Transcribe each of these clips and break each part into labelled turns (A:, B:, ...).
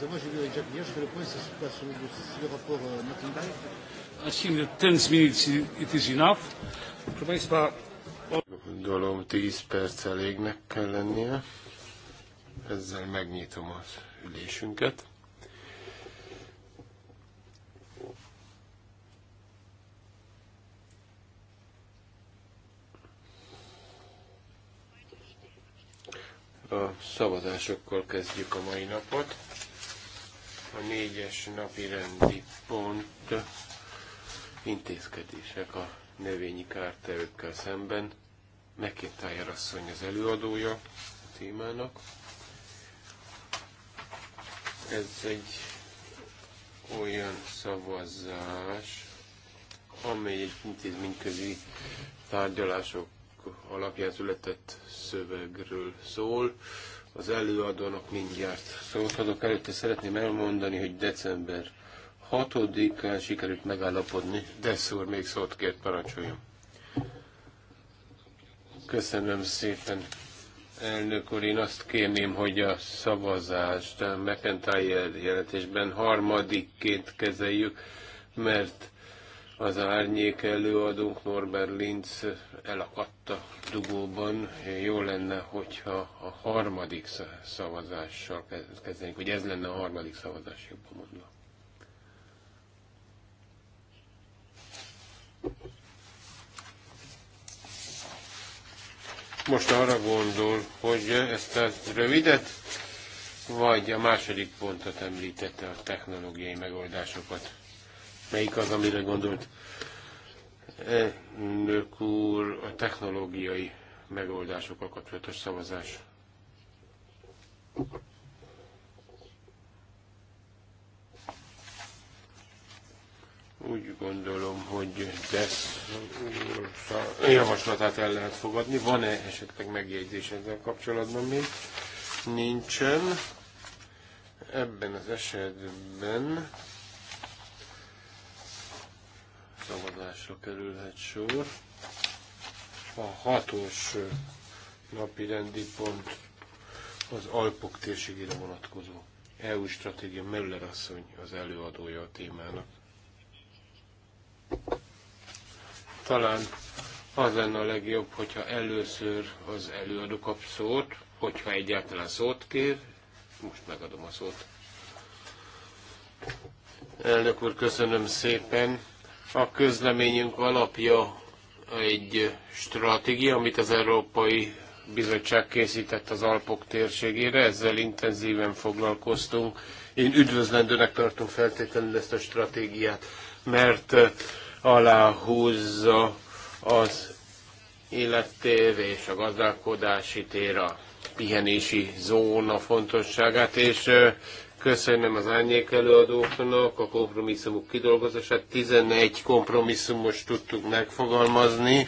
A: mais moi j'ai vu avec Jacques hier, je fais le point, le rapport euh, I think that 10 minutes it is enough. Proszę Państwa...
B: Gondolom 10 perc elégnek kell lennie. Ezzel megnyitom az ülésünket. a szavazásokkal kezdjük a mai napot. A négyes napi rendi pont intézkedések a növényi kártevőkkel szemben. McIntyre asszony az előadója a témának. Ez egy olyan szavazás, amely egy intézményközi tárgyalások alapján született szövegről szól az előadónak mindjárt szót adok. Előtte szeretném elmondani, hogy december 6-án sikerült megállapodni. Desszúr még szót kért, parancsoljon. Köszönöm szépen. Elnök úr, én azt kérném, hogy a szavazást a McIntyre jelentésben harmadikként kezeljük, mert az árnyék előadónk Norbert Linz elakadt a dugóban. Jó lenne, hogyha a harmadik szavazással kezdenénk, hogy ez lenne a harmadik szavazás, jobban mondva. Most arra gondol, hogy ezt a rövidet, vagy a második pontot említette a technológiai megoldásokat melyik az, amire gondolt. E, nők úr, a technológiai megoldásokkal kapcsolatos szavazás. Úgy gondolom, hogy tesz javaslatát el lehet fogadni. Van-e esetleg megjegyzés ezzel kapcsolatban még? Nincsen. Ebben az esetben szavazásra kerülhet sor. A hatos napi rendi pont az Alpok térségére vonatkozó EU stratégia Meller asszony az előadója a témának. Talán az lenne a legjobb, hogyha először az előadó kap szót, hogyha egyáltalán szót kér, most megadom a szót. Elnök úr, köszönöm szépen. A közleményünk alapja egy stratégia, amit az Európai Bizottság készített az Alpok térségére, ezzel intenzíven foglalkoztunk. Én üdvözlendőnek tartom feltétlenül ezt a stratégiát, mert aláhúzza az élettér és a gazdálkodási tér, a pihenési zóna fontosságát, és Köszönöm az árnyék előadóknak a kompromisszumok kidolgozását. 11 kompromisszumos tudtuk megfogalmazni.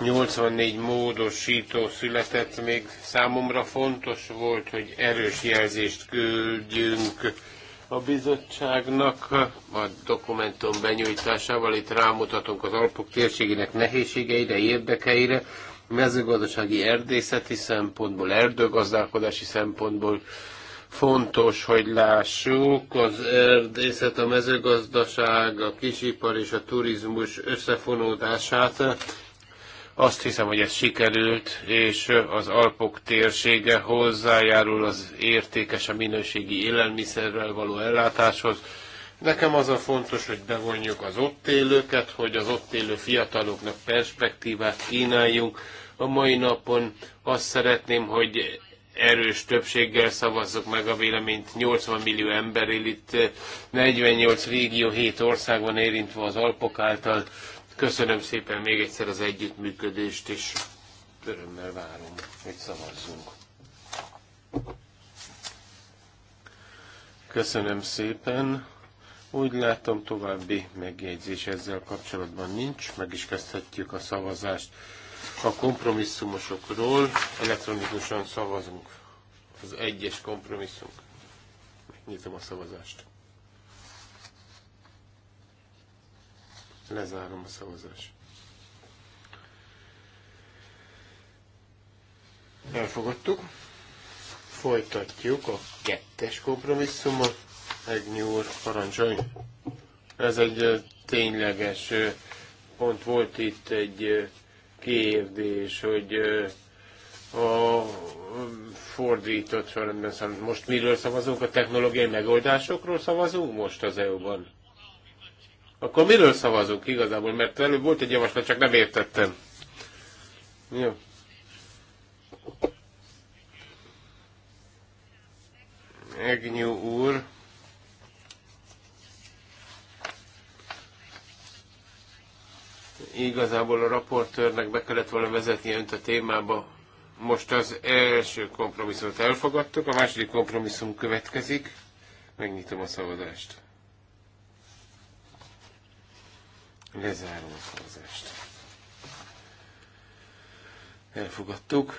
B: 84 módosító született, még számomra fontos volt, hogy erős jelzést küldjünk a bizottságnak a dokumentum benyújtásával. Itt rámutatunk az Alpok térségének nehézségeire, érdekeire, mezőgazdasági erdészeti szempontból, erdőgazdálkodási szempontból, Fontos, hogy lássuk, az erdészet, a mezőgazdaság, a kisipar és a turizmus összefonódását. Azt hiszem, hogy ez sikerült, és az Alpok térsége hozzájárul az értékes a minőségi élelmiszerrel való ellátáshoz. Nekem az a fontos, hogy bevonjuk az ott élőket, hogy az ott élő fiataloknak perspektívát kínáljunk. A mai napon azt szeretném, hogy erős többséggel szavazzuk meg a véleményt. 80 millió ember él itt, 48 régió, 7 országban érintve az Alpok által. Köszönöm szépen még egyszer az együttműködést, és örömmel várom, hogy szavazzunk. Köszönöm szépen. Úgy látom, további megjegyzés ezzel kapcsolatban nincs, meg is kezdhetjük a szavazást a kompromisszumosokról elektronikusan szavazunk. Az egyes kompromisszum. Megnyitom a szavazást. Lezárom a szavazást. Elfogadtuk. Folytatjuk a kettes kompromisszumot. Egy úr, parancsolj! Ez egy tényleges pont volt itt egy kérdés, hogy a fordított sorrendben szám. Most miről szavazunk? A technológiai megoldásokról szavazunk most az EU-ban? Akkor miről szavazunk igazából? Mert előbb volt egy javaslat, csak nem értettem. Jó. Egnyú úr. Igazából a raportőrnek be kellett volna vezetni önt a témába. Most az első kompromisszumot elfogadtuk, a második kompromisszum következik. Megnyitom a szavazást. Lezárom a szavazást. Elfogadtuk.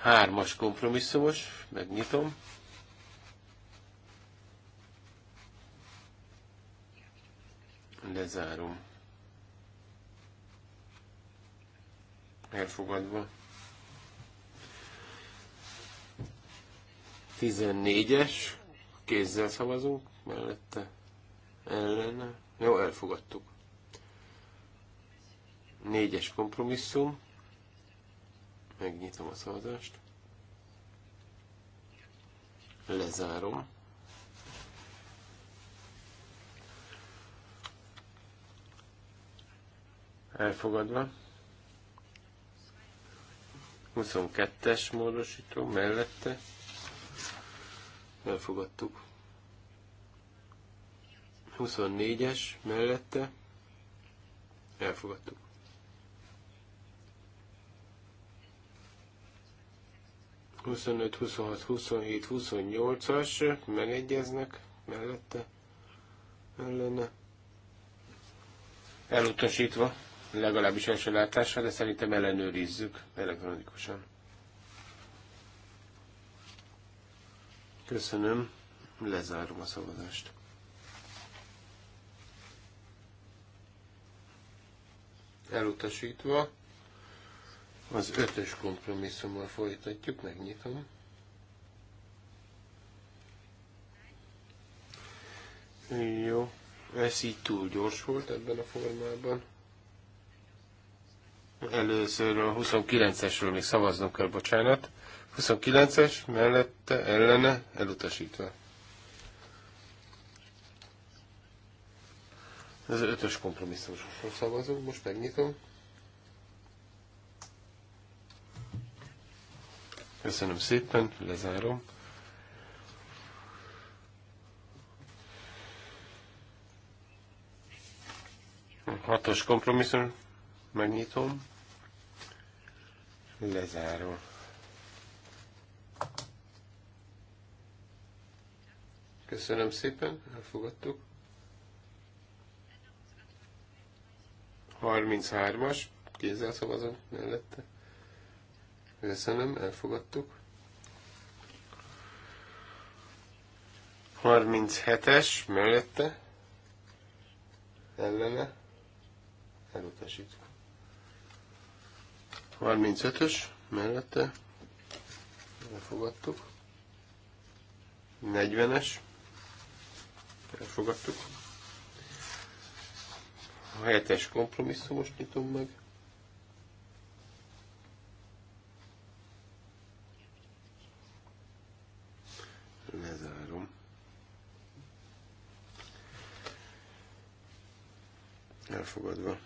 B: Hármas kompromisszumos, megnyitom. Lezárom. elfogadva. 14-es, kézzel szavazunk, mellette ellene. Jó, elfogadtuk. 4-es kompromisszum. Megnyitom a szavazást. Lezárom. Elfogadva. 22-es módosító mellette elfogadtuk. 24-es mellette elfogadtuk. 25, 26, 27, 28-as megegyeznek mellette, ellene. Elutasítva legalábbis első látásra, de szerintem ellenőrizzük elektronikusan. Köszönöm, lezárom a szavazást. Elutasítva az ötös kompromisszummal folytatjuk, megnyitom. Jó, ez így túl gyors volt ebben a formában. Először a 29-esről még szavaznunk kell, bocsánat. 29-es mellette ellene elutasítva. Ez az ötös kompromisszumosról szavazunk, most megnyitom. Köszönöm szépen, lezárom. Hatos kompromisszum megnyitom, lezárom. Köszönöm szépen, elfogadtuk. 33-as, kézzel szavazom mellette. Köszönöm, elfogadtuk. 37-es mellette, ellene, elutasítva. 35-ös mellette elfogadtuk. 40-es elfogadtuk. A 7-es kompromisszumos nyitom meg. Lezárom. Elfogadva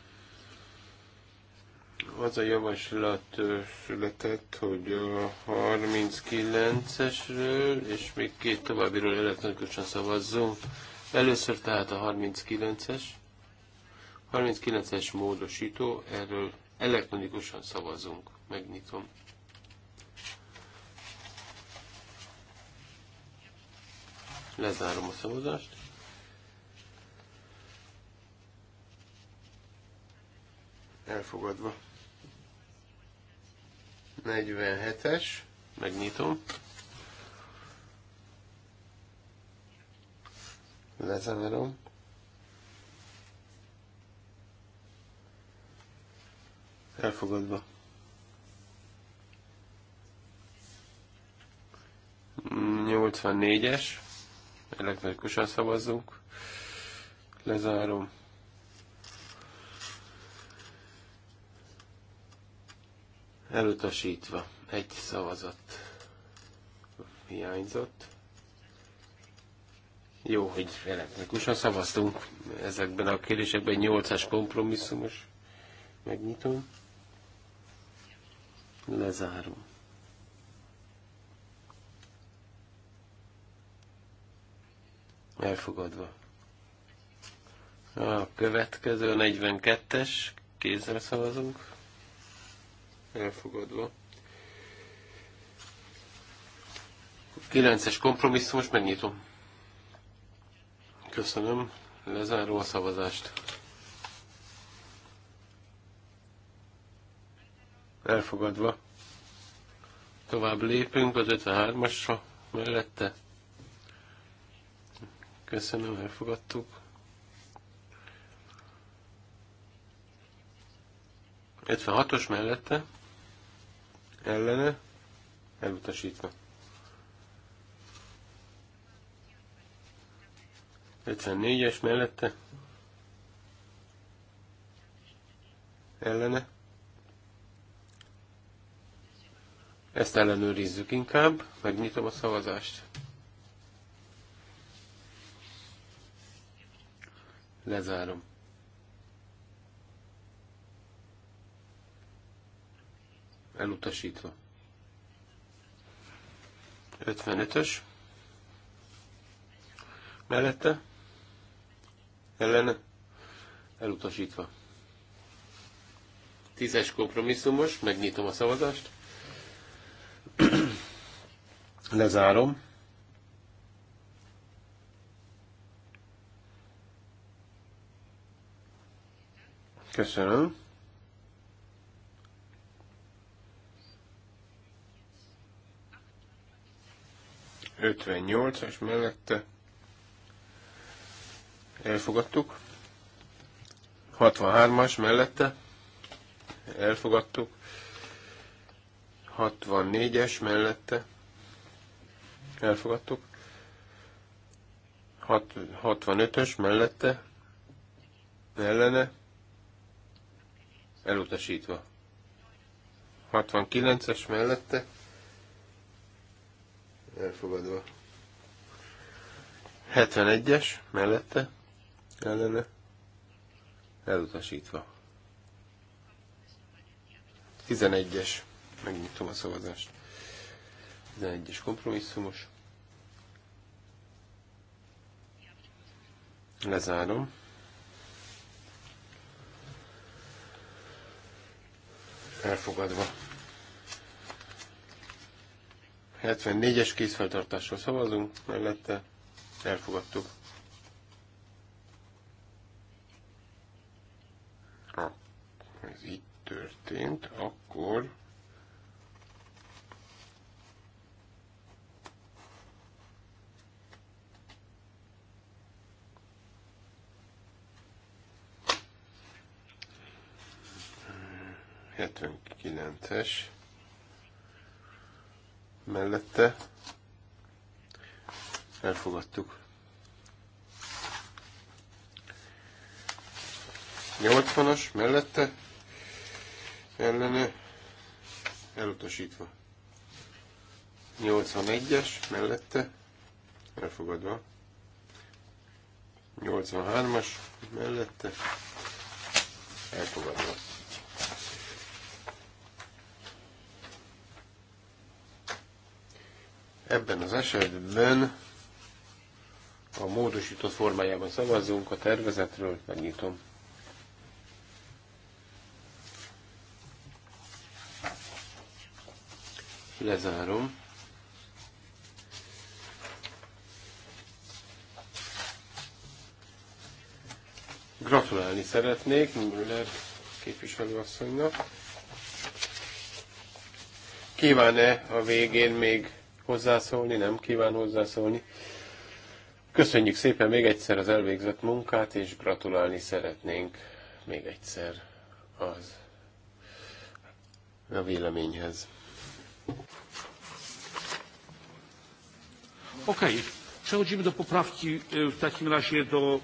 B: az a javaslat született, hogy a 39-esről és még két továbbiről elektronikusan szavazzunk. Először tehát a 39-es, 39-es módosító, erről elektronikusan szavazunk. Megnyitom. Lezárom a szavazást. Elfogadva. 47-es, megnyitom. Lezárom. Elfogadva. Mm, 84-es. Elektronikusan szavazzunk. Lezárom. elutasítva. Egy szavazat hiányzott. Jó, hogy elektronikusan szavaztunk ezekben a kérdésekben, 8-as kompromisszumos. Megnyitom. Lezárom. Elfogadva. A következő 42-es, kézzel szavazunk elfogadva. 9-es most megnyitom. Köszönöm, Lezáró a szavazást. Elfogadva. Tovább lépünk az 53-asra mellette. Köszönöm, elfogadtuk. 56 hatos mellette ellene elutasítva. 54-es mellette ellene. Ezt ellenőrizzük inkább, megnyitom a szavazást. Lezárom. elutasítva. 55-ös, mellette, ellene, elutasítva. 10-es kompromisszumos, megnyitom a szavazást, lezárom, Köszönöm. 58-as mellette elfogadtuk. 63-as mellette elfogadtuk. 64-es mellette elfogadtuk. 65-ös mellette ellene elutasítva. 69-es mellette elfogadva. 71-es mellette ellene elutasítva. 11-es, megnyitom a szavazást. 11-es kompromisszumos. Lezárom. Elfogadva. 74-es kézfeltartással szavazunk, mellette elfogadtuk. Ha ez így történt, akkor 79-es mellette elfogadtuk. 80-as mellette ellene elutasítva. 81-es mellette elfogadva. 83-as mellette elfogadva. Ebben az esetben a módosított formájában szavazzunk a tervezetről, megnyitom. Lezárom. Gratulálni szeretnék Müller képviselőasszonynak.
C: Kíván-e a végén még
B: hozzászólni, nem kíván hozzászólni. Köszönjük szépen még egyszer az elvégzett munkát, és gratulálni szeretnénk még egyszer az a véleményhez. Oké, Okay. Przechodzimy
A: do poprawki e, w takim razie do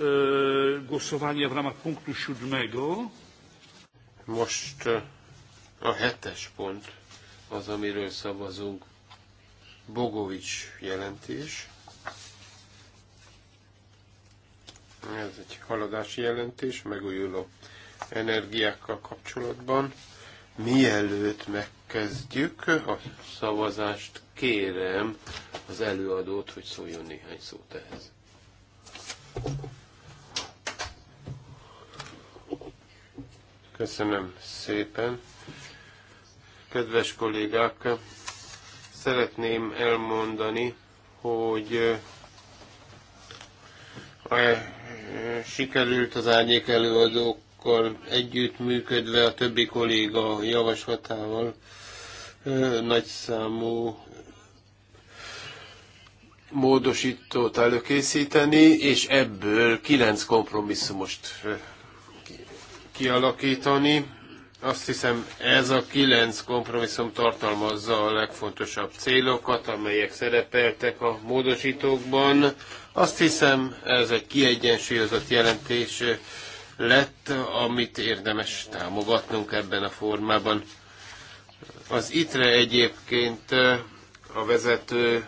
A: e, głosowania w ramach punktu
B: siódmego. Most e, a hetes pont az, amiről szavazunk Bogovics jelentés. Ez egy haladási jelentés, megújuló energiákkal kapcsolatban. Mielőtt megkezdjük a szavazást, kérem az előadót, hogy szóljon néhány szót ehhez. Köszönöm szépen. Kedves kollégák, szeretném elmondani, hogy sikerült az árnyék előadókkal együttműködve a többi kolléga javaslatával nagyszámú módosítót előkészíteni, és ebből kilenc kompromisszumost kialakítani. Azt hiszem ez a kilenc kompromisszum tartalmazza a legfontosabb célokat, amelyek szerepeltek a módosítókban. Azt hiszem ez egy kiegyensúlyozott jelentés lett, amit érdemes támogatnunk ebben a formában. Az ITRE egyébként a vezető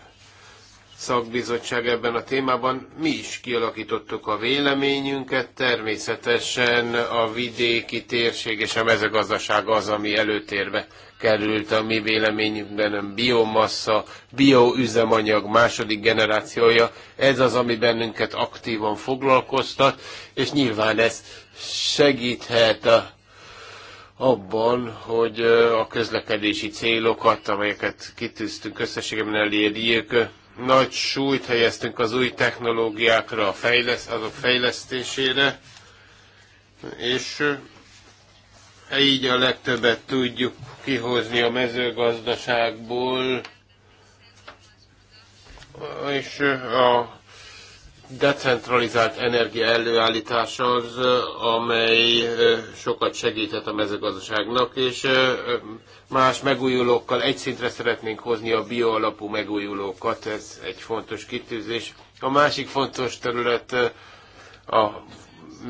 B: szakbizottság ebben a témában. Mi is kialakítottuk a véleményünket, természetesen a vidéki térség és a mezőgazdaság az, ami előtérbe került a mi véleményünkben, a biomassa, bioüzemanyag második generációja, ez az, ami bennünket aktívan foglalkoztat, és nyilván ez segíthet a abban, hogy a közlekedési célokat, amelyeket kitűztünk összességében elérjük, nagy súlyt helyeztünk az új technológiákra, a fejlesz, azok fejlesztésére, és e, így a legtöbbet tudjuk kihozni a mezőgazdaságból, és e, a decentralizált energia előállítása az, amely sokat segíthet a mezőgazdaságnak, és más megújulókkal egy szintre szeretnénk hozni a bioalapú megújulókat, ez egy fontos kitűzés. A másik fontos terület a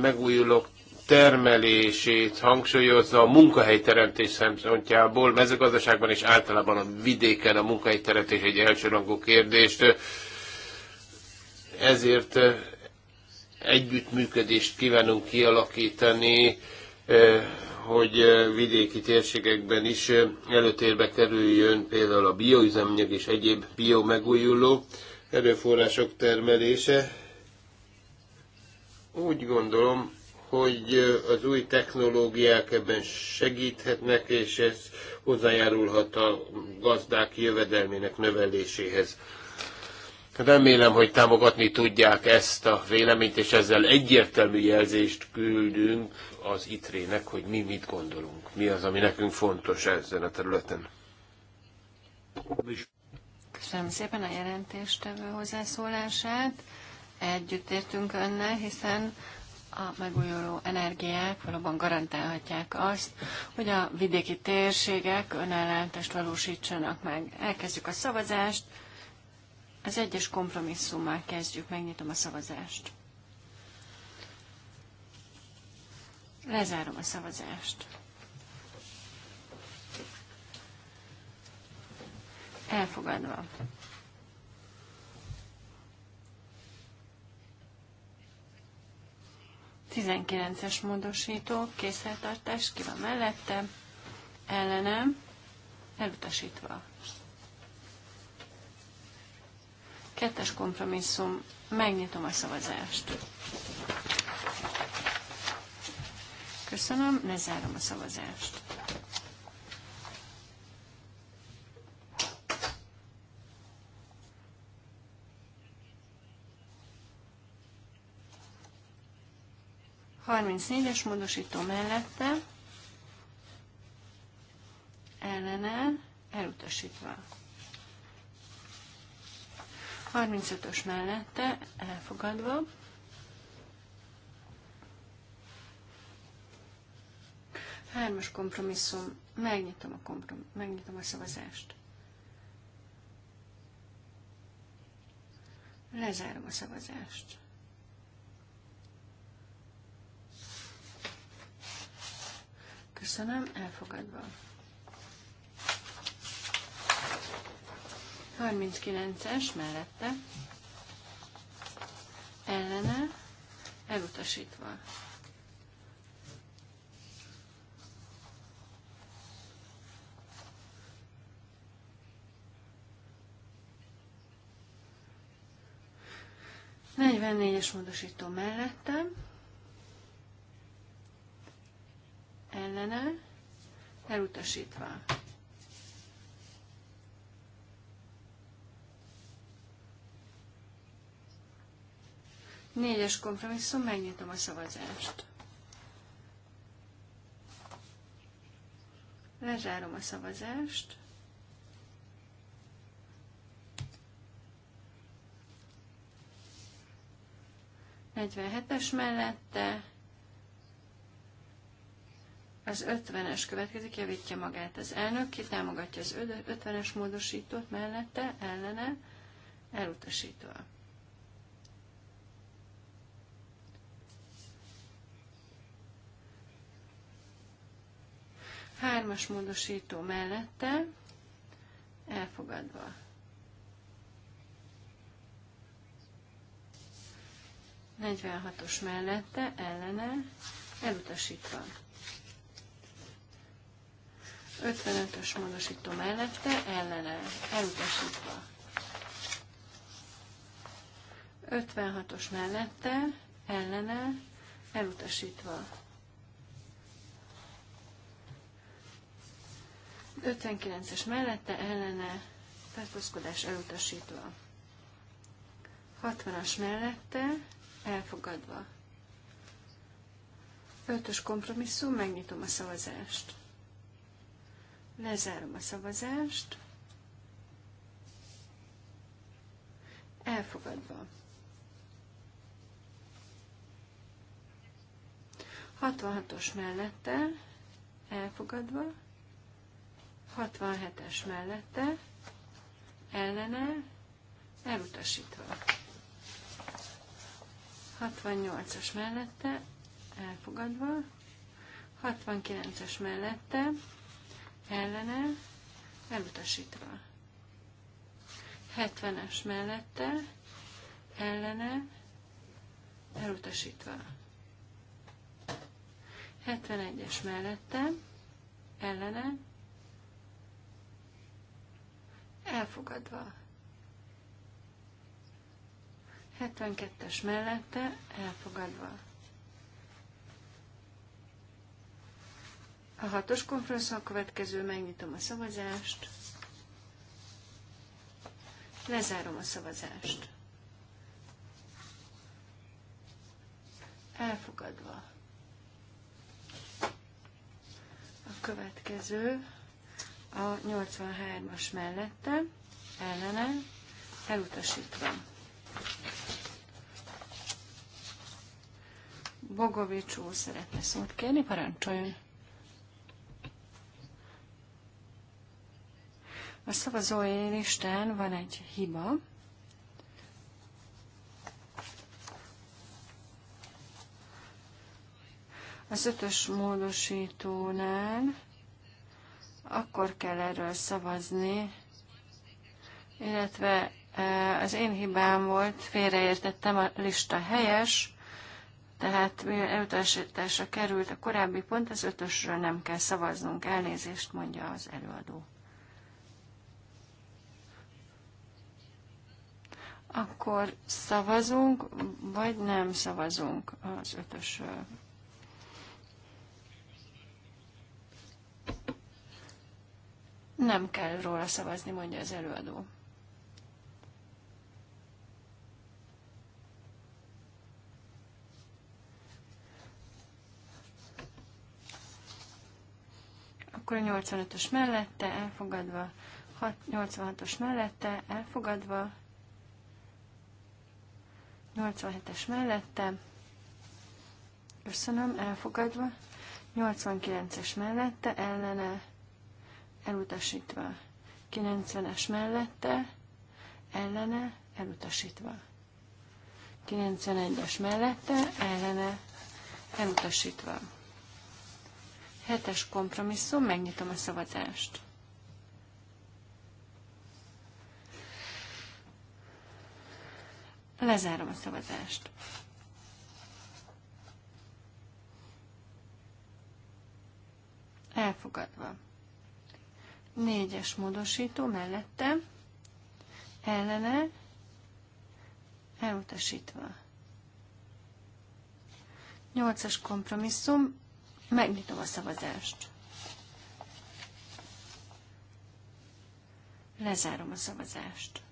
B: megújulók termelését hangsúlyozza a munkahelyteremtés szempontjából, mezőgazdaságban és általában a vidéken a munkahelyteremtés egy elsőrangú kérdést ezért eh, együttműködést kívánunk kialakítani, eh, hogy eh, vidéki térségekben is előtérbe kerüljön például a bioüzemanyag és egyéb biomegújuló erőforrások termelése. Úgy gondolom, hogy az új technológiák ebben segíthetnek, és ez hozzájárulhat a gazdák jövedelmének növeléséhez. Hát remélem, hogy támogatni tudják ezt a véleményt, és ezzel egyértelmű jelzést küldünk az ITRÉ-nek, hogy mi mit gondolunk, mi az, ami nekünk fontos ezen a területen.
D: Köszönöm szépen a jelentéstevő hozzászólását. Együtt értünk önnel, hiszen a megújuló energiák valóban garantálhatják azt, hogy a vidéki térségek önellátást valósítsanak meg. Elkezdjük a szavazást. Az egyes kompromisszummal kezdjük, megnyitom a szavazást. Lezárom a szavazást. Elfogadva. Tizenkilences módosító, készfeltartás, ki van mellette, ellenem, elutasítva. Kettes kompromisszum. Megnyitom a szavazást. Köszönöm, lezárom a szavazást. Harminc négyes módosító mellette ellene elutasítva. 35-ös mellette elfogadva. Hármas kompromisszum. Megnyitom a, komprom- megnyitom a szavazást. Lezárom a szavazást. Köszönöm, elfogadva. 39-es mellette ellene elutasítva. Négyes módosító mellettem, ellene, elutasítva. Négyes kompromisszum, megnyitom a szavazást. Lezárom a szavazást. Negyvenhetes mellette az 50-es következik, javítja magát az elnök, ki támogatja az 50-es módosítót mellette, ellene, elutasítva. Hármas módosító mellette elfogadva. Negyvenhatos mellette ellene elutasítva. 55-ös módosító mellette ellene elutasítva. 56-os mellette ellene elutasítva. 59-es mellette ellene tartózkodás elutasítva. 60-as mellette elfogadva. 5-ös kompromisszum, megnyitom a szavazást. Lezárom a szavazást. Elfogadva. 66-os mellette elfogadva. 67-es mellette, ellene, elutasítva. 68-as mellette, elfogadva. 69-es mellette, ellene, elutasítva. 70-es mellette, ellene, elutasítva. 71-es mellette, ellene, elfogadva. 72-es mellette elfogadva. A hatos konferencia következő, megnyitom a szavazást. Lezárom a szavazást. Elfogadva. A következő a 83-as mellette, ellene, elutasítva. Bogovics úr szeretne szót kérni, parancsoljon. A szavazói listán van egy hiba. Az ötös módosítónál akkor kell erről szavazni, illetve e, az én hibám volt, félreértettem, a lista helyes, tehát elutasításra került a korábbi pont, az ötösről nem kell szavaznunk, elnézést mondja az előadó. Akkor szavazunk, vagy nem szavazunk az ötösről. Nem kell róla szavazni, mondja az előadó. Akkor a 85-ös mellette elfogadva, 86-os mellette elfogadva, 87-es mellette, köszönöm, elfogadva, 89-es mellette ellene elutasítva. 90-es mellette, ellene, elutasítva. 91-es mellette, ellene, elutasítva. 7-es kompromisszum, megnyitom a szavazást. Lezárom a szavazást. Elfogadva. Négyes módosító mellette, ellene, elutasítva. Nyolcas kompromisszum, megnyitom a szavazást. Lezárom a szavazást.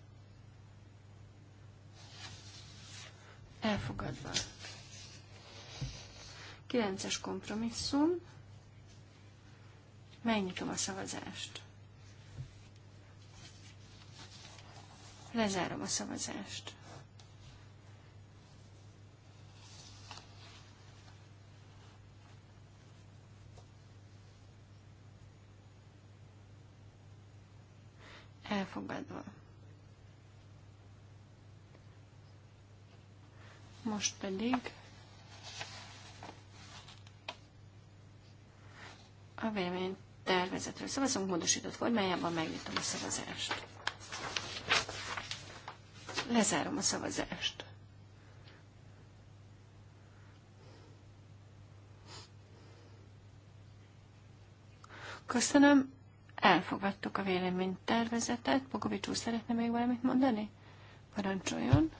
D: Elfogadva. Kilences kompromisszum. Megnyitom a szavazást. Lezárom a szavazást. Elfogadva. Most pedig a vélemény tervezetről szavazunk, módosított formájában megnyitom a szavazást. Lezárom a szavazást. Köszönöm, elfogadtuk a véleménytervezetet. Bogovics úr szeretne még valamit mondani? Parancsoljon.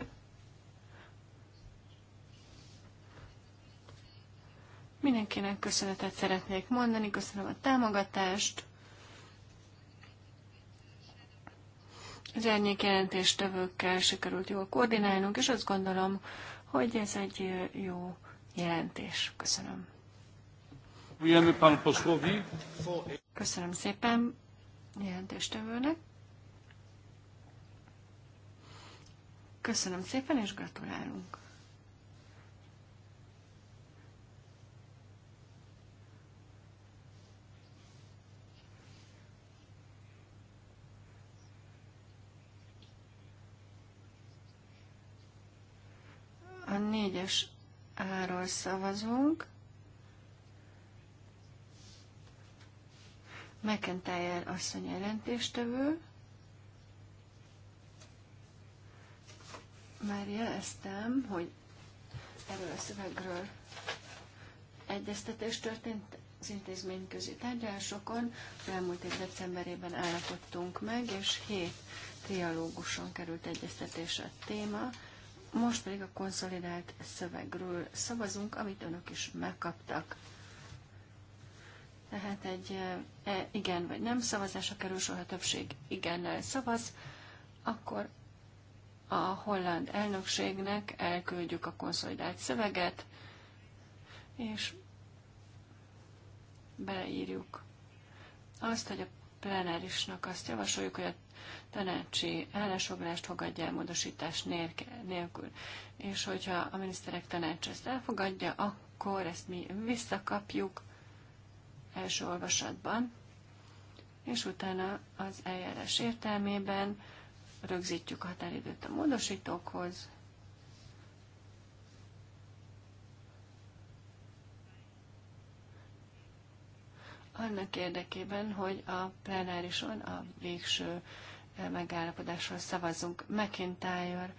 D: Mindenkinek köszönetet szeretnék mondani, köszönöm a támogatást. Az árnyék tövőkkel sikerült jól koordinálnunk, és azt gondolom, hogy ez egy jó jelentés. Köszönöm. Köszönöm szépen jelentéstevőnek. Köszönöm szépen, és gratulálunk. A négyes áról szavazunk. McIntyre asszony jelentéstevő. Már jeleztem, hogy erről a szövegről egyeztetés történt az közé tárgyalásokon. elmúlt év decemberében állapodtunk meg, és hét trialóguson került egyeztetésre a téma. Most pedig a konszolidált szövegről szavazunk, amit önök is megkaptak. Tehát egy e, igen vagy nem szavazásra kerül, soha többség igennel szavaz, akkor a holland elnökségnek elküldjük a konszolidált szöveget, és beleírjuk azt, hogy a plenárisnak azt javasoljuk, hogy a tanácsi állásfoglalást fogadja el módosítás nélkül. És hogyha a miniszterek tanács ezt elfogadja, akkor ezt mi visszakapjuk első olvasatban, és utána az eljárás értelmében rögzítjük a határidőt a módosítókhoz, annak érdekében, hogy a plenárison a végső megállapodásról szavazunk. McIntyre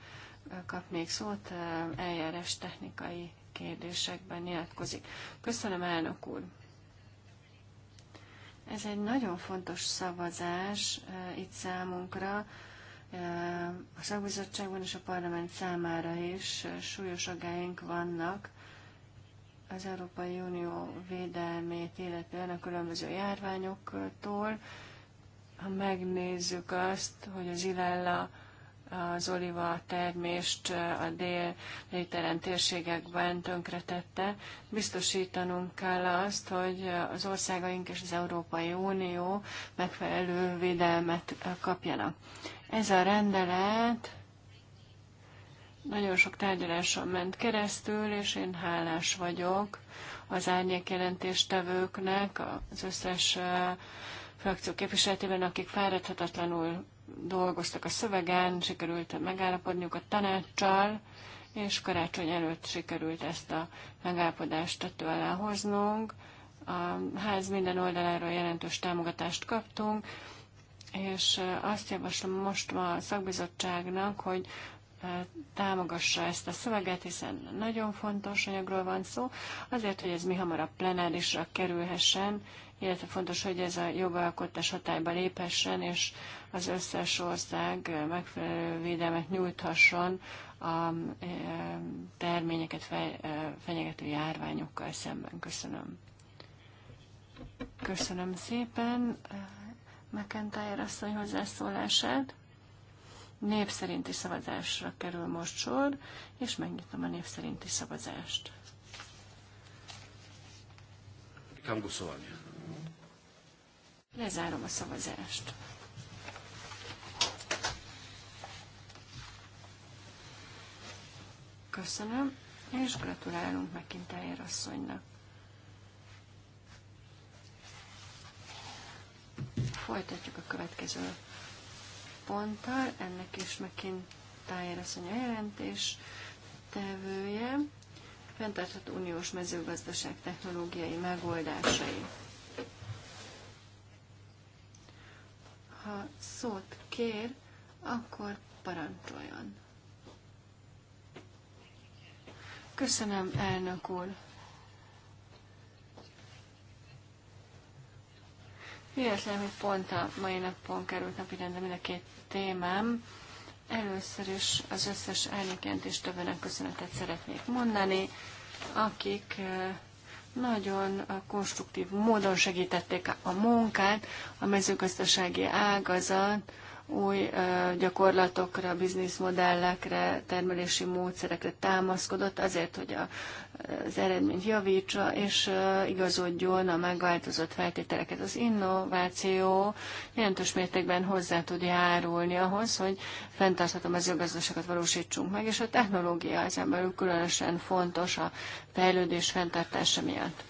D: kap még szót, eljárás technikai kérdésekben nyilatkozik. Köszönöm, elnök úr! Ez egy nagyon fontos szavazás eh, itt számunkra, eh, a szakbizottságban és a parlament számára is eh, súlyos agáink vannak az Európai Unió védelmét, illetve a különböző járványoktól, ha megnézzük azt, hogy az Ilella az oliva termést a dél mediterrán térségekben tönkretette. Biztosítanunk kell azt, hogy az országaink és az Európai Unió megfelelő védelmet kapjanak. Ez a rendelet nagyon sok tárgyaláson ment keresztül, és én hálás vagyok az árnyék jelentéstevőknek, az összes frakció képviseletében, akik fáradhatatlanul dolgoztak a szövegen, sikerült megállapodniuk a tanácssal, és karácsony előtt sikerült ezt a megállapodást tető alá hoznunk. A ház minden oldaláról jelentős támogatást kaptunk, és azt javaslom most ma a szakbizottságnak, hogy támogassa ezt a szöveget, hiszen nagyon fontos anyagról van szó, azért, hogy ez mi hamarabb plenárisra kerülhessen, illetve fontos, hogy ez a jogalkotás hatályba léphessen, és az összes ország megfelelő védelmet nyújthasson a terményeket fenyegető járványokkal szemben. Köszönöm. Köszönöm szépen McIntyre asszony hozzászólását. Népszerinti szavazásra kerül most sor, és megnyitom a népszerinti szavazást. Kám Lezárom a szavazást. Köszönöm, és gratulálunk McIntyre asszonynak. Folytatjuk a következő ponttal, ennek is McIntyre asszony a jelentés tevője, fenntartható uniós mezőgazdaság technológiai megoldásai. ha szót kér, akkor parancsoljon. Köszönöm, elnök úr. Véletlenül, hogy pont a mai napon került napirendre mind a két témám. Először is az összes elnökjelentést többenek köszönetet szeretnék mondani, akik eh, nagyon konstruktív módon segítették a munkát, a mezőgazdasági ágazat új gyakorlatokra, bizniszmodellekre, termelési módszerekre támaszkodott azért, hogy a az eredményt javítsa és igazodjon a megváltozott feltételeket. Az innováció jelentős mértékben hozzá tud járulni ahhoz, hogy fenntartható mezőgazdaságot valósítsunk meg, és a technológia ezen belül különösen fontos a fejlődés fenntartása miatt.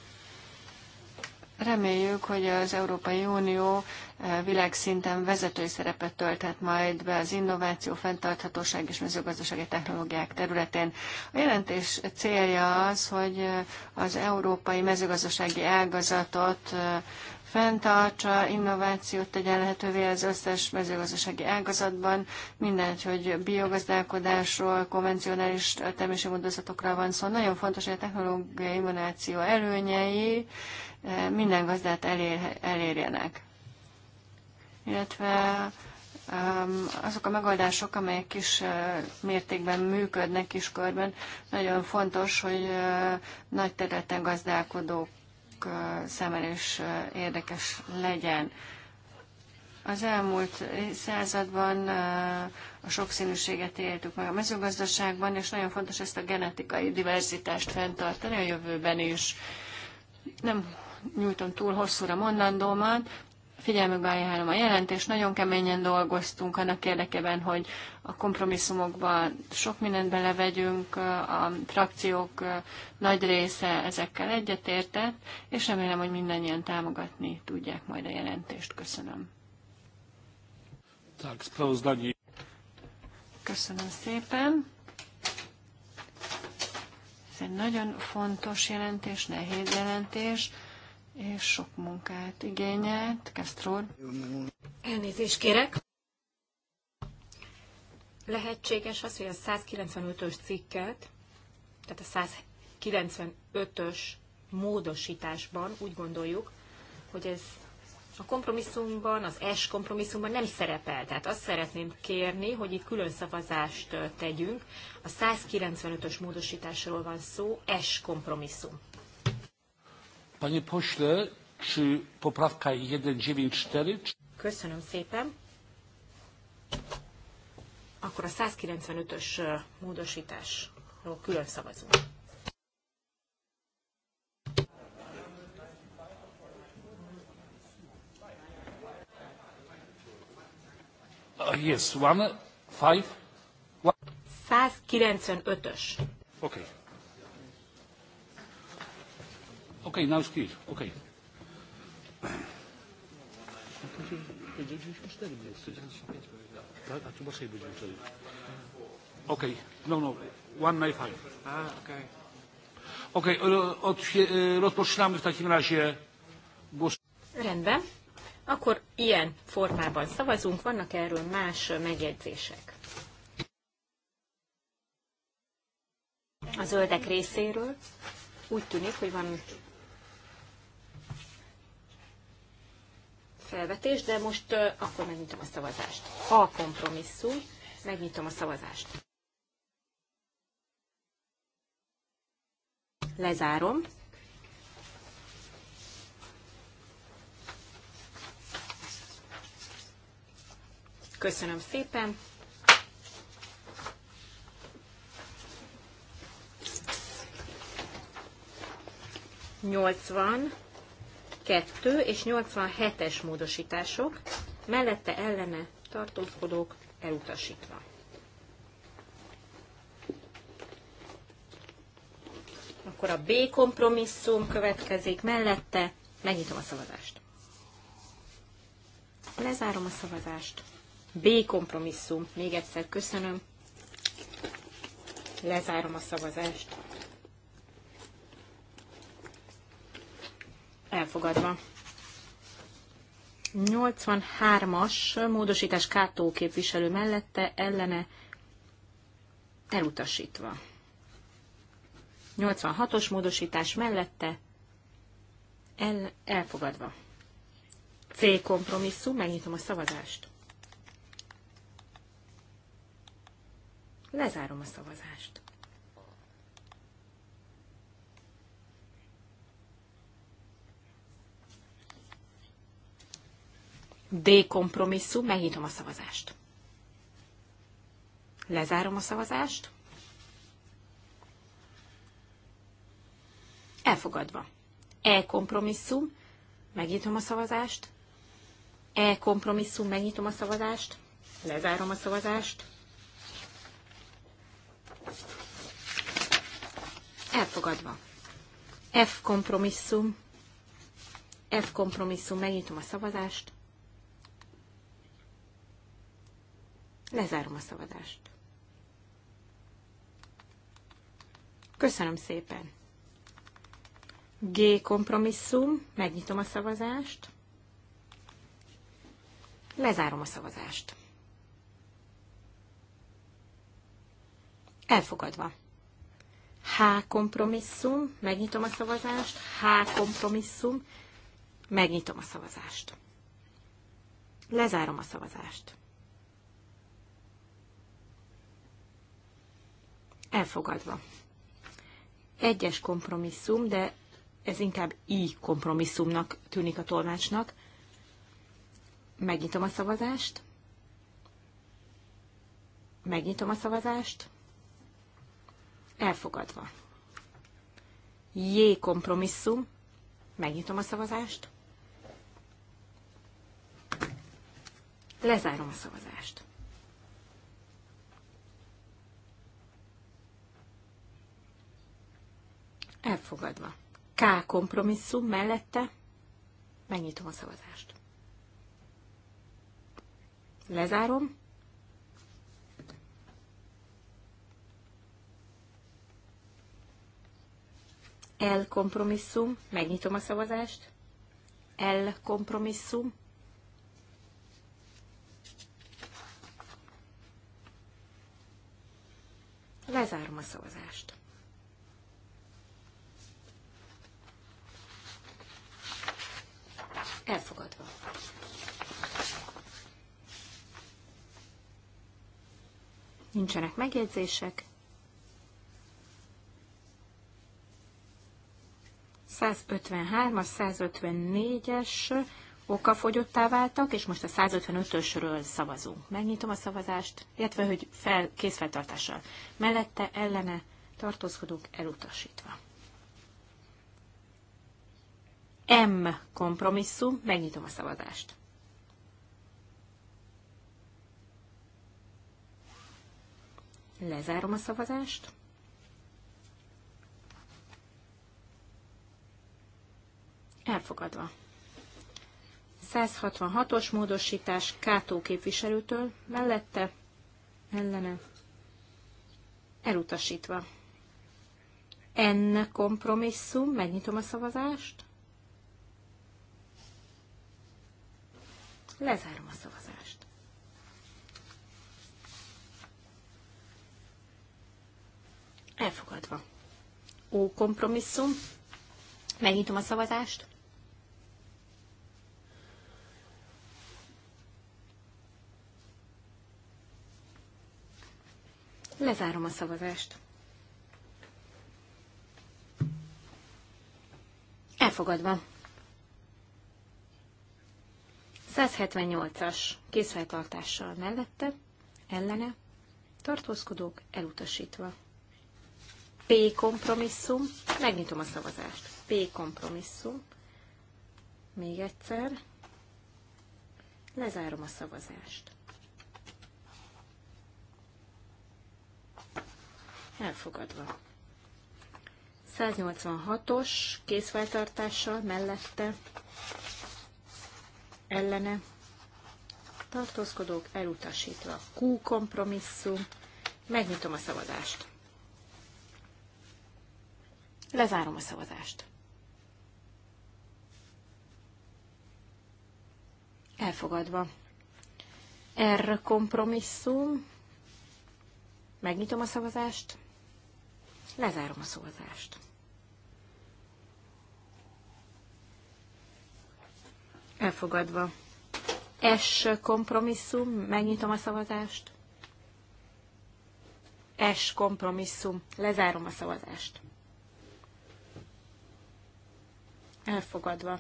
D: Reméljük, hogy az Európai Unió eh, világszinten vezetői szerepet tölthet majd be az innováció, fenntarthatóság és mezőgazdasági technológiák területén. A jelentés célja az, hogy eh, az európai mezőgazdasági ágazatot eh, fenntartsa, innovációt tegyen lehetővé az összes mezőgazdasági ágazatban, mindent, hogy biogazdálkodásról, konvencionális termési módozatokra van szó. Szóval nagyon fontos, hogy a technológiai innováció előnyei eh, minden gazdát elér, elérjenek. Illetve azok a megoldások, amelyek kis eh, mértékben működnek kiskörben, nagyon fontos, hogy eh, nagy területen gazdálkodók számára is érdekes legyen. Az elmúlt században a sokszínűséget éltük meg a mezőgazdaságban, és nagyon fontos ezt a genetikai diverzitást fenntartani a jövőben is. Nem nyújtom túl hosszúra mondandómat, figyelmükbe ajánlom a jelentést. Nagyon keményen dolgoztunk annak érdekében, hogy a kompromisszumokban sok mindent belevegyünk, a frakciók nagy része ezekkel egyetértett, és remélem, hogy mindannyian támogatni tudják majd a jelentést. Köszönöm. Köszönöm szépen. Ez egy nagyon fontos jelentés, nehéz jelentés és sok munkát igényelt. Kesztrón.
C: Elnézést kérek. Lehetséges az, hogy a 195-ös cikket, tehát a 195-ös módosításban úgy gondoljuk, hogy ez a kompromisszumban, az S kompromisszumban nem szerepel. Tehát azt szeretném kérni, hogy itt külön szavazást tegyünk. A 195-ös módosításról van szó, S kompromisszum.
A: Panie pośle, czy poprawka 194?
C: Köszönöm szépen. Akkor a 195-ös módosításról külön szavazunk.
A: Uh, yes, one, five. One.
C: 195-ös. Oké.
A: Okay. Okay, now it's clear. Okay. Tak, a tu masz będzie wtedy. Okej, no, no, one night five. Ah, okej. Okej, e, rozpoczynamy w takim razie głos.
C: Rendben. Akkor ilyen formában szavazunk, vannak erről más megjegyzések. A zöldek részéről úgy tűnik, hogy van felvetés, de most akkor megnyitom a szavazást. A kompromisszum, megnyitom a szavazást. Lezárom. Köszönöm szépen! Nyolcvan. 2 és 87-es módosítások, mellette ellene tartózkodók elutasítva. Akkor a B kompromisszum következik mellette. Megnyitom a szavazást. Lezárom a szavazást. B kompromisszum. Még egyszer köszönöm. Lezárom a szavazást. elfogadva. 83-as módosítás Kátó képviselő mellette ellene elutasítva. 86-os módosítás mellette el, elfogadva. C kompromisszum, megnyitom a szavazást. Lezárom a szavazást. D kompromisszum, megnyitom a szavazást. Lezárom a szavazást. Elfogadva. E kompromisszum, megnyitom a szavazást. E kompromisszum, megnyitom a szavazást. Lezárom a szavazást. Elfogadva. F kompromisszum. F kompromisszum, megnyitom a szavazást. Lezárom a szavazást. Köszönöm szépen. G kompromisszum, megnyitom a szavazást. Lezárom a szavazást. Elfogadva. H kompromisszum, megnyitom a szavazást. H kompromisszum, megnyitom a szavazást. Lezárom a szavazást. Elfogadva. Egyes kompromisszum, de ez inkább így kompromisszumnak tűnik a tolmácsnak. Megnyitom a szavazást. Megnyitom a szavazást. Elfogadva. Jé kompromisszum. Megnyitom a szavazást. Lezárom a szavazást. Elfogadva. K kompromisszum mellette. Megnyitom a szavazást. Lezárom. L kompromisszum, megnyitom a szavazást. L kompromisszum. Lezárom a szavazást. Elfogadva. Nincsenek megjegyzések. 153-as, 154-es okafogyottá váltak, és most a 155-ösről szavazunk. Megnyitom a szavazást, illetve, hogy fel, készfeltartással. Mellette, ellene, tartózkodók elutasítva. M kompromisszum, megnyitom a szavazást. Lezárom a szavazást. Elfogadva. 166-os módosítás Kátó képviselőtől, mellette, ellene, elutasítva. N kompromisszum, megnyitom a szavazást. Lezárom a szavazást. Elfogadva. Ó kompromisszum. Megnyitom a szavazást. Lezárom a szavazást. Elfogadva. 178-as készfeltartással mellette, ellene, tartózkodók elutasítva. P kompromisszum, megnyitom a szavazást. P kompromisszum, még egyszer, lezárom a szavazást. Elfogadva. 186-os készfeltartással mellette, ellene tartózkodók elutasítva. Q kompromisszum. Megnyitom a szavazást. Lezárom a szavazást. Elfogadva. R kompromisszum. Megnyitom a szavazást. Lezárom a szavazást. Elfogadva. S kompromisszum, megnyitom a szavazást. S kompromisszum, lezárom a szavazást. Elfogadva.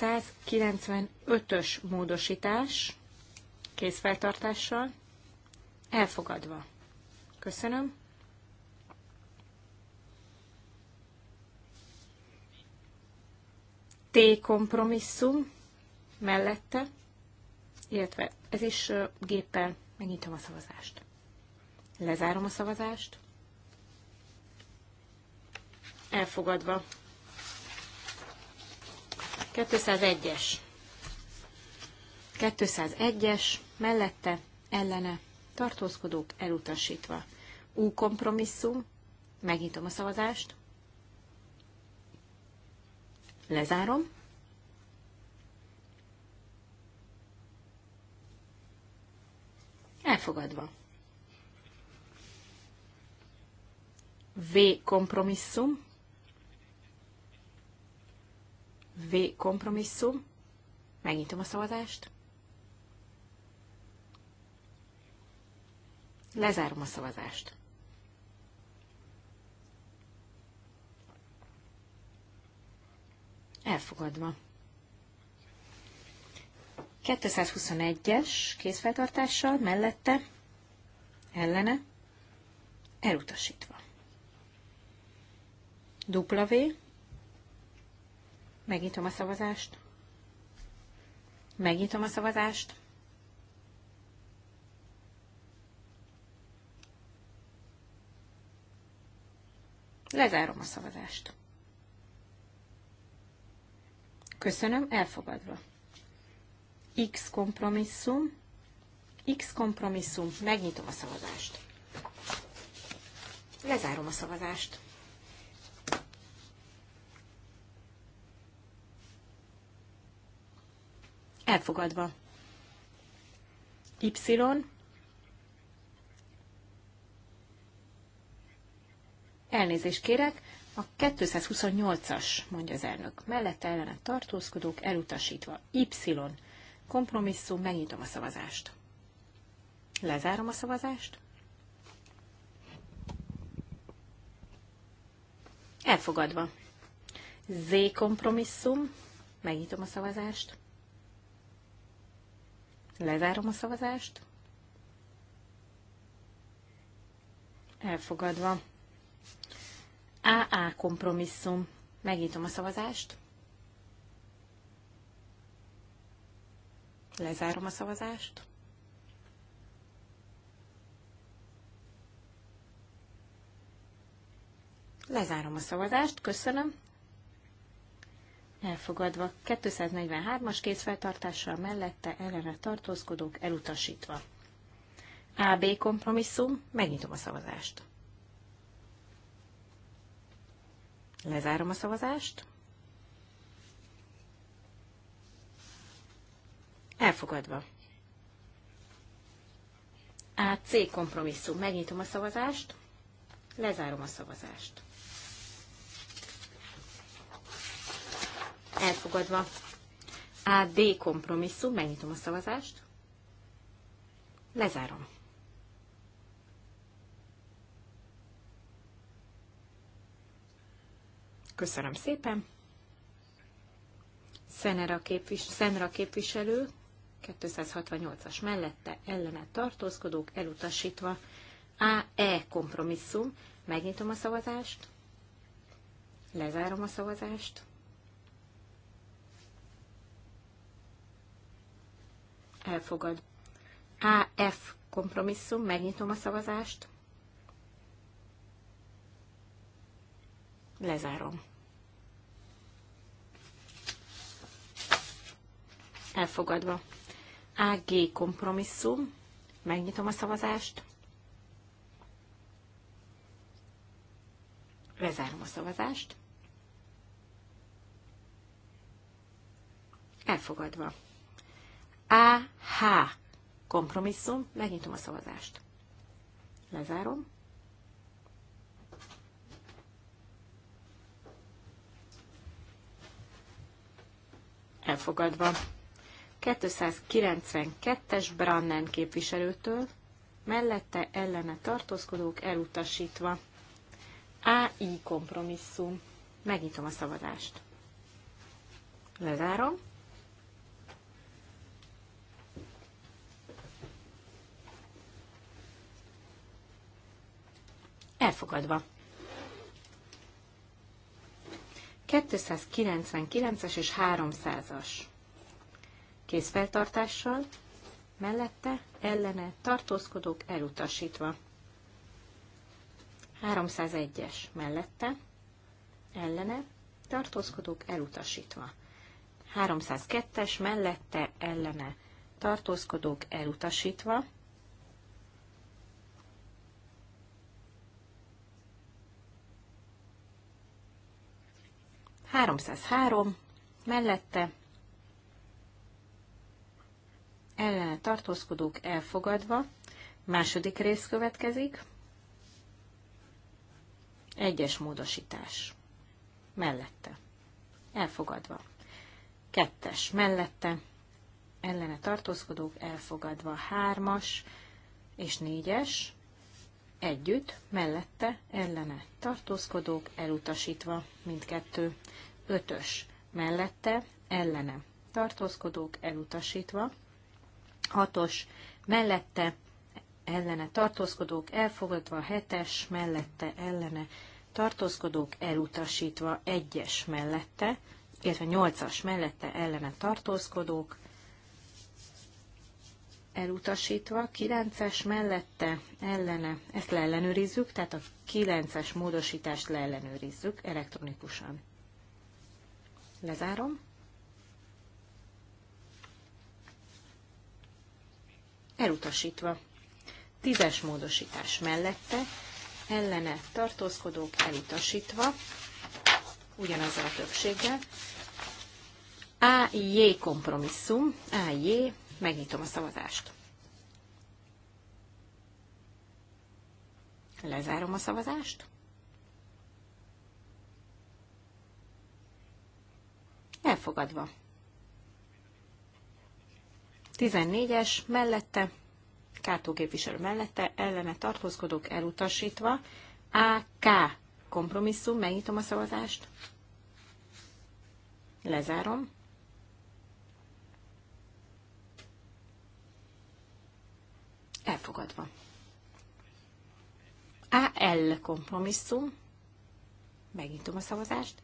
C: 195-ös módosítás készfeltartással. Elfogadva. Köszönöm. T kompromisszum mellette, illetve ez is géppel megnyitom a szavazást. Lezárom a szavazást. Elfogadva. 201-es. 201-es mellette, ellene, tartózkodók elutasítva. U kompromisszum, megnyitom a szavazást. Lezárom. Elfogadva. V kompromisszum. V kompromisszum. Megnyitom a szavazást. Lezárom a szavazást. Elfogadva. 221-es kézfeltartással mellette, ellene, elutasítva. Dupla V. Megnyitom a szavazást. Megnyitom a szavazást. Lezárom a szavazást. Köszönöm, elfogadva. X kompromisszum. X kompromisszum. Megnyitom a szavazást. Lezárom a szavazást. Elfogadva. Y. Elnézést kérek, a 228-as, mondja az elnök, mellette ellene tartózkodók elutasítva. Y. Kompromisszum, megnyitom a szavazást. Lezárom a szavazást. Elfogadva. Z kompromisszum, megnyitom a szavazást. Lezárom a szavazást. Elfogadva. AA kompromisszum. Megnyitom a szavazást. Lezárom a szavazást. Lezárom a szavazást, köszönöm. Elfogadva 243-as készfeltartással mellette ellene tartózkodók elutasítva. AB kompromisszum, megnyitom a szavazást. Lezárom a szavazást. Elfogadva. A C kompromisszum. Megnyitom a szavazást. Lezárom a szavazást. Elfogadva. A D kompromisszum. Megnyitom a szavazást. Lezárom. Köszönöm szépen. Szenera, képvis, Szenera képviselő, 268-as mellette ellene tartózkodók elutasítva. A E kompromisszum. Megnyitom a szavazást. Lezárom a szavazást. Elfogad. F kompromisszum. Megnyitom a szavazást. Lezárom. Elfogadva. AG kompromisszum. Megnyitom a szavazást. Lezárom a szavazást. Elfogadva. AH kompromisszum. Megnyitom a szavazást. Lezárom. elfogadva. 292-es Brannen képviselőtől, mellette ellene tartózkodók elutasítva. AI kompromisszum. Megnyitom a szavazást. Lezárom. Elfogadva. 299-es és 300-as készfeltartással, mellette ellene tartózkodók elutasítva. 301-es mellette ellene tartózkodók elutasítva. 302-es mellette ellene tartózkodók elutasítva. 303 mellette ellen tartózkodók elfogadva, második rész következik, egyes módosítás mellette elfogadva, kettes mellette ellene tartózkodók elfogadva, hármas és négyes együtt, mellette, ellene, tartózkodók, elutasítva, mindkettő, ötös, mellette, ellene, tartózkodók, elutasítva, hatos, mellette, ellene, tartózkodók, elfogadva, hetes, mellette, ellene, tartózkodók, elutasítva, egyes, mellette, illetve nyolcas, mellette, ellene, tartózkodók, elutasítva, 9-es mellette ellene, ezt leellenőrizzük, tehát a 9-es módosítást leellenőrizzük elektronikusan. Lezárom. Elutasítva. 10-es módosítás mellette, ellene tartózkodók elutasítva, ugyanazzal a többséggel. AJ kompromisszum, AJ Megnyitom a szavazást. Lezárom a szavazást. Elfogadva. 14-es mellette, Kátó képviselő mellette, ellene tartózkodók elutasítva, AK kompromisszum, megnyitom a szavazást,
D: lezárom,
C: elfogadva. L kompromisszum, megnyitom a szavazást,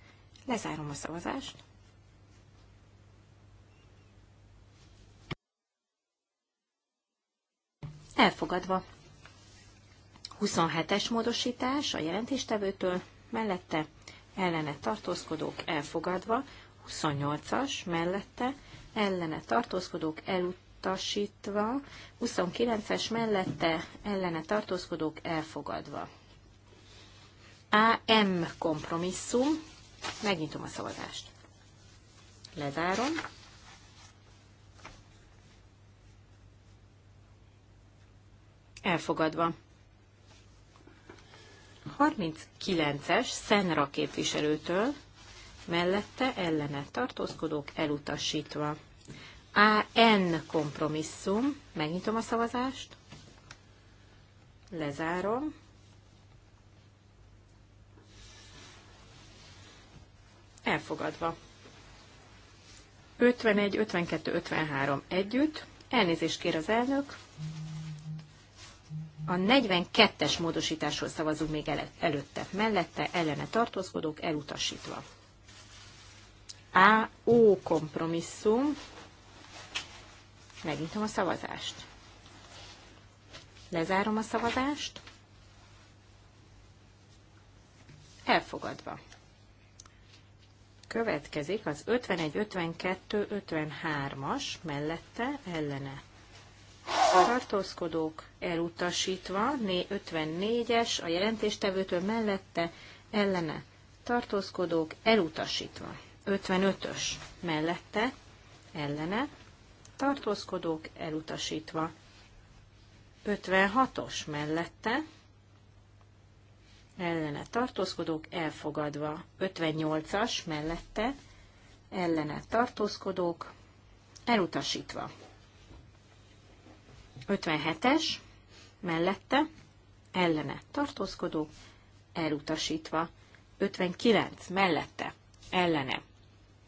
C: lezárom a szavazást, elfogadva. 27-es módosítás a jelentéstevőtől, mellette ellene tartózkodók elfogadva, 28-as mellette ellene tartózkodók elut elutasítva, 29-es mellette ellene tartózkodók elfogadva. AM kompromisszum, megnyitom a szavazást. Lezárom. Elfogadva. 39-es Szenra képviselőtől mellette ellene tartózkodók elutasítva. AN kompromisszum. Megnyitom a szavazást. Lezárom. Elfogadva. 51, 52, 53 együtt. Elnézést kér az elnök. A 42-es módosításról szavazunk még el előtte. Mellette ellene tartózkodók elutasítva. A O kompromisszum Megnyitom a szavazást. Lezárom a szavazást. Elfogadva. Következik az 51-52-53-as mellette ellene. Tartózkodók elutasítva, 54-es a jelentéstevőtől mellette ellene. Tartózkodók elutasítva, 55-ös mellette ellene tartózkodók elutasítva. 56-os mellette ellene tartózkodók elfogadva. 58-as mellette ellene tartózkodók elutasítva. 57-es mellette ellene tartózkodók elutasítva. 59 mellette ellene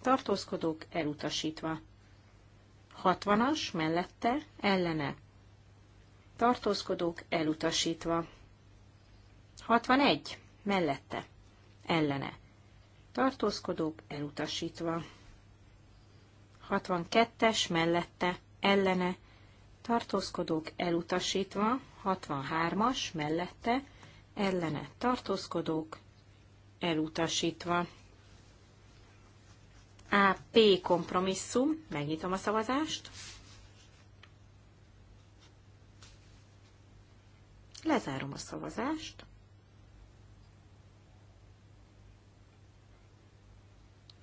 C: tartózkodók elutasítva. 60-as mellette ellene tartózkodók elutasítva. 61 mellette ellene tartózkodók elutasítva. 62-es mellette ellene tartózkodók elutasítva. 63-as mellette ellene tartózkodók elutasítva. AP kompromisszum, megnyitom a szavazást. Lezárom a szavazást.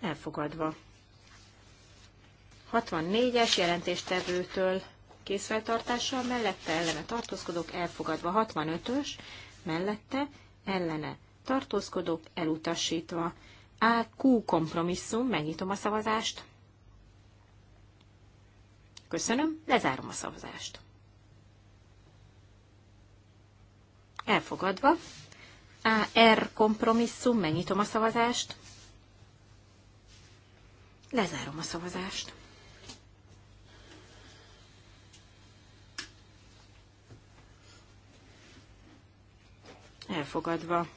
C: Elfogadva. 64-es jelentéstevőtől készfeltartással mellette ellene tartózkodok, elfogadva 65-ös, mellette ellene tartózkodok, elutasítva AQ kompromisszum, megnyitom a szavazást. Köszönöm, lezárom a szavazást. Elfogadva. AR kompromisszum, megnyitom a szavazást. Lezárom a szavazást. Elfogadva.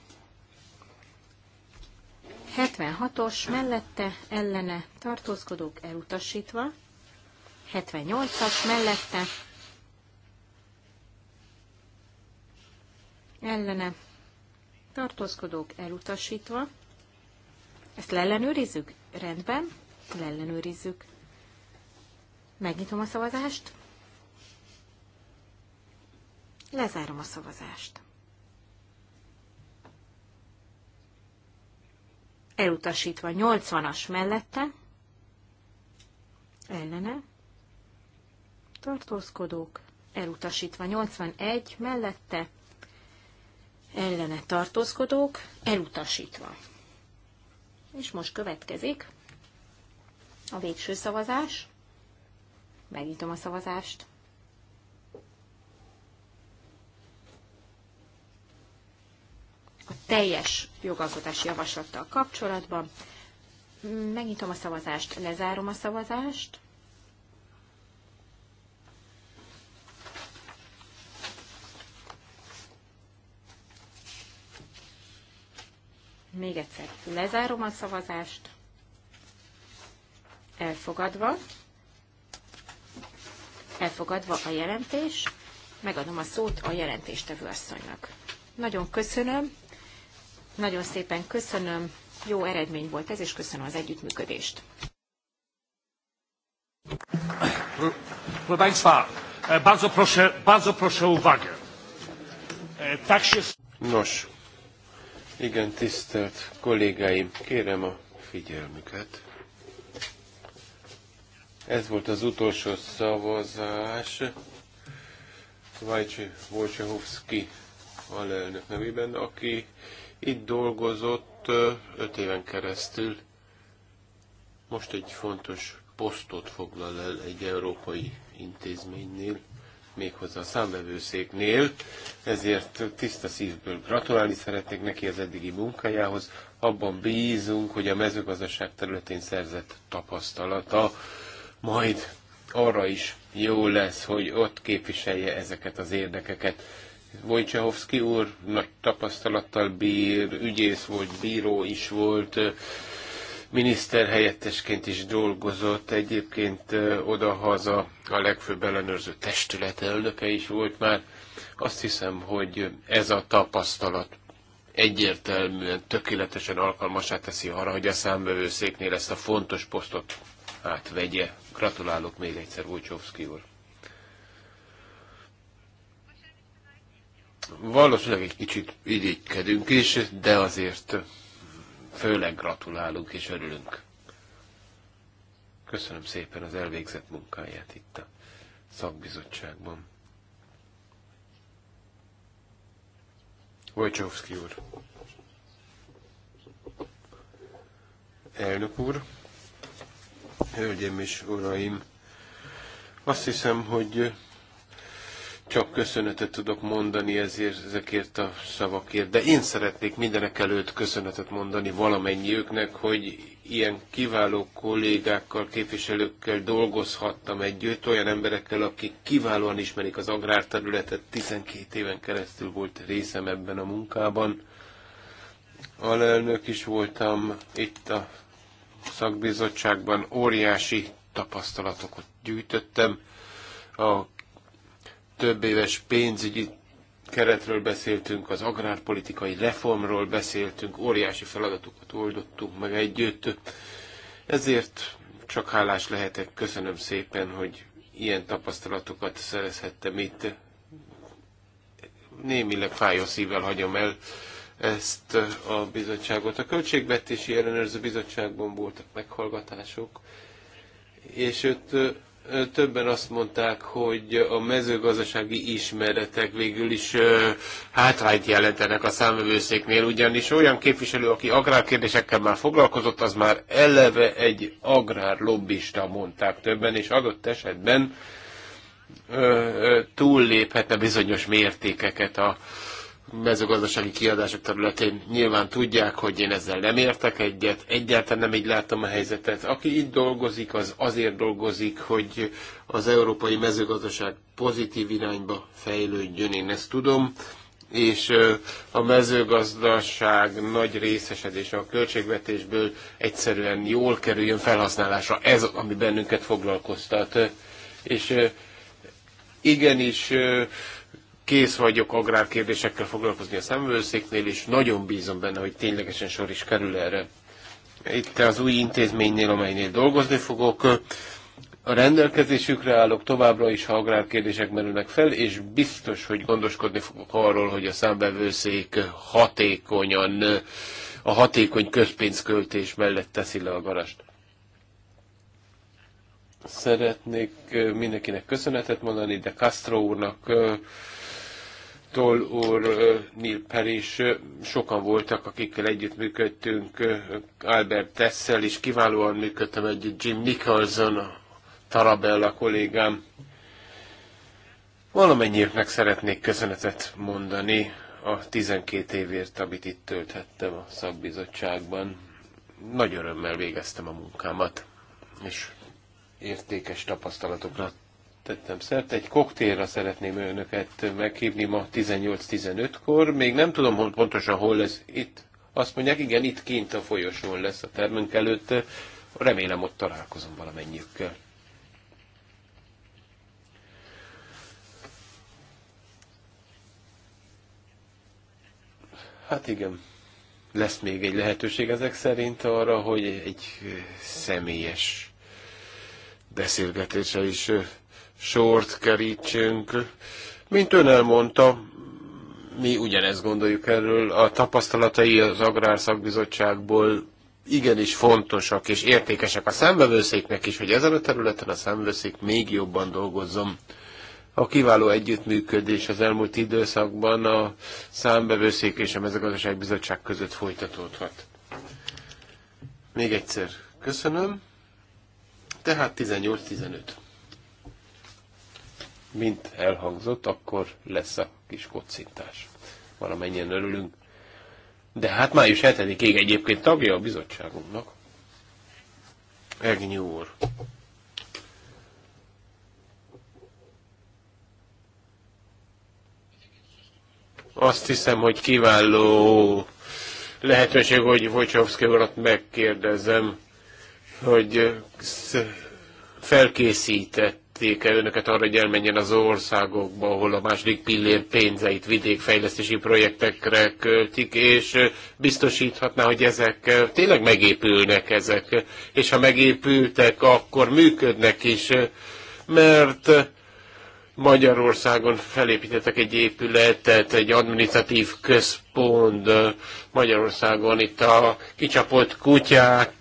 C: 76-os mellette ellene tartózkodók elutasítva, 78-as mellette ellene tartózkodók elutasítva. Ezt leellenőrizzük? Rendben, leellenőrizzük. Megnyitom a szavazást. Lezárom a szavazást. elutasítva 80-as mellette, ellene, tartózkodók, elutasítva 81 mellette, ellene tartózkodók, elutasítva. És most következik a végső szavazás. Megnyitom a szavazást. teljes jogalkotási javaslattal kapcsolatban. Megnyitom a szavazást, lezárom a szavazást. Még egyszer lezárom a szavazást. Elfogadva. Elfogadva a jelentés. Megadom a szót a jelentéstevő asszonynak. Nagyon köszönöm. Nagyon szépen köszönöm, jó eredmény volt ez, és köszönöm az együttműködést.
A: E, e,
B: Nos, igen, tisztelt kollégáim, kérem a figyelmüket. Ez volt az utolsó szavazás. Vajcsi Wojciechowski alelnök nevében, aki itt dolgozott öt éven keresztül, most egy fontos posztot foglal el egy európai intézménynél, méghozzá a számvevőszéknél, ezért tiszta szívből gratulálni szeretnék neki az eddigi munkájához. Abban bízunk, hogy a mezőgazdaság területén szerzett tapasztalata majd arra is jó lesz, hogy ott képviselje ezeket az érdekeket. Wojciechowski úr nagy tapasztalattal bír, ügyész volt, bíró is volt, miniszter helyettesként is dolgozott, egyébként odahaza a legfőbb ellenőrző testület elnöke is volt már. Azt hiszem, hogy ez a tapasztalat egyértelműen, tökéletesen alkalmasát teszi arra, hogy a számbevőszéknél ezt a fontos posztot átvegye. Gratulálok még egyszer Wojciechowski úr. Valószínűleg egy kicsit irigykedünk is, de azért főleg gratulálunk és örülünk. Köszönöm szépen az elvégzett munkáját itt a szakbizottságban. Vojcsovszki úr. Elnök úr, hölgyeim és uraim, azt hiszem, hogy csak köszönetet tudok mondani ezért, ezekért a szavakért, de én szeretnék mindenek előtt köszönetet mondani valamennyiüknek, hogy ilyen kiváló kollégákkal, képviselőkkel dolgozhattam együtt, olyan emberekkel, akik kiválóan ismerik az agrárterületet, 12 éven keresztül volt részem ebben a munkában. Alelnök is voltam itt a szakbizottságban, óriási tapasztalatokat gyűjtöttem a több éves pénzügyi keretről beszéltünk, az agrárpolitikai reformról beszéltünk, óriási feladatokat oldottunk meg együtt. Ezért csak hálás lehetek, köszönöm szépen, hogy ilyen tapasztalatokat szerezhettem itt. Némileg fájó szívvel hagyom el ezt a bizottságot. A Költségvetési Ellenőrző Bizottságban voltak meghallgatások, és őt többen azt mondták, hogy a mezőgazdasági ismeretek végül is hátrányt jelentenek a számövőszéknél, ugyanis olyan képviselő, aki agrárkérdésekkel már foglalkozott, az már eleve egy agrárlobbista, mondták többen, és adott esetben túlléphetne bizonyos mértékeket a mezőgazdasági kiadások területén nyilván tudják, hogy én ezzel nem értek egyet, egyáltalán nem így látom a helyzetet. Aki itt dolgozik, az azért dolgozik, hogy az európai mezőgazdaság pozitív irányba fejlődjön, én ezt tudom, és a mezőgazdaság nagy részesedése a költségvetésből egyszerűen jól kerüljön felhasználásra. Ez, ami bennünket foglalkoztat. És igenis kész vagyok agrárkérdésekkel foglalkozni a szemvőszéknél, és nagyon bízom benne, hogy ténylegesen sor is kerül erre. Itt az új intézménynél, amelynél dolgozni fogok, a rendelkezésükre állok továbbra is, ha agrárkérdések merülnek fel, és biztos, hogy gondoskodni fogok arról, hogy a számbevőszék hatékonyan, a hatékony közpénzköltés mellett teszi le a garast. Szeretnék mindenkinek köszönetet mondani, de Castro úrnak, Toll úr, Neil Paris, sokan voltak, akikkel együttműködtünk, Albert Tessel is kiválóan működtem együtt, Jim Nicholson, Tarabella kollégám. Valamennyiüknek szeretnék köszönetet mondani a 12 évért, amit itt tölthettem a szakbizottságban. Nagy örömmel végeztem a munkámat, és értékes tapasztalatokat tettem szert. Egy koktélra szeretném önöket meghívni ma 18-15-kor. Még nem tudom hogy pontosan, hol lesz itt. Azt mondják, igen, itt kint a folyosón lesz a termünk előtt. Remélem ott találkozom valamennyiükkel. Hát igen, lesz még egy lehetőség ezek szerint arra, hogy egy személyes beszélgetése is sort kerítsünk. Mint ön elmondta, mi ugyanezt gondoljuk erről. A tapasztalatai az Agrárszakbizottságból igenis fontosak és értékesek a szemvevőszéknek is, hogy ezen a területen a szemvevőszék még jobban dolgozzon. A kiváló együttműködés az elmúlt időszakban a számbevőszék és a mezőgazdaság bizottság között folytatódhat. Még egyszer köszönöm. Tehát 18-15 mint elhangzott, akkor lesz a kis kocintás. Valamennyien örülünk. De hát május 7-ig egyébként tagja a bizottságunknak. Ernyi úr. Azt hiszem, hogy kiváló lehetőség, hogy Vojcsovszki urat megkérdezem, hogy felkészített kérték e önöket arra, hogy elmenjen az országokba, ahol a második pillér pénzeit vidékfejlesztési projektekre költik, és biztosíthatná, hogy ezek tényleg megépülnek ezek, és ha megépültek, akkor működnek is, mert Magyarországon felépítettek egy épületet, egy administratív központ Magyarországon, itt a kicsapott kutyák,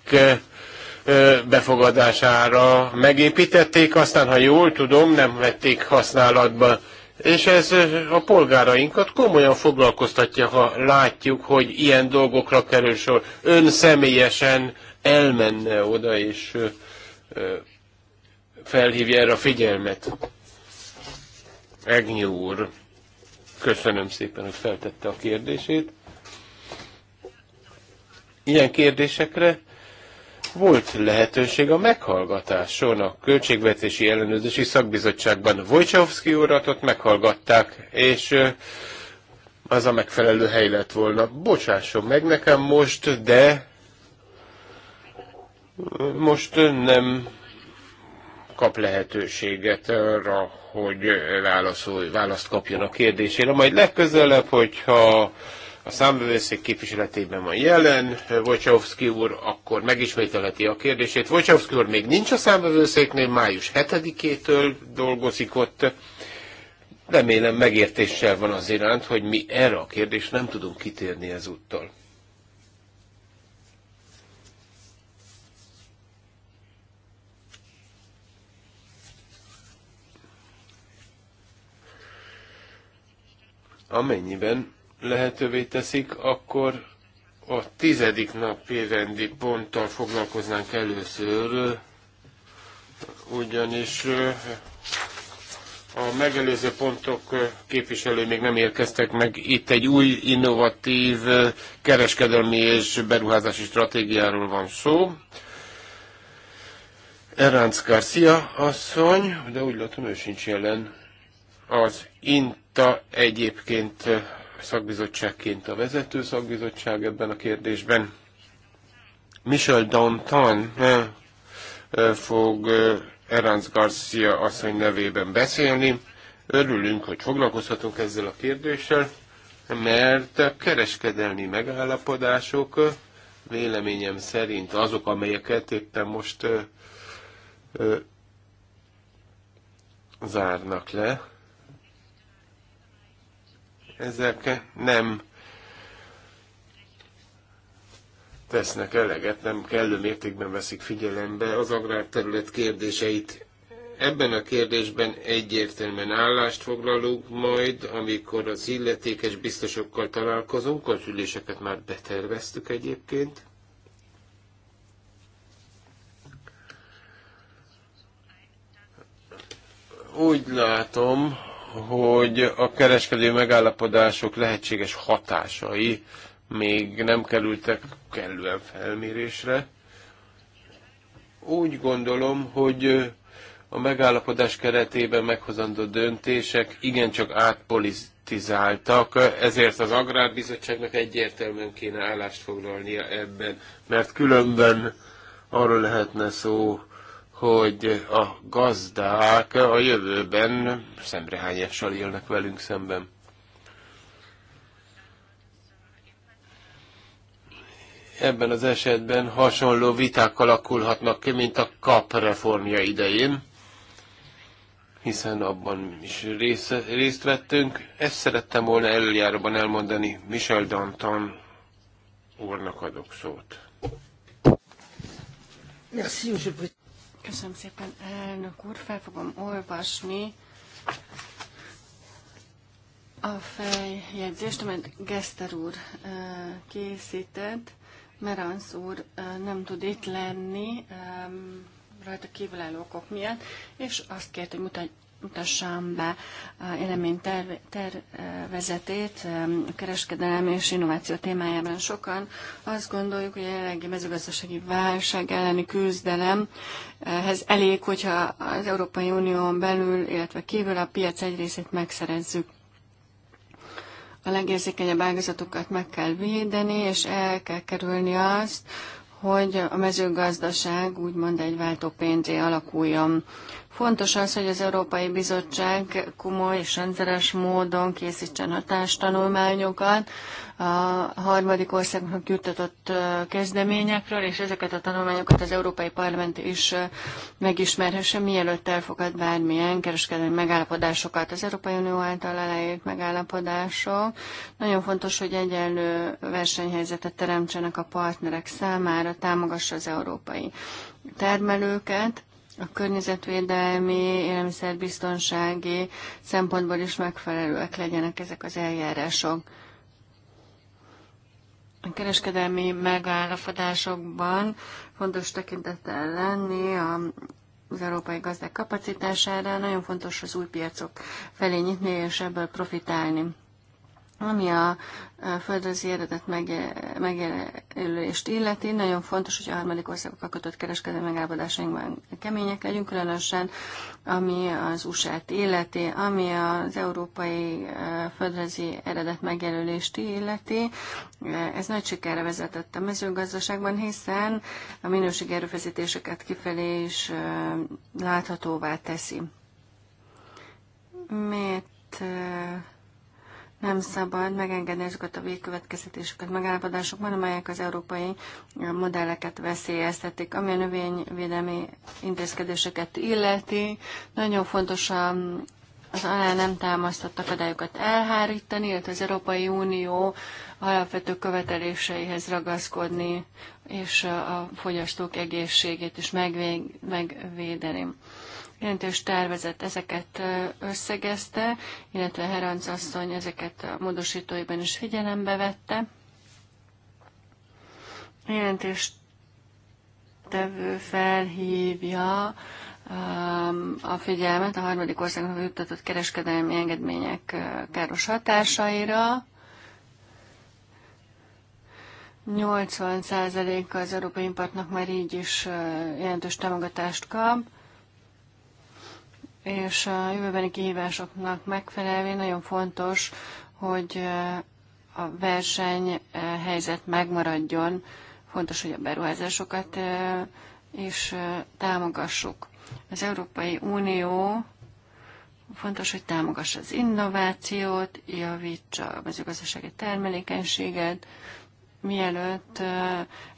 B: befogadására megépítették, aztán, ha jól tudom, nem vették használatba. És ez a polgárainkat komolyan foglalkoztatja, ha látjuk, hogy ilyen dolgokra kerül sor. Ön személyesen elmenne oda, és felhívja erre a figyelmet. Egnyi úr, köszönöm szépen, hogy feltette a kérdését. Ilyen kérdésekre volt lehetőség a meghallgatáson, a Költségvetési Ellenőrzési Szakbizottságban. Wojciechowski urat ott meghallgatták, és az a megfelelő hely lett volna. Bocsásson meg nekem most, de most nem kap lehetőséget arra, hogy válaszolj, választ kapjon a kérdésére. Majd legközelebb, hogyha a számbevőszék képviseletében van jelen. Wojciechowski úr akkor megismételheti a kérdését. Wojciechowski úr még nincs a számbevőszéknél, május 7-től dolgozik ott. Remélem megértéssel van az iránt, hogy mi erre a kérdést nem tudunk kitérni ezúttal. Amennyiben lehetővé teszik, akkor a tizedik napi rendi ponttal foglalkoznánk először, ugyanis a megelőző pontok képviselői még nem érkeztek meg. Itt egy új, innovatív kereskedelmi és beruházási stratégiáról van szó. Eránc Garcia asszony, de úgy látom ő sincs jelen. Az INTA egyébként szakbizottságként a vezető szakbizottság ebben a kérdésben. Michel Danton eh, eh, fog eh, Eranz Garcia asszony nevében beszélni. Örülünk, hogy foglalkozhatunk ezzel a kérdéssel, mert a kereskedelmi megállapodások véleményem szerint azok, amelyeket éppen most ö, ö, zárnak le, ezek nem tesznek eleget, nem kellő mértékben veszik figyelembe az agrárterület kérdéseit. Ebben a kérdésben egyértelműen állást foglalunk majd, amikor az illetékes biztosokkal találkozunk, a üléseket már beterveztük egyébként. Úgy látom, hogy a kereskedő megállapodások lehetséges hatásai még nem kerültek kellően felmérésre. Úgy gondolom, hogy a megállapodás keretében meghozandó döntések igencsak átpolitizáltak, ezért az Agrárbizottságnak egyértelműen kéne állást foglalnia ebben, mert különben arról lehetne szó, hogy a gazdák a jövőben szemrehányással élnek velünk szemben. Ebben az esetben hasonló viták alakulhatnak ki, mint a KAP reformja idején, hiszen abban is rész, részt vettünk. Ezt szerettem volna előjáróban elmondani. Michel Danton úrnak adok szót.
D: Merci, Köszönöm szépen, elnök úr. Fel fogom olvasni a feljegyzést, amit Geszter úr készített. Meransz úr nem tud itt lenni rajta kívülálló okok miatt, és azt kérte, hogy mutassam be eh, élemény tervezetét eh, a kereskedelem és innováció témájában. Sokan azt gondoljuk, hogy a jelenlegi mezőgazdasági válság elleni küzdelemhez eh, elég, hogyha az Európai Unión belül, illetve kívül a piac egy részét megszerezzük a legérzékenyebb ágazatokat meg kell védeni, és el kell kerülni azt, hogy a mezőgazdaság úgymond egy pénzé alakuljon. Fontos az, hogy az Európai Bizottság komoly és rendszeres módon készítsen hatástanulmányokat a harmadik országnak juttatott kezdeményekről, és ezeket a tanulmányokat az Európai Parlament is megismerhesse, mielőtt elfogad bármilyen kereskedelmi megállapodásokat. Az Európai Unió által aláírt megállapodások nagyon fontos, hogy egyenlő versenyhelyzetet teremtsenek a partnerek számára, támogassa az európai termelőket, a környezetvédelmi, élelmiszerbiztonsági szempontból is megfelelőek legyenek ezek az eljárások. A kereskedelmi megállapodásokban fontos tekintettel lenni a az európai gazdák kapacitására, nagyon fontos az új piacok felé nyitni és ebből profitálni. Ami a földrajzi eredet megjelölést illeti, nagyon fontos, hogy a harmadik országokkal kötött kereskedelmi megállapodásainkban kemények legyünk, különösen ami az USA-t illeti, ami az európai földrajzi eredet megjelölést illeti. Ez nagy sikerre vezetett a mezőgazdaságban, hiszen a minőségi erőfeszítéseket kifelé is láthatóvá teszi. Miért nem szabad megengedni azokat a végkövetkeztetéseket megállapodásokban, amelyek az európai eh, modelleket veszélyeztetik. Ami a növényvédelmi intézkedéseket illeti, nagyon fontos a az alá nem támasztott akadályokat elhárítani, illetve az Európai Unió alapvető követeléseihez ragaszkodni, és eh, a fogyasztók egészségét is megvédeni jelentős tervezet ezeket összegezte, illetve Heranc asszony ezeket a módosítóiban is figyelembe vette. A jelentős tevő felhívja a figyelmet a harmadik országnak juttatott kereskedelmi engedmények káros hatásaira. 80 az európai importnak már így is jelentős támogatást kap és a jövőbeni kihívásoknak megfelelően nagyon fontos, hogy a versenyhelyzet megmaradjon, fontos, hogy a beruházásokat is támogassuk. Az Európai Unió fontos, hogy támogassa az innovációt, javítsa a mezőgazdasági termelékenységet, mielőtt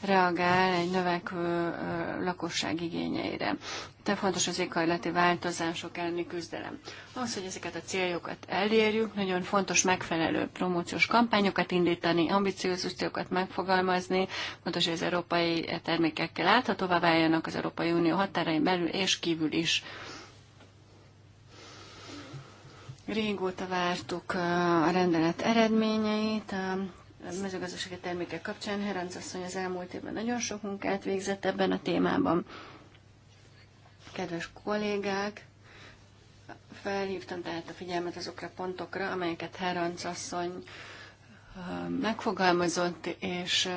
D: reagál egy növekvő lakosság igényeire. De fontos az éghajlati változások elleni küzdelem. Ahhoz, hogy ezeket a céljokat elérjük, nagyon fontos megfelelő promóciós kampányokat indítani, ambiciózus célokat megfogalmazni, fontos, hogy az európai termékekkel láthatóvá váljanak az Európai Unió határain belül és kívül is. Régóta vártuk a rendelet eredményeit, mezőgazdasági termékek kapcsán. Herenc asszony az elmúlt évben nagyon sok munkát végzett ebben a témában. Kedves kollégák, felhívtam tehát a figyelmet azokra a pontokra, amelyeket Herenc asszony megfogalmazott, és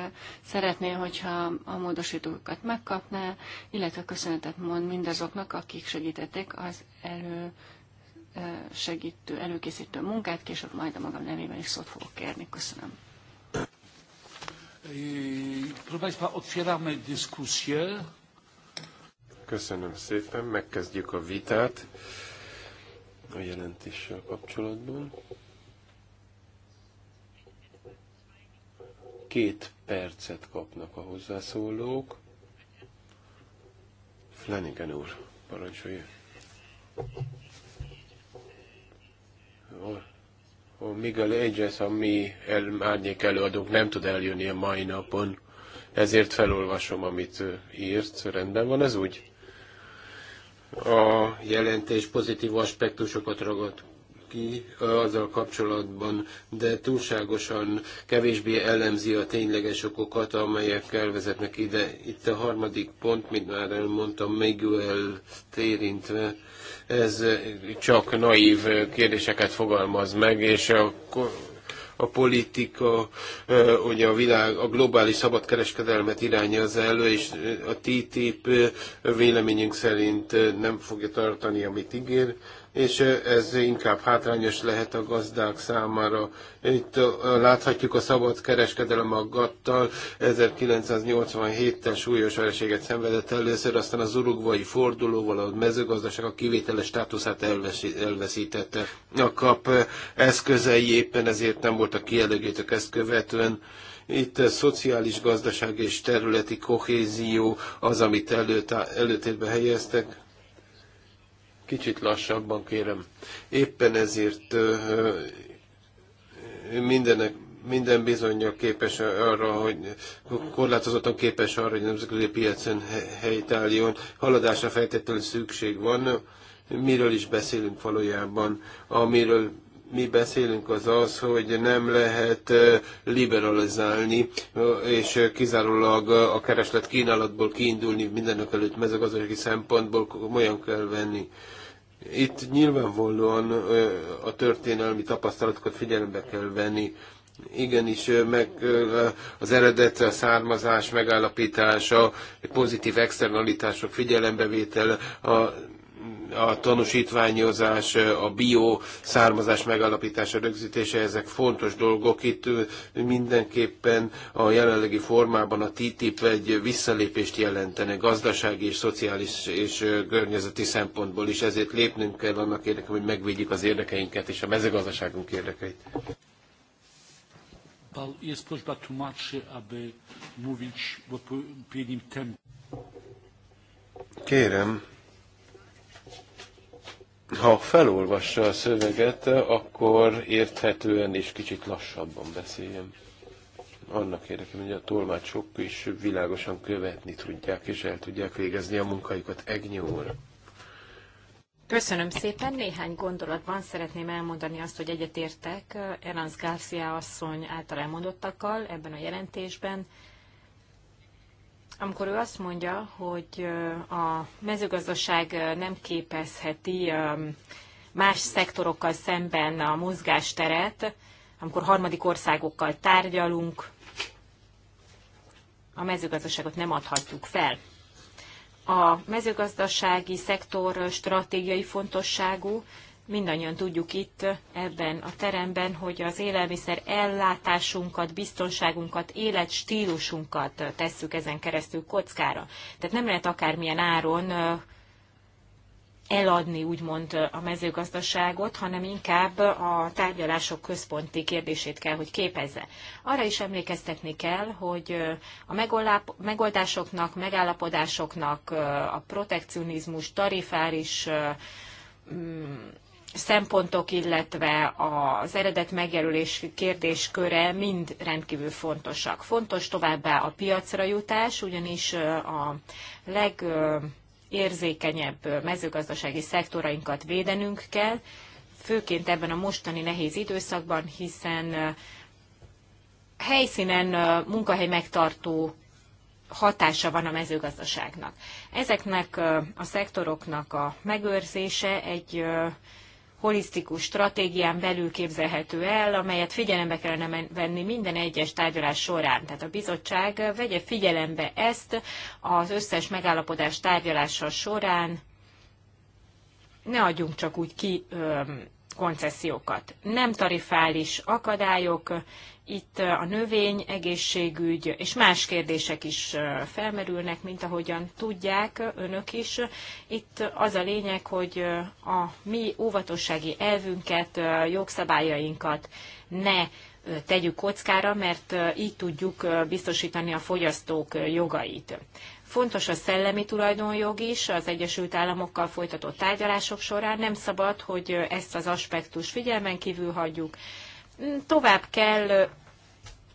D: szeretné, hogyha a módosítókat megkapná, illetve köszönetet mond mindazoknak, akik segítették az elő segítő, előkészítő munkát, később majd a magam nevében is szót fogok kérni. Köszönöm.
A: Proszę Państwa, otwieramy dyskusję.
B: Köszönöm szépen, megkezdjük a vitát a jelentéssel kapcsolatban. Két percet kapnak a hozzászólók. Flanagan úr, parancsolja. Jól. Miguel Angels, a mi el, árnyék előadónk nem tud eljönni a mai napon, ezért felolvasom, amit írt. Rendben van ez úgy? A jelentés pozitív aspektusokat ragad ki azzal kapcsolatban, de túlságosan kevésbé elemzi a tényleges okokat, amelyek elvezetnek ide. Itt a harmadik pont, mint már elmondtam, Miguel érintve, ez csak naív kérdéseket fogalmaz meg, és a a politika, ugye a világ, a globális szabadkereskedelmet az elő, és a TTIP véleményünk szerint nem fogja tartani, amit ígér és ez inkább hátrányos lehet a gazdák számára. Itt láthatjuk a szabad kereskedelem a gattal, 1987 ten súlyos vereséget szenvedett először, aztán az urugvai fordulóval a mezőgazdaság a kivételes státuszát elveszítette. A kap eszközei éppen ezért nem voltak kielégítők ezt követően itt a szociális gazdaság és területi kohézió az, amit előtérbe helyeztek. Kicsit lassabban kérem. Éppen ezért mindenek, minden bizonyja képes arra, hogy korlátozottan képes arra, hogy nemzetközi piacon helytálljon. Haladásra feltétlenül szükség van. Miről is beszélünk valójában? Amiről mi beszélünk az az, hogy nem lehet liberalizálni, és kizárólag a kereslet kínálatból kiindulni mindenek előtt mezőgazdasági szempontból komolyan kell venni itt nyilvánvalóan a történelmi tapasztalatokat figyelembe kell venni, Igenis, meg az eredet, a származás megállapítása, pozitív externalitások figyelembevétel, a a tanúsítványozás, a bio származás megalapítása, rögzítése, ezek fontos dolgok. Itt mindenképpen a jelenlegi formában a TTIP egy visszalépést jelentene gazdasági és szociális és környezeti szempontból is, ezért lépnünk kell annak érdekében, hogy megvédjük az érdekeinket és a mezőgazdaságunk érdekeit. Kérem, ha felolvassa a szöveget, akkor érthetően és kicsit lassabban beszéljen. Annak érdekében, hogy a tolmácsok is világosan követni tudják, és el tudják végezni a munkájukat egnyóra.
C: Köszönöm szépen. Néhány gondolatban szeretném elmondani azt, hogy egyetértek eh, Erans Garcia asszony által elmondottakkal ebben a jelentésben amikor ő azt mondja, hogy a mezőgazdaság nem képezheti más szektorokkal szemben a mozgásteret, amikor harmadik országokkal tárgyalunk, a mezőgazdaságot nem adhatjuk fel. A mezőgazdasági szektor stratégiai fontosságú, mindannyian tudjuk itt ebben a teremben, hogy az élelmiszer ellátásunkat, biztonságunkat, életstílusunkat tesszük ezen keresztül kockára. Tehát nem lehet akármilyen áron eladni úgymond a mezőgazdaságot, hanem inkább a tárgyalások központi kérdését kell, hogy képezze. Arra is emlékeztetni kell, hogy a megoldásoknak, megállapodásoknak a protekcionizmus, tarifáris szempontok, illetve az eredet megjelölés kérdésköre mind rendkívül fontosak. Fontos továbbá a piacra jutás, ugyanis a legérzékenyebb mezőgazdasági szektorainkat védenünk kell, főként ebben a mostani nehéz időszakban, hiszen helyszínen munkahely megtartó hatása van a mezőgazdaságnak. Ezeknek a szektoroknak a megőrzése egy holisztikus stratégián belül képzelhető el, amelyet figyelembe kellene venni minden egyes tárgyalás során. Tehát a bizottság vegye figyelembe ezt az összes megállapodás tárgyalása során, ne adjunk csak úgy ki ö, koncesziókat. Nem tarifális akadályok itt a növény, egészségügy és más kérdések is felmerülnek, mint ahogyan tudják önök is. Itt az a lényeg, hogy a mi óvatossági elvünket, jogszabályainkat ne tegyük kockára, mert így tudjuk biztosítani a fogyasztók jogait. Fontos a szellemi tulajdonjog is, az Egyesült Államokkal folytatott tárgyalások során nem szabad, hogy ezt az aspektus figyelmen kívül hagyjuk, tovább kell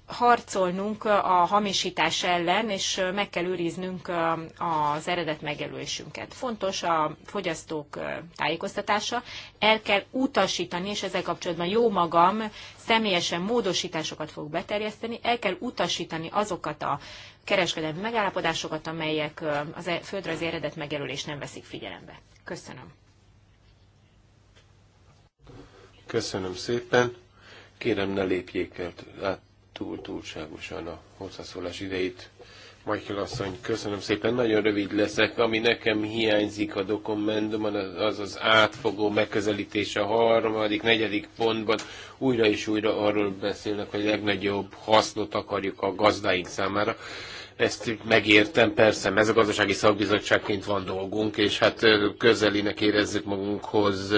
C: harcolnunk a hamisítás ellen, és meg kell őriznünk az eredet megjelölésünket. Fontos a fogyasztók tájékoztatása, el kell utasítani, és ezzel kapcsolatban jó magam személyesen módosításokat fog beterjeszteni, el kell utasítani azokat a kereskedelmi megállapodásokat, amelyek az e- földrajzi eredet megjelölést nem veszik figyelembe. Köszönöm.
B: Köszönöm szépen. Kérem, ne lépjék el túl túlságosan a hozzászólás idejét. Michael asszony, köszönöm szépen, nagyon rövid leszek. Ami nekem hiányzik a dokumentumban, az az átfogó megközelítés a harmadik, negyedik pontban. Újra és újra arról beszélnek, hogy a legnagyobb hasznot akarjuk a gazdáink számára. Ezt megértem, persze, Ez gazdasági szakbizottságként van dolgunk, és hát közelinek érezzük magunkhoz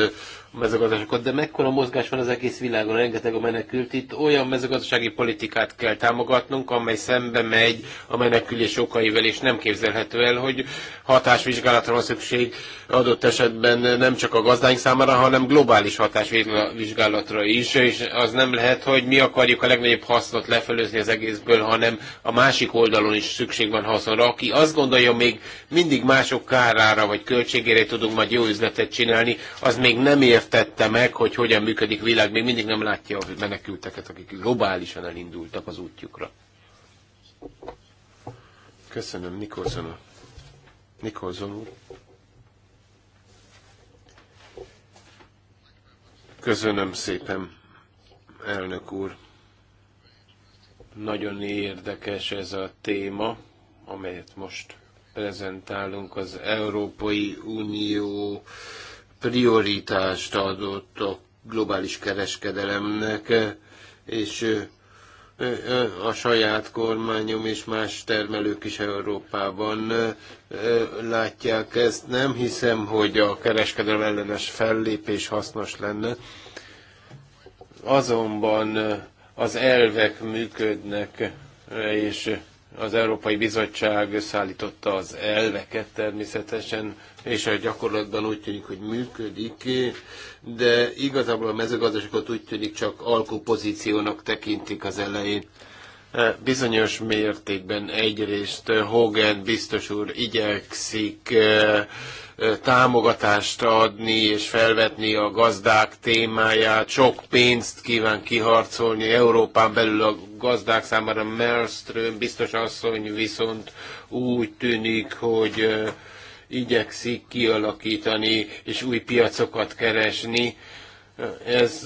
B: a mezőgazdaságot, de mekkora mozgás van az egész világon, rengeteg a menekült. Itt olyan mezőgazdasági politikát kell támogatnunk, amely szembe megy a menekülés okaival, és nem képzelhető el, hogy hatásvizsgálatra van szükség adott esetben nem csak a gazdáink számára, hanem globális hatásvizsgálatra is, és az nem lehet, hogy mi akarjuk a legnagyobb hasznot lefelőzni az egészből, hanem a másik oldalon is szükség van haszonra. Aki azt gondolja, még mindig mások kárára vagy költségére tudunk majd jó üzletet csinálni, az még nem ér értette meg, hogy hogyan működik világ, még mindig nem látja a menekülteket, akik globálisan elindultak az útjukra. Köszönöm, Nikolson. Nikolzon úr. Köszönöm szépen, elnök úr. Nagyon érdekes ez a téma, amelyet most prezentálunk az Európai Unió prioritást adott a globális kereskedelemnek, és a saját kormányom és más termelők is Európában látják ezt. Nem hiszem, hogy a kereskedelem ellenes fellépés hasznos lenne. Azonban az elvek működnek, és az Európai Bizottság összeállította az elveket természetesen, és a gyakorlatban úgy tűnik, hogy működik, de igazából a mezőgazdaságot úgy tűnik csak alkupozíciónak tekintik az elején. Bizonyos mértékben egyrészt Hogan biztos úr igyekszik támogatást adni és felvetni a gazdák témáját. Sok pénzt kíván kiharcolni Európán belül a gazdák számára. Melström biztos asszony viszont úgy tűnik, hogy igyekszik kialakítani és új piacokat keresni. Ez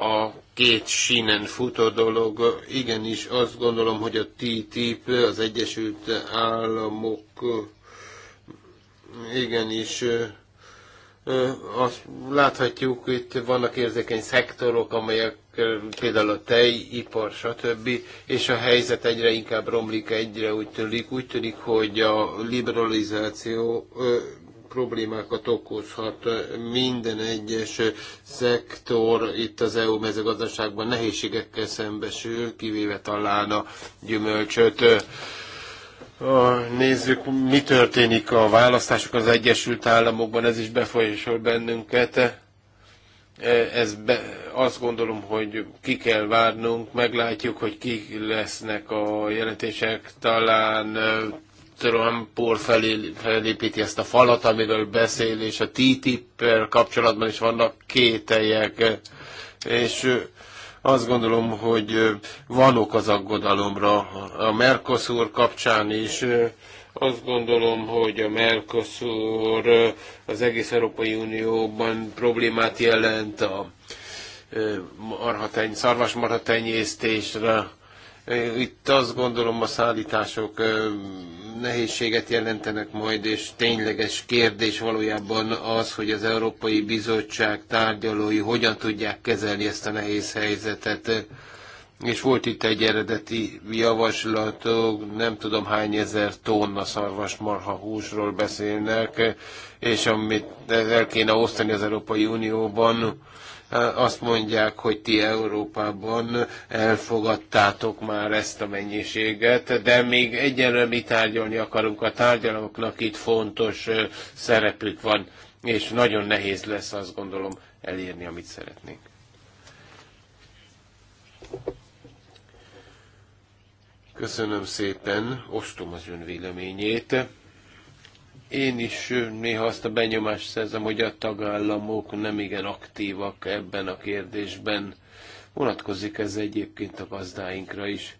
B: a két sínen futó dolog. Igenis, azt gondolom, hogy a TTIP, az Egyesült Államok igenis azt láthatjuk, itt vannak érzékeny szektorok, amelyek például a tejipar, stb. És a helyzet egyre inkább romlik, egyre úgy tűnik. Úgy tűnik, hogy a liberalizáció problémákat okozhat minden egyes szektor itt az EU mezőgazdaságban nehézségekkel szembesül, kivéve talán a gyümölcsöt. Nézzük, mi történik a választások az Egyesült Államokban, ez is befolyásol bennünket. E, ez be, azt gondolom, hogy ki kell várnunk, meglátjuk, hogy ki lesznek a jelentések, talán Trumpor felé, felépíti ezt a falat, amiről beszél, és a TTIP-per kapcsolatban is vannak kételjek, és azt gondolom, hogy van ok az aggodalomra a Mercosur kapcsán is. Azt gondolom, hogy a Mercosur az egész Európai Unióban problémát jelent a marhatenyésztésre, szarvasmarhatenyésztésre, itt azt gondolom a szállítások nehézséget jelentenek majd, és tényleges kérdés valójában az, hogy az Európai Bizottság tárgyalói hogyan tudják kezelni ezt a nehéz helyzetet. És volt itt egy eredeti javaslat, nem tudom hány ezer tonna szarvasmarha húsról beszélnek, és amit el kéne osztani az Európai Unióban, azt mondják, hogy ti Európában elfogadtátok már ezt a mennyiséget, de még egyenre mi tárgyalni akarunk, a tárgyalóknak itt fontos szerepük van, és nagyon nehéz lesz azt gondolom elérni, amit szeretnénk. Köszönöm szépen, osztom az ön véleményét én is néha azt a benyomást szerzem, hogy a tagállamok nem igen aktívak ebben a kérdésben. Vonatkozik ez egyébként a gazdáinkra is.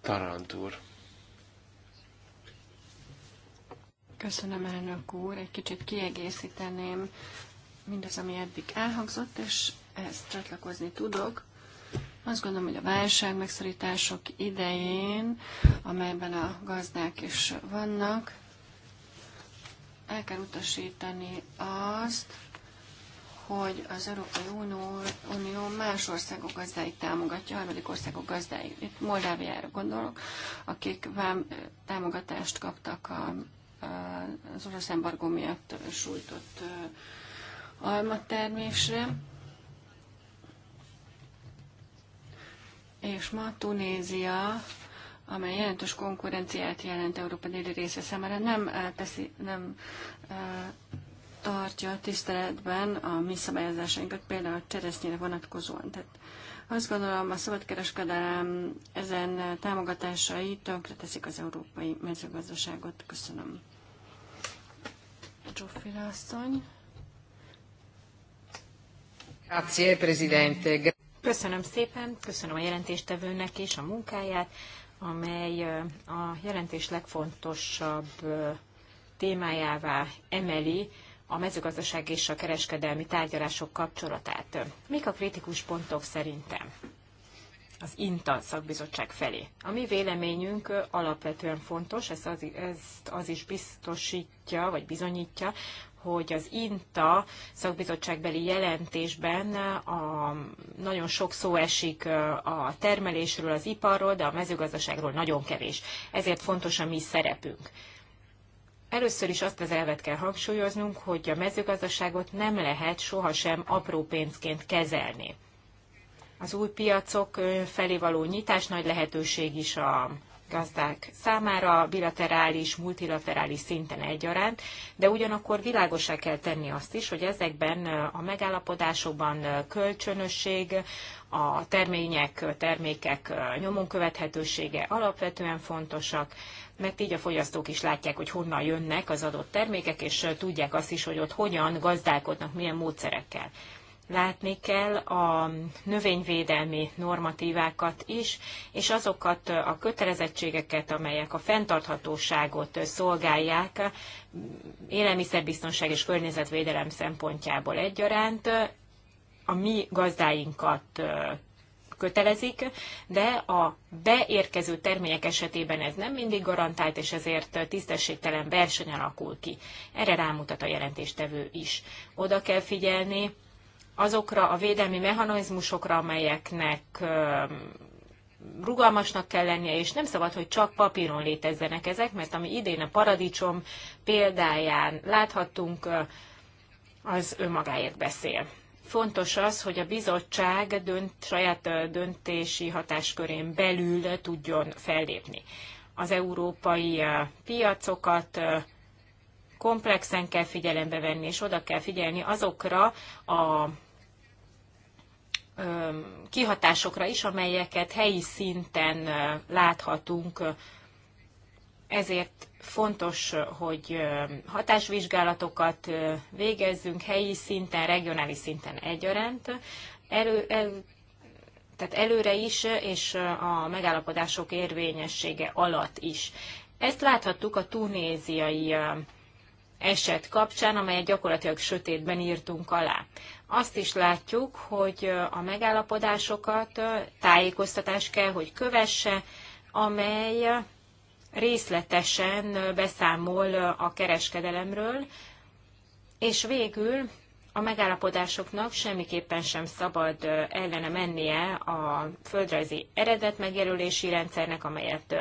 B: Tarant úr.
D: Köszönöm, elnök úr. Egy kicsit kiegészíteném mindaz, ami eddig elhangzott, és ehhez csatlakozni tudok. Azt gondolom, hogy a válság megszorítások idején, amelyben a gazdák is vannak, el kell utasítani azt, hogy az Európai Unió, Unió más országok gazdáit támogatja, harmadik országok gazdáit. Itt Moldáviára gondolok, akik vám támogatást kaptak a, a, az orosz embargó miatt sújtott almatermésre. És ma Tunézia amely jelentős konkurenciát jelent Európa déli része számára, nem, eh, teszi, nem eh, tartja tiszteletben a mi szabályozásainkat, például a cseresznyére vonatkozóan. Tehát azt gondolom, a szabadkereskedelem ezen eh, támogatásai tönkreteszik az európai mezőgazdaságot. Köszönöm. Zsófila Lászony.
C: Grazie, Presidente. Köszönöm szépen, köszönöm a jelentéstevőnek és a munkáját amely a jelentés legfontosabb témájává emeli a mezőgazdaság és a kereskedelmi tárgyalások kapcsolatát. Mik a kritikus pontok szerintem? Az INTA szakbizottság felé. A mi véleményünk alapvetően fontos, ez az, ezt az is biztosítja, vagy bizonyítja, hogy az INTA szakbizottságbeli jelentésben eh, a, nagyon sok szó esik eh, a termelésről, az iparról, de a mezőgazdaságról nagyon kevés. Ezért fontos a mi szerepünk. Először is azt az elvet kell hangsúlyoznunk, hogy a mezőgazdaságot nem lehet sohasem apró pénzként kezelni. Az új piacok eh, felé való nyitás nagy lehetőség is a gazdák számára, bilaterális, multilaterális szinten egyaránt, de ugyanakkor világosá kell tenni azt is, hogy ezekben a megállapodásokban kölcsönösség, a termények, termékek nyomon követhetősége alapvetően fontosak, mert így a fogyasztók is látják, hogy honnan jönnek az adott termékek, és tudják azt is, hogy ott hogyan gazdálkodnak, milyen módszerekkel látni kell a növényvédelmi normatívákat is, és azokat a kötelezettségeket, amelyek a fenntarthatóságot szolgálják élelmiszerbiztonság és környezetvédelem szempontjából egyaránt, a mi gazdáinkat kötelezik, de a beérkező termények esetében ez nem mindig garantált, és ezért tisztességtelen verseny alakul ki. Erre rámutat a jelentéstevő is. Oda kell figyelni azokra a védelmi mechanizmusokra, amelyeknek rugalmasnak kell lennie, és nem szabad, hogy csak papíron létezzenek ezek, mert ami idén a paradicsom példáján láthattunk, az önmagáért beszél. Fontos az, hogy a bizottság dönt, saját döntési hatáskörén belül tudjon fellépni. Az európai piacokat komplexen kell figyelembe venni, és oda kell figyelni azokra a kihatásokra is, amelyeket helyi szinten láthatunk. Ezért fontos, hogy hatásvizsgálatokat végezzünk helyi szinten, regionális szinten egyaránt, elő, el, tehát előre is, és a megállapodások érvényessége alatt is. Ezt láthattuk a tunéziai eset kapcsán, amelyet gyakorlatilag sötétben írtunk alá azt is látjuk, hogy a megállapodásokat tájékoztatás kell, hogy kövesse, amely részletesen beszámol a kereskedelemről, és végül a megállapodásoknak semmiképpen sem szabad ellene mennie a földrajzi eredet megjelölési rendszernek, amelyet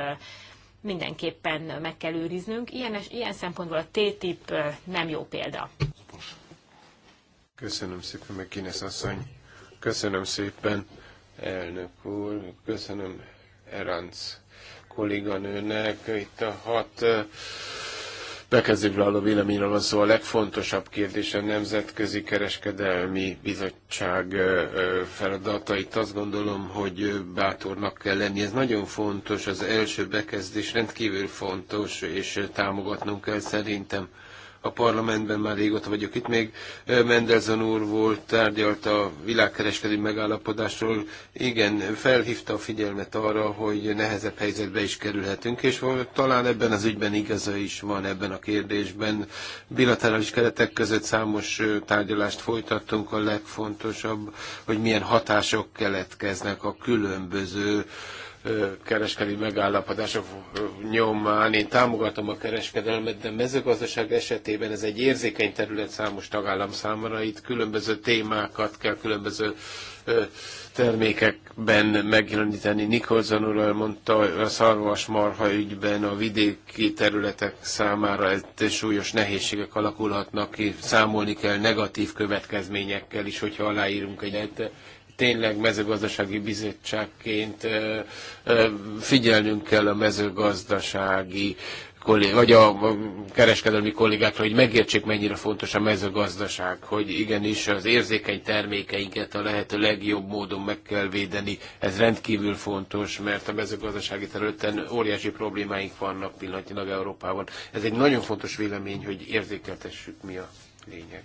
C: mindenképpen meg kell őriznünk. Ilyen, ilyen szempontból a TTIP nem jó példa.
B: Köszönöm szépen, meg Kines asszony. Köszönöm szépen, elnök úr. Köszönöm Eranc kolléganőnek. Itt a hat bekezdőből álló véleményről van szó. A legfontosabb kérdés a Nemzetközi Kereskedelmi Bizottság feladatait. azt gondolom, hogy bátornak kell lenni. Ez nagyon fontos, az első bekezdés rendkívül fontos, és támogatnunk kell szerintem a parlamentben, már régóta vagyok itt még. Mendelzon úr volt, tárgyalt a világkereskedő megállapodásról. Igen, felhívta a figyelmet arra, hogy nehezebb helyzetbe is kerülhetünk, és talán ebben az ügyben igaza is van ebben a kérdésben. Bilaterális keretek között számos tárgyalást folytattunk, a legfontosabb, hogy milyen hatások keletkeznek a különböző kereskedelmi megállapodások nyomán. Én támogatom a kereskedelmet, de mezőgazdaság esetében ez egy érzékeny terület számos tagállam számára. Itt különböző témákat kell különböző termékekben megjeleníteni. Nikolzan úr elmondta, a szarvasmarha ügyben a vidéki területek számára ez súlyos nehézségek alakulhatnak ki, számolni kell negatív következményekkel is, hogyha aláírunk egyet tényleg mezőgazdasági bizottságként figyelnünk kell a mezőgazdasági vagy a kereskedelmi kollégákra, hogy megértsék, mennyire fontos a mezőgazdaság, hogy igenis az érzékeny termékeinket a lehető legjobb módon meg kell védeni. Ez rendkívül fontos, mert a mezőgazdasági területen óriási problémáink vannak pillanatnyilag Európában. Ez egy nagyon fontos vélemény, hogy érzékeltessük mi a lényeg.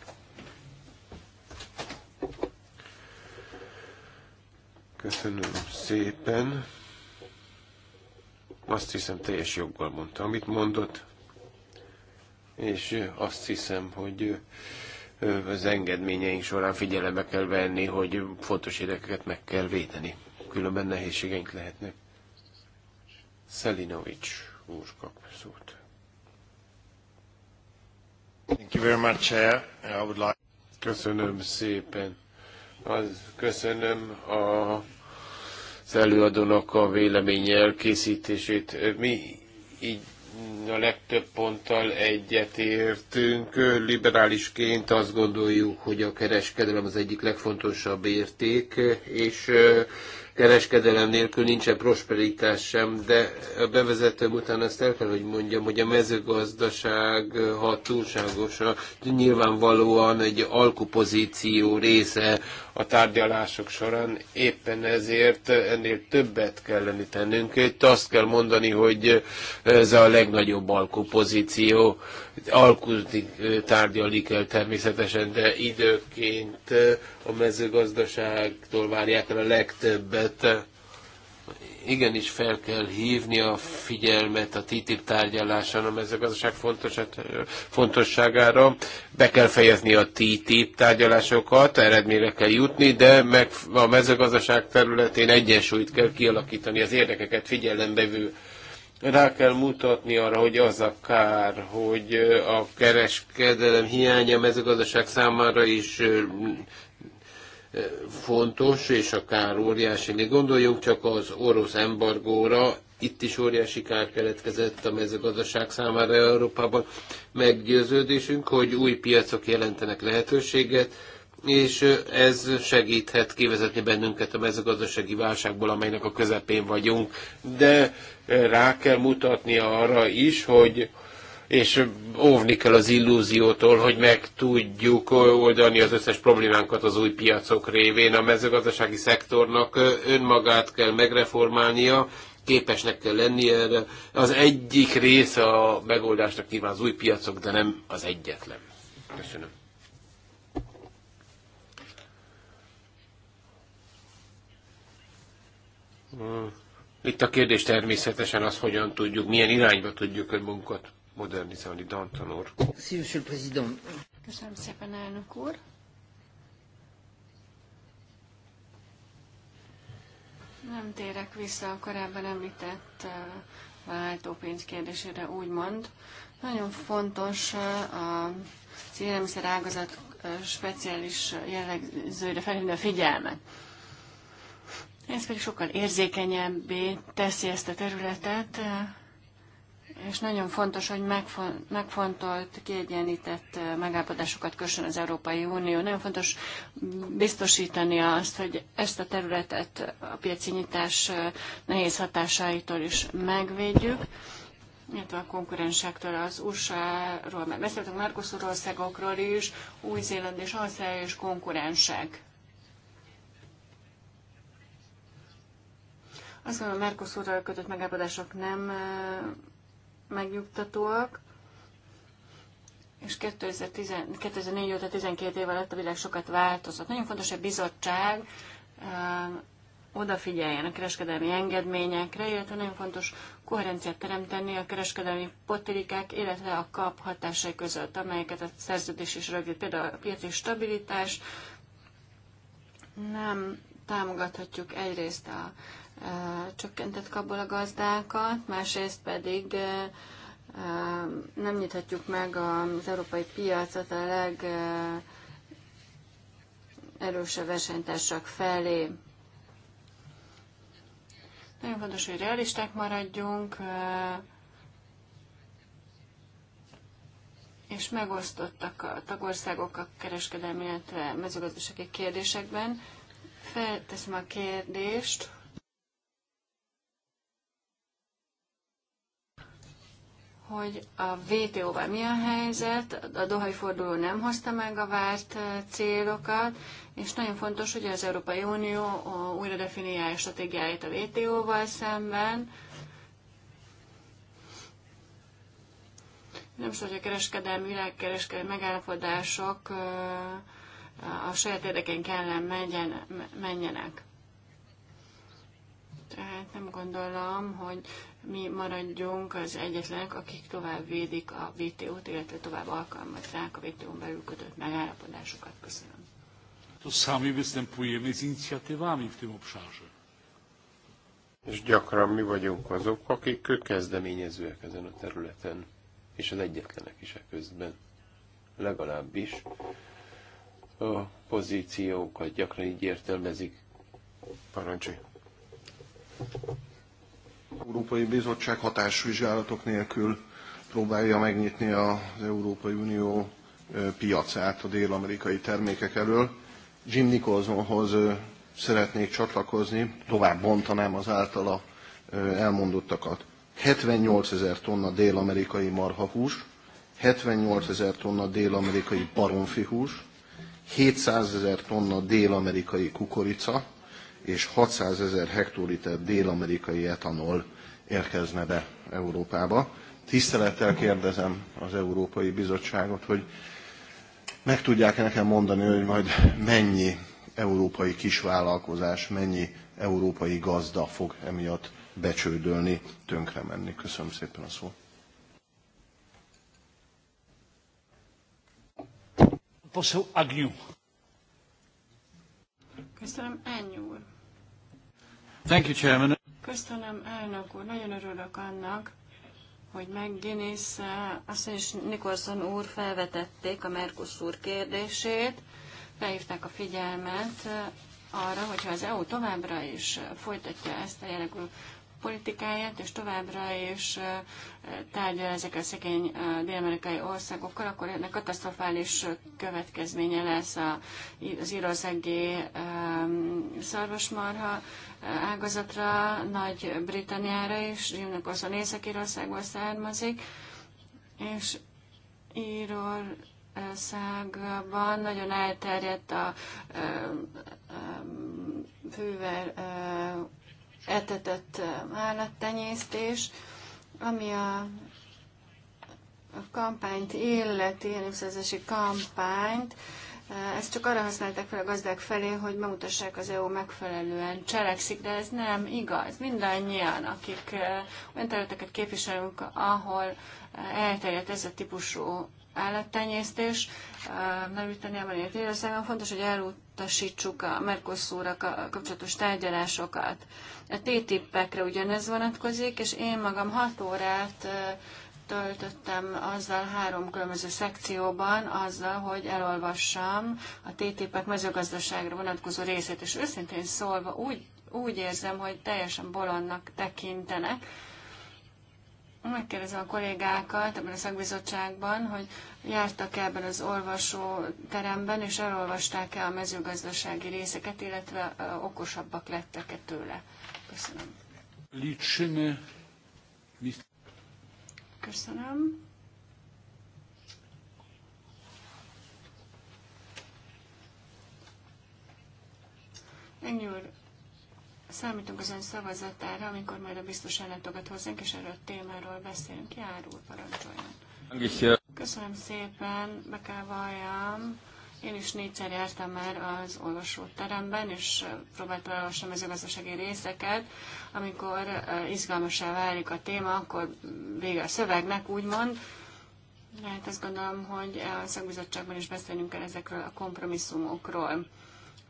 B: Köszönöm szépen. Azt hiszem, teljes joggal mondta, amit mondott. És azt hiszem, hogy az engedményeink során figyelembe kell venni, hogy fontos érdekeket meg kell védeni. Különben nehézségeink lehetnek. Szelinovics úr kap szót. Thank you very much, Chair. I would like... Köszönöm szépen az, köszönöm a, az előadónak a vélemény elkészítését. Mi így a legtöbb ponttal egyetértünk. Liberálisként azt gondoljuk, hogy a kereskedelem az egyik legfontosabb érték, és kereskedelem nélkül nincsen prosperitás sem, de a bevezetőm után azt el kell, hogy mondjam, hogy a mezőgazdaság, ha túlságosan, nyilvánvalóan egy alkupozíció része a tárgyalások során. Éppen ezért ennél többet kellene tennünk. Itt azt kell mondani, hogy ez a legnagyobb alkupozíció. Alkuzni tárgyalni kell természetesen, de időként a mezőgazdaságtól várják el a legtöbbet igenis fel kell hívni a figyelmet a TTIP tárgyaláson, a mezőgazdaság fontosságára. Be kell fejezni a TTIP tárgyalásokat, eredményre kell jutni, de meg a mezőgazdaság területén egyensúlyt kell kialakítani az érdekeket figyelembevő rá kell mutatni arra, hogy az a kár, hogy a kereskedelem hiánya a mezőgazdaság számára is fontos, és a kár óriási. Gondoljunk csak az orosz embargóra, itt is óriási kár keletkezett a mezőgazdaság számára Európában. Meggyőződésünk, hogy új piacok jelentenek lehetőséget, és ez segíthet kivezetni bennünket a mezőgazdasági válságból, amelynek a közepén vagyunk. De rá kell mutatni arra is, hogy és óvni kell az illúziótól, hogy meg tudjuk oldani az összes problémánkat az új piacok révén. A mezőgazdasági szektornak önmagát kell megreformálnia, képesnek kell lennie erre. Az egyik része a megoldásnak nyilván az új piacok, de nem az egyetlen. Köszönöm. Itt a kérdés természetesen az, hogyan tudjuk, milyen irányba tudjuk önmunkat modernizálni, Danton úr. Köszönöm
D: szépen, elnök úr. Nem térek vissza a korábban említett uh, váltópénz kérdésére, úgymond. Nagyon fontos uh, a élelmiszer ágazat uh, speciális jellegzőre felhívni a figyelmet. Ez pedig sokkal érzékenyebbé teszi ezt a területet, és nagyon fontos, hogy megfontolt, kiegyenlített eh, megállapodásokat kössön az Európai Unió. Nagyon fontos biztosítani azt, hogy ezt a területet a piaci nyitás eh, nehéz hatásaitól is megvédjük illetve a konkurensektől, az USA-ról, mert beszéltünk Mercosur országokról is, Új-Zéland és Ausztrália és konkurensek. Azt gondolom, a Mercosurral kötött megállapodások nem eh, megnyugtatóak, és 2010, 2004 óta 12 év alatt a világ sokat változott. Nagyon fontos, hogy a bizottság um, odafigyeljen a kereskedelmi engedményekre, illetve nagyon fontos koherenciát teremteni a kereskedelmi politikák, illetve a kap hatásai között, amelyeket a szerződés is rögzít. Például a piaci stabilitás, nem támogathatjuk egyrészt a csökkentett abból a gazdákat, másrészt pedig nem nyithatjuk meg az európai piacot a legerősebb versenytársak felé. Nagyon fontos, hogy realisták maradjunk, és megosztottak a tagországok a kereskedelmi, illetve mezőgazdasági kérdésekben. Felteszem a kérdést, hogy a vto val mi a helyzet, a Dohai forduló nem hozta meg a várt célokat, és nagyon fontos, hogy az Európai Unió újra definiálja stratégiáit a vto val szemben. Nem szó, hogy a kereskedelmi, világkereskedelmi megállapodások a saját érdekén kellene menjen, menjenek. Tehát nem gondolom, hogy mi maradjunk az egyetlenek, akik tovább védik a WTO-t, illetve tovább alkalmazzák a WTO-n belül kötött megállapodásokat. Köszönöm.
B: És gyakran mi vagyunk azok, akik kezdeményezőek ezen a területen, és az egyetlenek is e közben. Legalábbis a pozíciókat gyakran így értelmezik. Parancsolj! Európai Bizottság hatásvizsgálatok nélkül próbálja megnyitni az Európai Unió piacát a dél-amerikai termékek elől. Jim Nicholsonhoz szeretnék csatlakozni, tovább bontanám az általa elmondottakat. 78 ezer tonna dél-amerikai marhahús, 78 ezer tonna dél-amerikai baromfihús, 700 ezer tonna dél-amerikai kukorica, és 600 ezer hektoliter dél-amerikai etanol érkezne be Európába. Tisztelettel kérdezem az Európai Bizottságot, hogy meg tudják-e nekem mondani, hogy majd mennyi európai kisvállalkozás, mennyi európai gazda fog emiatt becsődölni, tönkre menni. Köszönöm szépen a szót.
A: Posso Agniu.
D: Köszönöm, Ennyi úr.
A: Thank you, Chairman.
D: Köszönöm, elnök úr. Nagyon örülök annak, hogy meg Guinness, eh, azt is Nikolson úr felvetették a Mercosur kérdését, felhívták a figyelmet eh, arra, hogyha az EU továbbra is folytatja ezt a jellegű politikáját, és továbbra is tárgyal ezek a szegény dél-amerikai országokkal, akkor ennek katasztrofális következménye lesz az írországi szarvasmarha ágazatra, Nagy-Britanniára is, Zsimnakoszon Észak-Írországból származik, és Írországban nagyon elterjedt a fővel etetett állattenyésztés, ami a a kampányt illeti, a népszerzési kampányt, ezt csak arra használták fel a gazdák felé, hogy bemutassák az EU megfelelően cselekszik, de ez nem igaz. Mindannyian, akik olyan területeket képviselünk, ahol elterjedt ez a típusú állattenyésztés Nagy-Britanniában, illetve Írországban fontos, hogy elutasítsuk a a kapcsolatos tárgyalásokat. A T-tippekre ugyanez vonatkozik, és én magam hat órát töltöttem azzal három különböző szekcióban, azzal, hogy elolvassam a TTIP-ek mezőgazdaságra vonatkozó részét, és őszintén szólva úgy, úgy érzem, hogy teljesen bolondnak tekintenek, megkérdezem a kollégákat ebben a szakbizottságban, hogy jártak -e ebben az teremben, és elolvasták-e a mezőgazdasági részeket, illetve okosabbak lettek-e tőle.
A: Köszönöm.
D: Köszönöm. Ennyi úr, Számítunk az ön szavazatára, amikor majd a biztos ellátogat hozzánk, és erről a témáról beszélünk. Járul,
A: parancsoljon.
D: Köszönöm szépen, be kell valljam. Én is négyszer jártam már az olvasóteremben, és próbáltam elolvasni a mezőgazdasági részeket. Amikor izgalmasá válik a téma, akkor vége a szövegnek, úgymond. Hát azt gondolom, hogy a szakbizottságban is beszélnünk el ezekről a kompromisszumokról.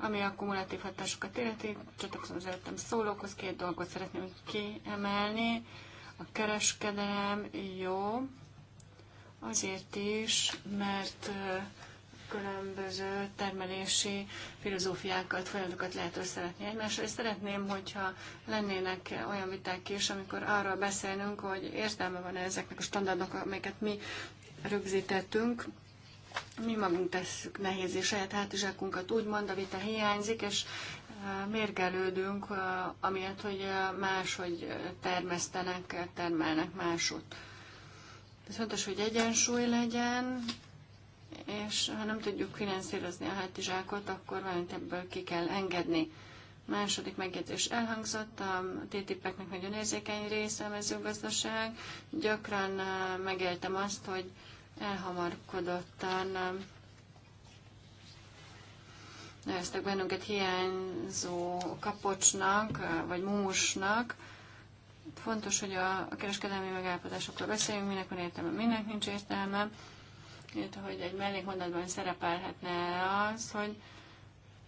D: Ami a kumulatív hatásokat illeti, csatlakozom az előttem szólókhoz, két dolgot szeretném kiemelni. A kereskedelem jó, azért is, mert különböző termelési filozófiákat, folyamatokat lehet összeretni egymásra, és szeretném, hogyha lennének olyan viták is, amikor arról beszélnünk, hogy értelme van -e ezeknek a standardoknak, amelyeket mi rögzítettünk, mi magunk tesszük nehéz és saját hátizsákunkat, úgymond a hiányzik, és mérgelődünk, amiatt, hogy máshogy termesztenek, termelnek másút. Ez fontos, hogy egyensúly legyen, és ha nem tudjuk finanszírozni a hátizsákot, akkor valamit ebből ki kell engedni. Második megjegyzés elhangzott, a TTIP-eknek nagyon érzékeny része a mezőgazdaság. Gyakran megéltem azt, hogy elhamarkodottan um, neveztek bennünket hiányzó kapocsnak, uh, vagy mumusnak. Fontos, hogy a, kereskedelmi megállapodásokról beszéljünk, minek van értelme, minek nincs értelme, Itt, hogy egy mellékmondatban szerepelhetne az, hogy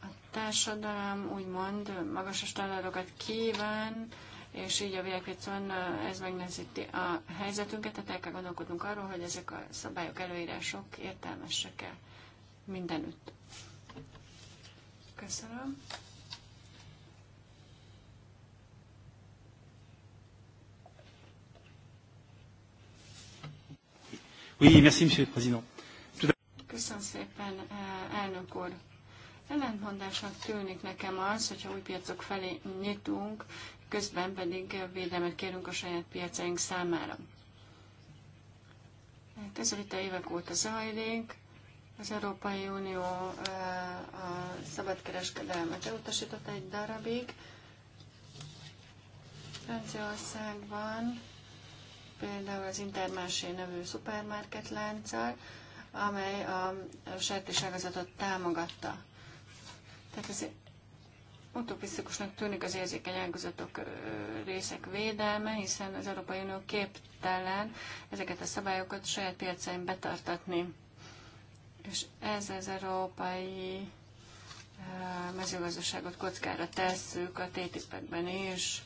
D: a társadalom úgymond magas standardokat kíván, és így a világpiacon ez megnehezíti a helyzetünket, tehát el kell gondolkodnunk arról, hogy ezek a szabályok, előírások értelmesek el mindenütt. Köszönöm.
A: Oui, merci, monsieur le
C: président.
D: Köszönöm szépen, elnök úr. Ellentmondásnak tűnik nekem az, hogyha új piacok felé nyitunk, közben pedig védelmet kérünk a saját piacaink számára. Hát ez a évek óta zajlik. Az Európai Unió eh, a szabadkereskedelmet elutasította egy darabig. Franciaországban például az Intermarché nevű szupermarket lánccal, amely a sertéságazatot támogatta. Tehát ez utopisztikusnak tűnik az érzékeny ágazatok részek védelme, hiszen az Európai Unió képtelen ezeket a szabályokat saját piacain betartatni. És ez az európai mezőgazdaságot kockára tesszük a ttip is.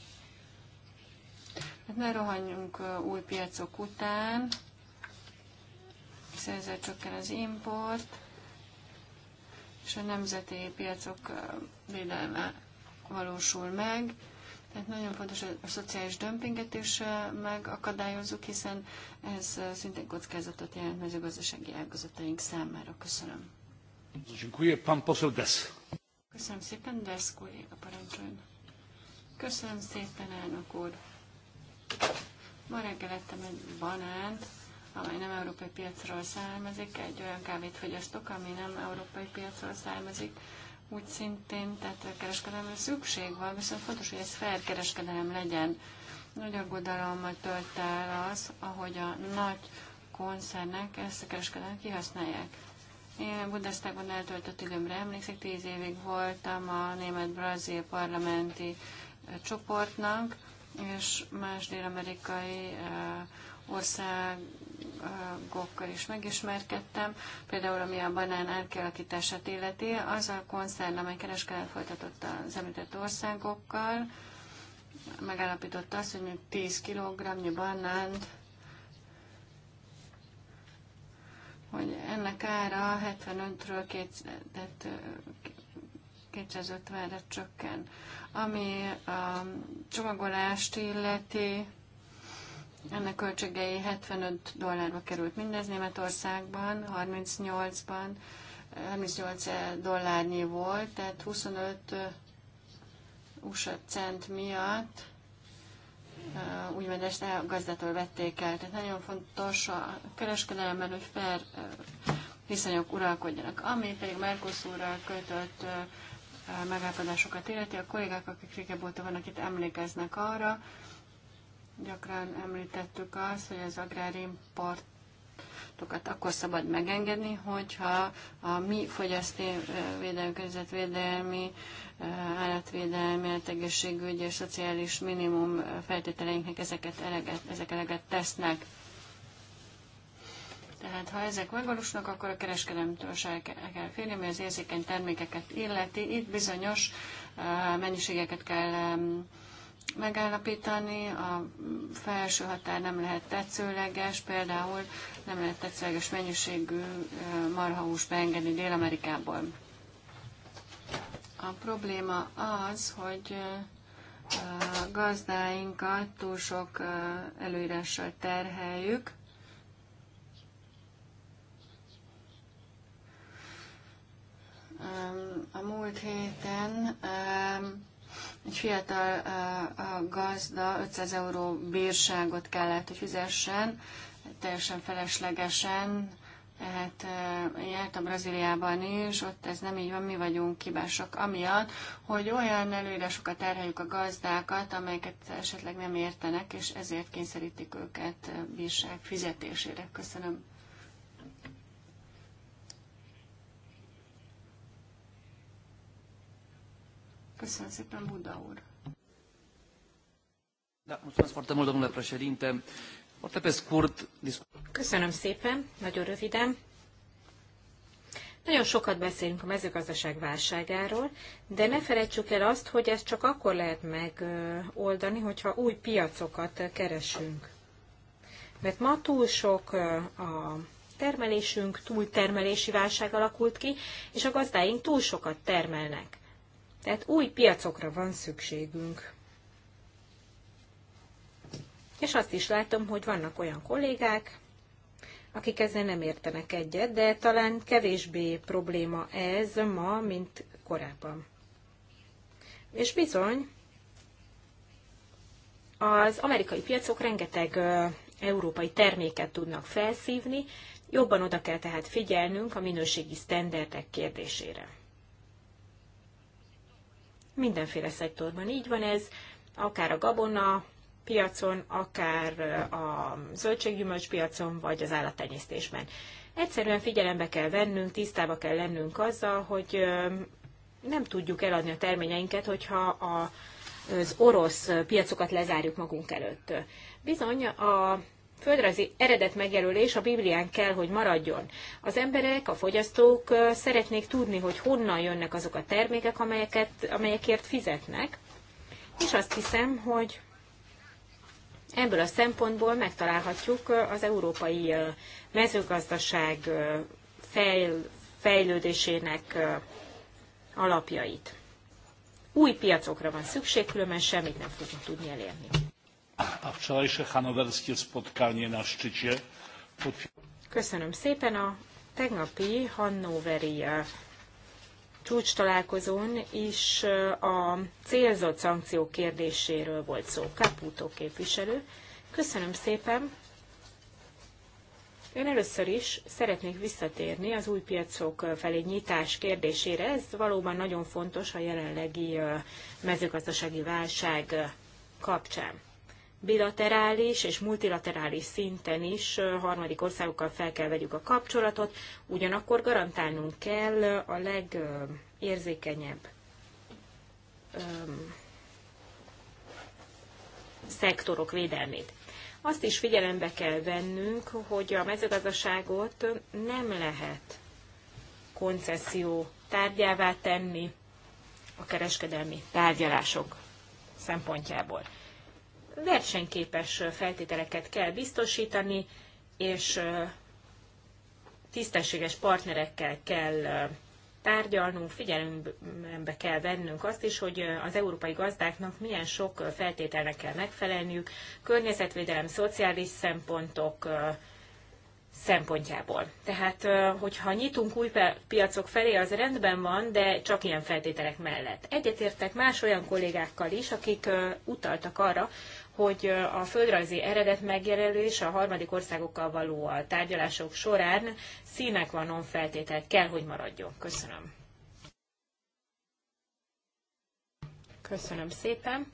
D: Hát ne rohanjunk új piacok után, hiszen ezzel csökken az import, és a nemzeti piacok védelme valósul meg. Tehát nagyon fontos a szociális dömpinget is megakadályozzuk, hiszen ez szintén kockázatot jelent mezőgazdasági ágazataink számára. Köszönöm. Köszönöm szépen, Desz kolléga parancsoljon. Köszönöm szépen, elnök úr. Ma reggel ettem egy banánt, amely nem európai piacról származik, egy olyan kávét fogyasztok, ami nem európai piacról származik, úgy szintén, tehát a kereskedelemre szükség van, viszont fontos, hogy ez fair kereskedelem legyen. Nagy aggodalommal tölt el az, ahogy a nagy koncernek ezt a kereskedelmet kihasználják. Én a Bundestagban eltöltött időmre emlékszik, tíz évig voltam a német-brazil parlamenti csoportnak, és más dél-amerikai eh, országokkal is megismerkedtem, például ami a banán átkialakítását illeti, az a koncern, amely kereskedelmet folytatott az említett országokkal, megállapította azt, hogy mondjuk 10 kg banánt, hogy ennek ára 75-ről 250-re csökken. Ami a csomagolást illeti, ennek költségei 75 dollárba került mindez Németországban, 38-ban, 38 dollárnyi volt, tehát 25 uh, USA cent miatt uh, úgymond ezt a gazdától vették el. Tehát nagyon fontos a kereskedelemben, hogy fair uh, viszonyok uralkodjanak. Ami pedig Mercosurral kötött megállapodásokat illeti, a kollégák, akik régebb óta vannak itt, emlékeznek arra, Gyakran említettük azt, hogy az agrárimport akkor szabad megengedni, hogyha a mi védelmi, környezetvédelmi, állatvédelmi, egészségügyi és szociális minimum feltételeinknek ezeket eleget, ezek eleget tesznek. Tehát ha ezek megvalósulnak, akkor a kereskedelemtől se kell félni, mert az érzékeny termékeket illeti. Itt bizonyos mennyiségeket kell megállapítani, a felső határ nem lehet tetszőleges, például nem lehet tetszőleges mennyiségű marhahús beengedni Dél-Amerikából. A probléma az, hogy a gazdáinkat túl sok előírással terheljük, A múlt héten egy fiatal gazda 500 euró bírságot kellett, hogy fizessen, teljesen feleslegesen, tehát e, járt a Brazíliában is, ott ez nem így van, mi vagyunk kibások amiatt, hogy olyan előírásokat terheljük a gazdákat, amelyeket esetleg nem értenek, és ezért kényszerítik őket e, bírság fizetésére. Köszönöm.
C: Köszönöm szépen, Buda úr.
A: Da, mulțumesc foarte mult, domnule președinte. Foarte pe scurt...
C: Köszönöm szépen, nagyon röviden. Nagyon sokat beszélünk a mezőgazdaság válságáról, de ne felejtsük el azt, hogy ezt csak akkor lehet megoldani, hogyha új piacokat keresünk. Mert ma túl sok a termelésünk, túl termelési válság alakult ki, és a gazdáink túl sokat termelnek. Tehát új piacokra van szükségünk. És azt is látom, hogy vannak olyan kollégák, akik ezzel nem értenek egyet, de talán kevésbé probléma ez ma, mint korábban. És bizony, az amerikai piacok rengeteg európai terméket tudnak felszívni, jobban oda kell tehát figyelnünk a minőségi sztenderdek kérdésére mindenféle szektorban így van ez, akár a gabona piacon, akár a zöldséggyümölcs piacon, vagy az állattenyésztésben. Egyszerűen figyelembe kell vennünk, tisztába kell lennünk azzal, hogy nem tudjuk eladni a terményeinket, hogyha az orosz piacokat lezárjuk magunk előtt. Bizony a földrajzi eredet megjelölés a Biblián kell, hogy maradjon. Az emberek, a fogyasztók szeretnék tudni, hogy honnan jönnek azok a termékek, amelyeket, amelyekért fizetnek, és azt hiszem, hogy ebből a szempontból megtalálhatjuk az európai mezőgazdaság fejl, fejlődésének alapjait. Új piacokra van szükség, különben semmit nem fogunk tudni elérni
A: a wczorajsze hanowerskie spotkanie na szczycie
C: Köszönöm szépen a tegnapi Hannoveri eh, csúcs találkozón is eh, a célzott szankció kérdéséről volt szó. Caputo képviselő. Köszönöm szépen. Én először is szeretnék visszatérni az új piacok eh, felé nyitás kérdésére. Ez valóban nagyon fontos a jelenlegi mezőgazdasági válság kapcsán bilaterális és multilaterális szinten is harmadik országokkal fel kell vegyük a kapcsolatot, ugyanakkor garantálnunk kell a legérzékenyebb szektorok védelmét. Azt is figyelembe kell vennünk, hogy a mezőgazdaságot nem lehet koncesszió tárgyává tenni a kereskedelmi tárgyalások szempontjából versenyképes feltételeket kell biztosítani, és tisztességes partnerekkel kell tárgyalnunk, figyelembe kell vennünk azt is, hogy az európai gazdáknak milyen sok feltételnek kell megfelelniük, környezetvédelem, szociális szempontok szempontjából. Tehát, hogyha nyitunk új piacok felé, az rendben van, de csak ilyen feltételek mellett. Egyetértek más olyan kollégákkal is, akik utaltak arra, hogy a földrajzi eredet megjelölés a harmadik országokkal való a tárgyalások során színek van feltétel kell, hogy maradjon. Köszönöm. Köszönöm szépen.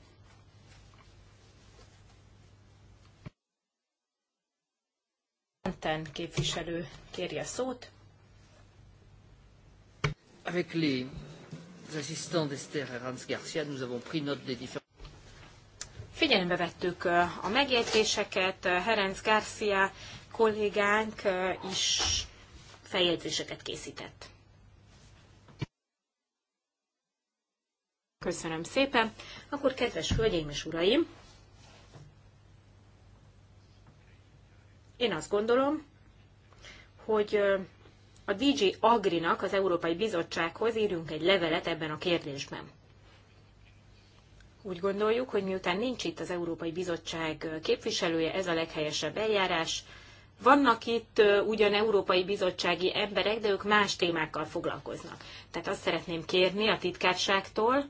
C: Anten képviselő kéri a szót.
B: Avec les assistants d'Esther et Hans Garcia, nous avons pris note des différents...
C: Figyelembe vettük a megjegyzéseket, Herenc Garcia kollégánk is feljegyzéseket készített. Köszönöm szépen. Akkor kedves hölgyeim és uraim, én azt gondolom, hogy a DJ Agrinak, az Európai Bizottsághoz írjunk egy levelet ebben a kérdésben. Úgy gondoljuk, hogy miután nincs itt az Európai Bizottság képviselője, ez a leghelyesebb eljárás. Vannak itt ugyan Európai Bizottsági emberek, de ők más témákkal foglalkoznak. Tehát azt szeretném kérni a titkárságtól,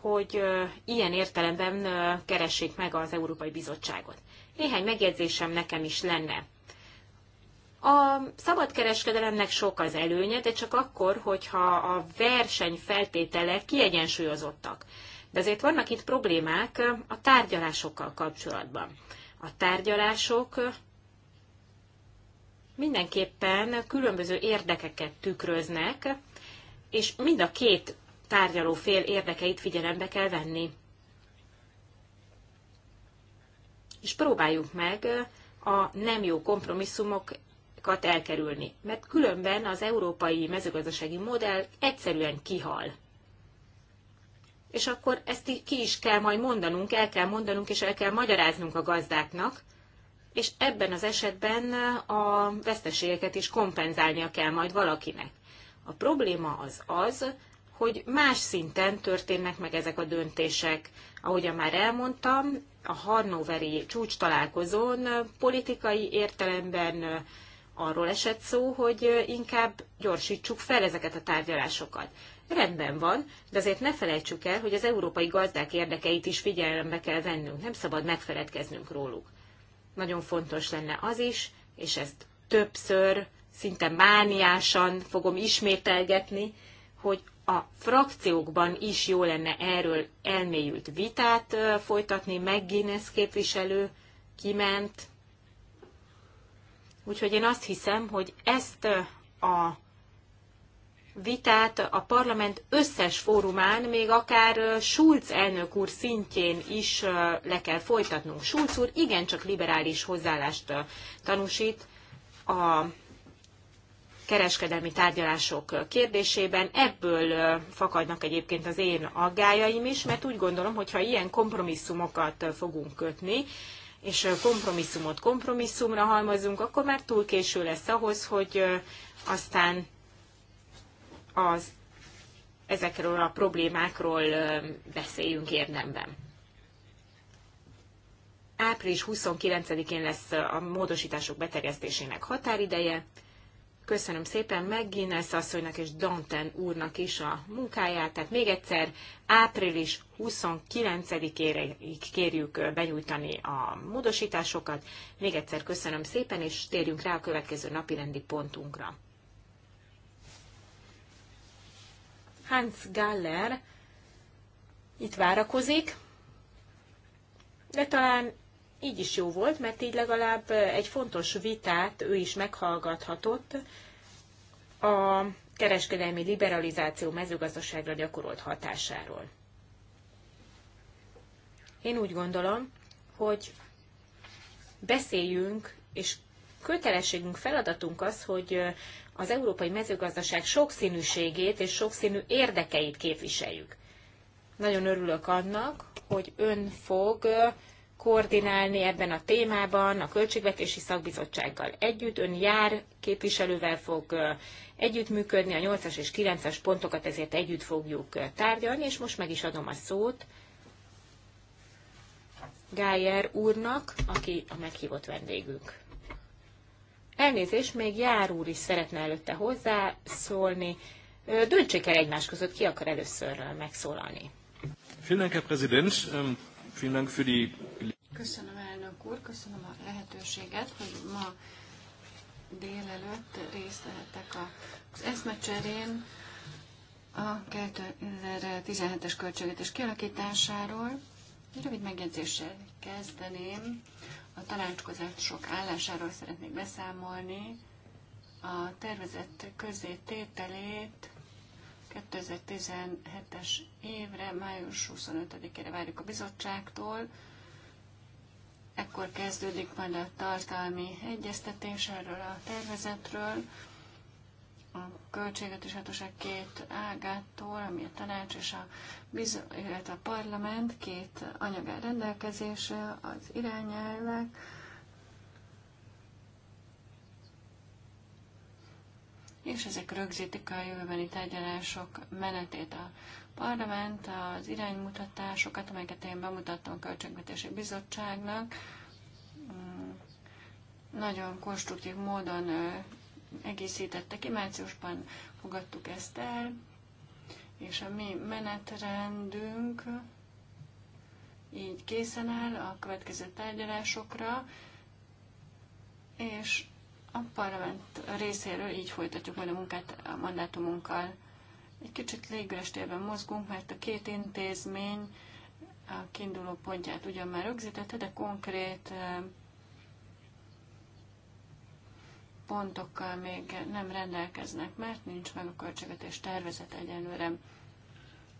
C: hogy ilyen értelemben keressék meg az Európai Bizottságot. Néhány megjegyzésem nekem is lenne. A szabadkereskedelemnek sok az előnye, de csak akkor, hogyha a versenyfeltételek kiegyensúlyozottak. De azért vannak itt problémák a tárgyalásokkal kapcsolatban. A tárgyalások mindenképpen különböző érdekeket tükröznek, és mind a két tárgyaló fél érdekeit figyelembe kell venni. És próbáljuk meg a nem jó kompromisszumokat elkerülni, mert különben az európai mezőgazdasági modell egyszerűen kihal és akkor ezt ki is kell majd mondanunk, el kell mondanunk, és el kell magyaráznunk a gazdáknak, és ebben az esetben eh, a veszteségeket is kompenzálnia kell majd valakinek. A probléma az az, hogy más szinten történnek meg ezek a döntések. Ahogyan már elmondtam, a Harnoveri csúcs találkozón eh, politikai értelemben eh, arról esett szó, hogy inkább gyorsítsuk fel ezeket a tárgyalásokat rendben van, de azért ne felejtsük el, hogy az európai gazdák érdekeit is figyelembe kell vennünk, nem szabad megfeledkeznünk róluk. Nagyon fontos lenne az is, és ezt többször, szinte mániásan fogom ismételgetni, hogy a frakciókban is jó lenne erről elmélyült vitát folytatni, meg Guinness képviselő kiment. Úgyhogy én azt hiszem, hogy ezt a vitát a parlament összes fórumán, még akár Schulz elnök úr szintjén is le kell folytatnunk. Schulz úr igencsak liberális hozzáállást tanúsít a kereskedelmi tárgyalások kérdésében. Ebből fakadnak egyébként az én aggájaim is, mert úgy gondolom, hogy ha ilyen kompromisszumokat fogunk kötni, és kompromisszumot kompromisszumra halmozunk, akkor már túl késő lesz ahhoz, hogy aztán az ezekről a problémákról beszéljünk érdemben. Április 29-én lesz a módosítások beterjesztésének határideje. Köszönöm szépen McGuinness asszonynak és Danten úrnak is a munkáját. Tehát még egyszer április 29-ére kérjük benyújtani a módosításokat. Még egyszer köszönöm szépen, és térjünk rá a következő napi rendi pontunkra. Hans Galler itt várakozik, de talán így is jó volt, mert így legalább egy fontos vitát ő is meghallgathatott a kereskedelmi liberalizáció mezőgazdaságra gyakorolt hatásáról. Én úgy gondolom, hogy beszéljünk és kötelességünk, feladatunk az, hogy az európai mezőgazdaság sokszínűségét és sokszínű érdekeit képviseljük. Nagyon örülök annak, hogy ön fog koordinálni ebben a témában a Költségvetési Szakbizottsággal együtt. Ön jár képviselővel fog együttműködni, a 8-as és 9-as pontokat ezért együtt fogjuk tárgyalni, és most meg is adom a szót Gájer úrnak, aki a meghívott vendégünk. Elnézést, még Jár úr is szeretne előtte hozzászólni. Döntsék el egymás között, ki akar először megszólalni.
A: Ähm,
D: köszönöm, elnök úr, köszönöm a lehetőséget, hogy ma délelőtt részt vehettek az eszmecserén a 2017-es költségvetés kialakításáról. rövid megjegyzéssel kezdeném a sok állásáról szeretnék beszámolni. A tervezett közé tételét 2017-es évre, május 25-ére várjuk a bizottságtól. Ekkor kezdődik majd a tartalmi egyeztetés erről a tervezetről a költségvetés hatóság két ágától, ami a tanács és a, bizo- illetve a parlament két anyagá rendelkezésre, az irányelvek, és ezek rögzítik a jövőbeni tárgyalások menetét. A parlament az iránymutatásokat, amelyeket én bemutattam a Költségvetési Bizottságnak, mm, nagyon konstruktív módon egészítette ki. Márciusban fogadtuk ezt el, és a mi menetrendünk így készen áll a következő tárgyalásokra, és a parlament részéről így folytatjuk majd a munkát a mandátumunkkal. Egy kicsit légüres térben mozgunk, mert a két intézmény a kiinduló pontját ugyan már rögzítette, de konkrét eh, pontokkal még nem rendelkeznek, mert nincs meg a költségvetés tervezet egyenlőre.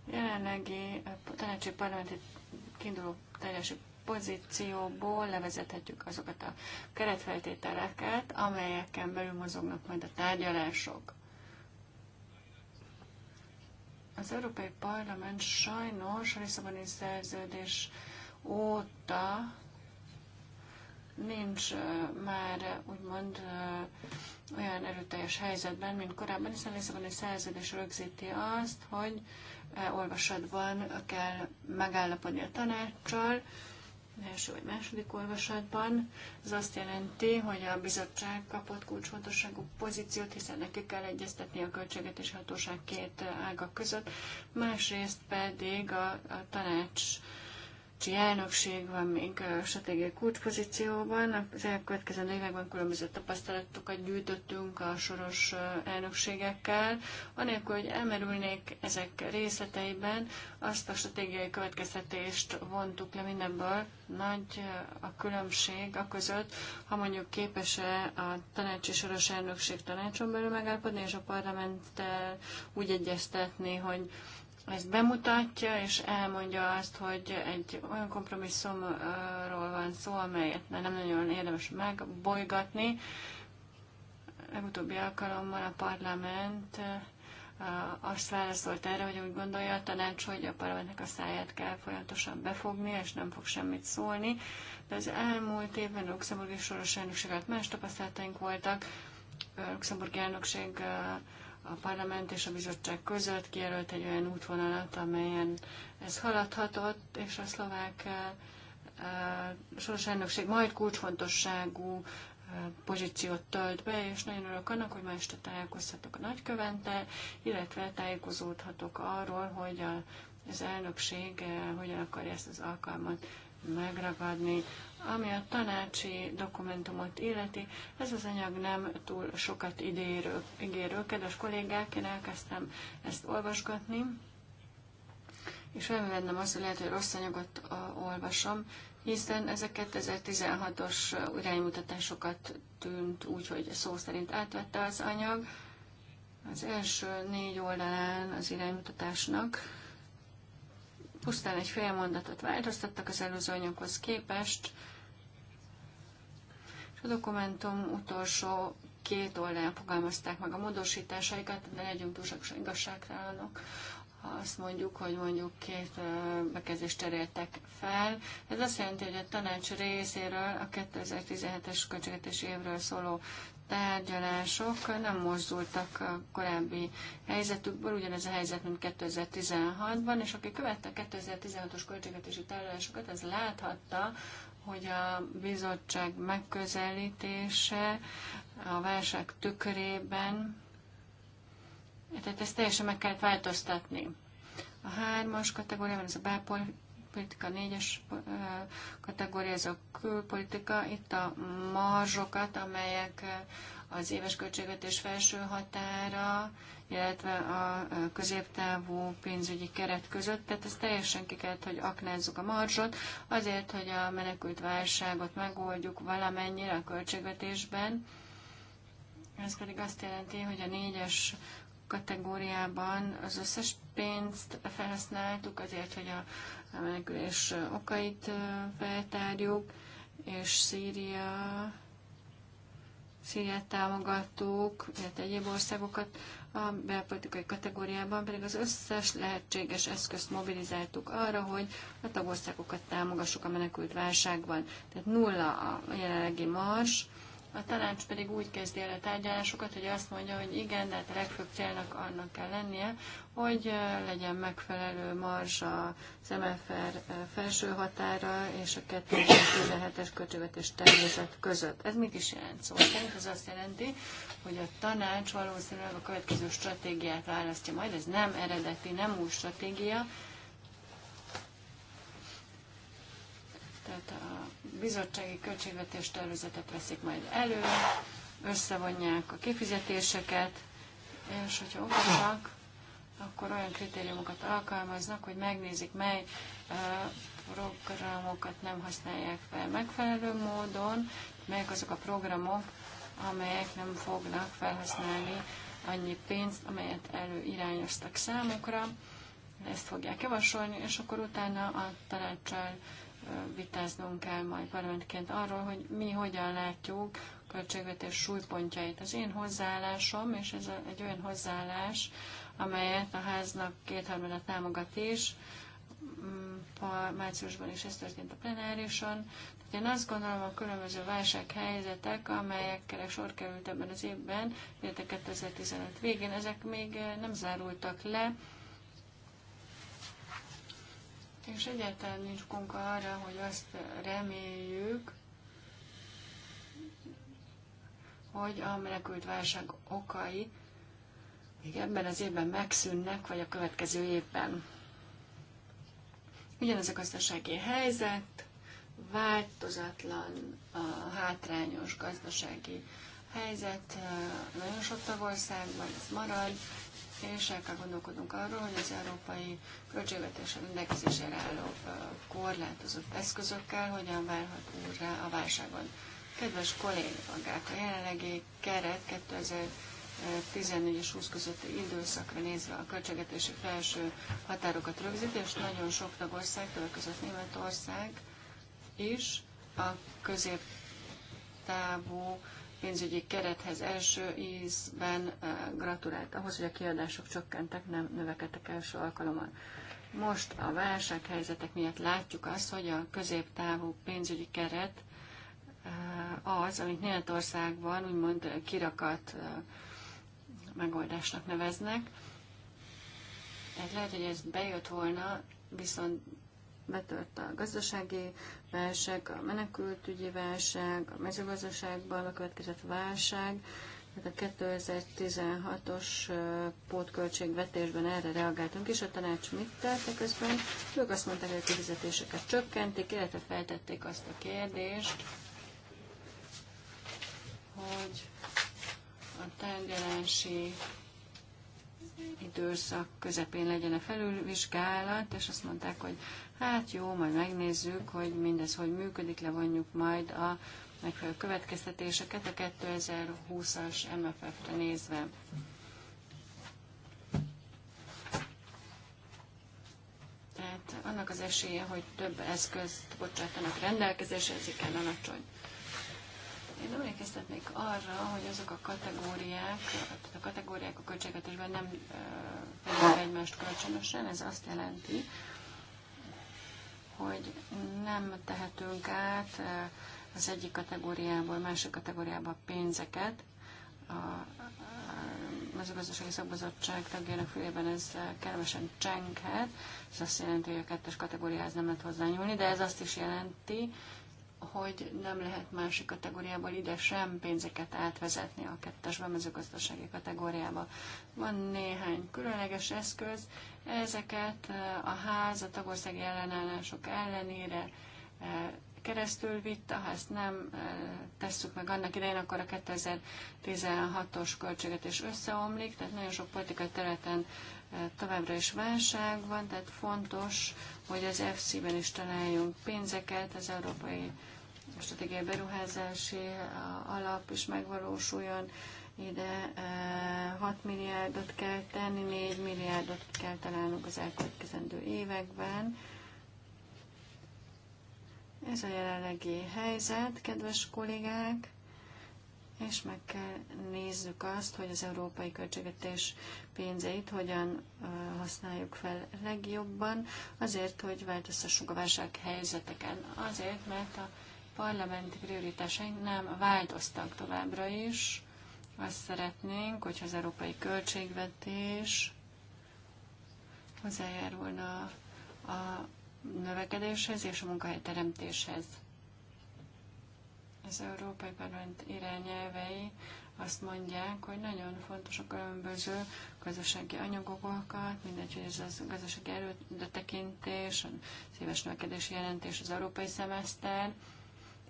D: Jelenlegi eh, tanácsi parlamenti kiinduló teljes pozícióból levezethetjük azokat a keretfeltételeket, amelyeken belül mozognak majd a tárgyalások. Az Európai Parlament sajnos a Lisszaboni szerződés óta nincs már úgymond olyan erőteljes helyzetben, mint korábban, hiszen Lisszaboni szerződés rögzíti azt, hogy olvasatban kell megállapodni a tanácssal, első vagy második olvasatban. Ez azt jelenti, hogy a bizottság kapott kulcsfontosságú pozíciót, hiszen neki kell egyeztetni a és hatóság két ága között, másrészt pedig a, a tanács Csi elnökség van még stratégiai kulcspozícióban. Az elkövetkező években különböző tapasztalatokat gyűjtöttünk a soros elnökségekkel. Anélkül, hogy elmerülnék ezek részleteiben, azt a stratégiai következtetést vontuk le mindenből. Nagy a különbség a között, ha mondjuk képes-e a tanácsi soros elnökség tanácson belül megállapodni, és a parlamenttel úgy egyeztetni, hogy ezt bemutatja, és elmondja azt, hogy egy olyan kompromisszumról van szó, amelyet nem nagyon érdemes megbolygatni. Legutóbbi alkalommal a parlament azt válaszolt erre, hogy úgy gondolja a tanács, hogy a parlamentnek a száját kell folyamatosan befogni, és nem fog semmit szólni. De az elmúlt évben a luxemburgi soros elnökséget más tapasztalataink voltak. A luxemburgi elnökség uh, a parlament és a bizottság között kijelölt egy olyan útvonalat, amelyen ez haladhatott, és a szlovák eh, eh, soros elnökség majd kulcsfontosságú eh, pozíciót tölt be, és nagyon örülök annak, hogy ma este találkozhatok a nagykövettel, illetve tájékozódhatok arról, hogy a, az elnökség hogyan akarja ezt az alkalmat megragadni. Ami a tanácsi dokumentumot illeti, ez az anyag nem túl sokat idérő, ígérő. Kedves kollégák, én elkezdtem ezt olvasgatni, és felvennem azt, hogy lehet, hogy rossz anyagot olvasom, hiszen ezek 2016-os iránymutatásokat tűnt úgy, hogy szó szerint átvette az anyag. Az első négy oldalán az iránymutatásnak pusztán egy fél mondatot változtattak az előző anyaghoz képest, és a dokumentum utolsó két oldalán fogalmazták meg a módosításaikat, de legyünk túlságosan igazságtalanok. Ha azt mondjuk, hogy mondjuk két bekezdést cseréltek fel, ez azt jelenti, hogy a tanács részéről a 2017-es költségvetési évről szóló tárgyalások nem mozdultak a korábbi helyzetükből, ugyanez a helyzet, mint 2016-ban, és aki követte a 2016-os költségvetési tárgyalásokat, az láthatta, hogy a bizottság megközelítése a válság tükrében, tehát ezt teljesen meg kellett változtatni. A hármas kategóriában, ez a politika négyes kategória, ez a külpolitika, itt a marzsokat, amelyek az éves költségvetés felső határa, illetve a középtávú pénzügyi keret között. Tehát ez teljesen ki kellett, hogy aknázzuk a marzsot, azért, hogy a menekült válságot megoldjuk valamennyire a költségvetésben. Ez pedig azt jelenti, hogy a négyes kategóriában az összes pénzt felhasználtuk azért, hogy a menekülés okait feltárjuk, és Szíria, Szíriát támogattuk, tehát egyéb országokat a belpolitikai kategóriában, pedig az összes lehetséges eszközt mobilizáltuk arra, hogy a tagországokat támogassuk a menekült válságban. Tehát nulla a jelenlegi mars, a tanács pedig úgy kezdi el a tárgyalásokat, hogy azt mondja, hogy igen, de hát a legfőbb célnak annak kell lennie, hogy legyen megfelelő marzs az MFR felső határa és a 2017-es költségvetés tervezet között. Ez mit is jelent szó? Szóval szerint ez azt jelenti, hogy a tanács valószínűleg a következő stratégiát választja majd, ez nem eredeti, nem új stratégia, tehát a bizottsági költségvetés tervezetet veszik majd elő, összevonják a kifizetéseket, és hogyha okosak, akkor olyan kritériumokat alkalmaznak, hogy megnézik, mely programokat nem használják fel megfelelő módon, melyek azok a programok, amelyek nem fognak felhasználni annyi pénzt, amelyet előirányoztak számukra. Ezt fogják javasolni, és akkor utána a tanácssal vitáznunk kell majd parlamentként arról, hogy mi hogyan látjuk a költségvetés súlypontjait. Az én hozzáállásom, és ez egy olyan hozzáállás, amelyet a háznak kétharmada támogat is, mm, márciusban is ez történt a plenárison. Tehát én azt gondolom, a különböző válsághelyzetek, amelyekre sor került ebben az évben, illetve 2015 végén, ezek még eh, nem zárultak le, és egyáltalán nincs konka arra, hogy azt reméljük, hogy a menekült válság okai még ebben az évben megszűnnek, vagy a következő évben. Ugyanez a gazdasági helyzet, változatlan a hátrányos gazdasági helyzet nagyon sok tagországban, ez marad, és el kell gondolkodnunk arról, hogy az európai költségvetésen rendelkezésére álló korlátozott eszközökkel hogyan válhat rá a válságon. Kedves kollégák, a jelenlegi keret 2014 és 20 közötti időszakra nézve a költségvetési felső határokat rögzíti, és nagyon sok tagország, többek között Németország is a középtávú pénzügyi kerethez első ízben gratulált ahhoz, hogy a kiadások csökkentek, nem növekedtek első alkalommal. Most a válsághelyzetek miatt látjuk azt, hogy a középtávú pénzügyi keret az, amit Németországban úgymond kirakat megoldásnak neveznek. Tehát lehet, hogy ez bejött volna, viszont betört a gazdasági válság, a menekültügyi válság, a mezőgazdaságban a következett válság, tehát a 2016-os pótköltségvetésben erre reagáltunk, és a tanács mit tette közben? Ők azt mondták, hogy a kifizetéseket csökkentik, illetve feltették azt a kérdést, hogy a tárgyalási időszak közepén legyen a felülvizsgálat, és azt mondták, hogy Hát jó, majd megnézzük, hogy mindez hogy működik, levonjuk majd a megfelelő következtetéseket a 2020-as MFF-re nézve. Tehát annak az esélye, hogy több eszközt bocsátanak rendelkezésre, ezek ellen alacsony. Én emlékeztetnék arra, hogy azok a kategóriák, a kategóriák a költségvetésben nem fedik egymást kölcsönösen, ez azt jelenti, hogy nem tehetünk át az egyik kategóriából, másik kategóriába pénzeket. A mezőgazdasági szakbizottság tagjának fülében ez kellemesen csenghet, ez azt jelenti, hogy a kettes kategóriához nem lehet hozzányúlni, de ez azt is jelenti, hogy nem lehet másik kategóriából ide sem pénzeket átvezetni a kettesbe mezőgazdasági kategóriába. Van néhány különleges eszköz, ezeket eh, a ház a tagországi ellenállások ellenére eh, keresztül vitte, ha ezt nem eh, tesszük meg annak idején, akkor a 2016-os költséget is összeomlik, tehát nagyon sok politikai területen továbbra is válság van, tehát fontos, hogy az FC-ben is találjunk pénzeket, az Európai Stratégiai Beruházási Alap is megvalósuljon, ide 6 e, milliárdot kell tenni, 4 milliárdot kell találnunk az elkövetkezendő években. Ez a jelenlegi helyzet, kedves kollégák és meg kell nézzük azt, hogy az európai költségvetés pénzeit hogyan használjuk fel legjobban, azért, hogy változtassunk a helyzeteken. Azért, mert a parlamenti prioritásaink nem változtak továbbra is. Azt szeretnénk, hogyha az európai költségvetés hozzájárulna a növekedéshez és a munkahelyteremtéshez. teremtéshez az Európai Parlament irányelvei azt mondják, hogy nagyon fontos a különböző gazdasági anyagokat, mindegy, hogy ez az gazdasági előtekintés, a éves növekedési jelentés, az európai szemeszter,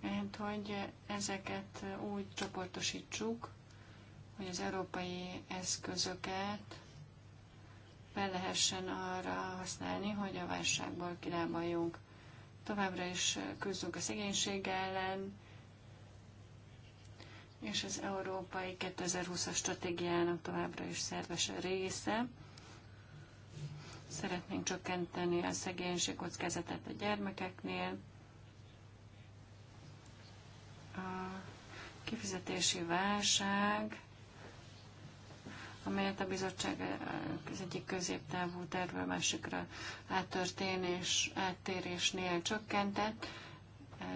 D: mert hogy ezeket úgy csoportosítsuk, hogy az európai eszközöket fel lehessen arra használni, hogy a válságból kilábaljunk. Továbbra is küzdünk a szegénység ellen, és az Európai 2020-as stratégiának továbbra is szerves a része. Szeretnénk csökkenteni a szegénység kockázatát a gyermekeknél. A kifizetési válság, amelyet a bizottság az egyik középtávú tervvel másikra áttörténés, áttérésnél csökkentett,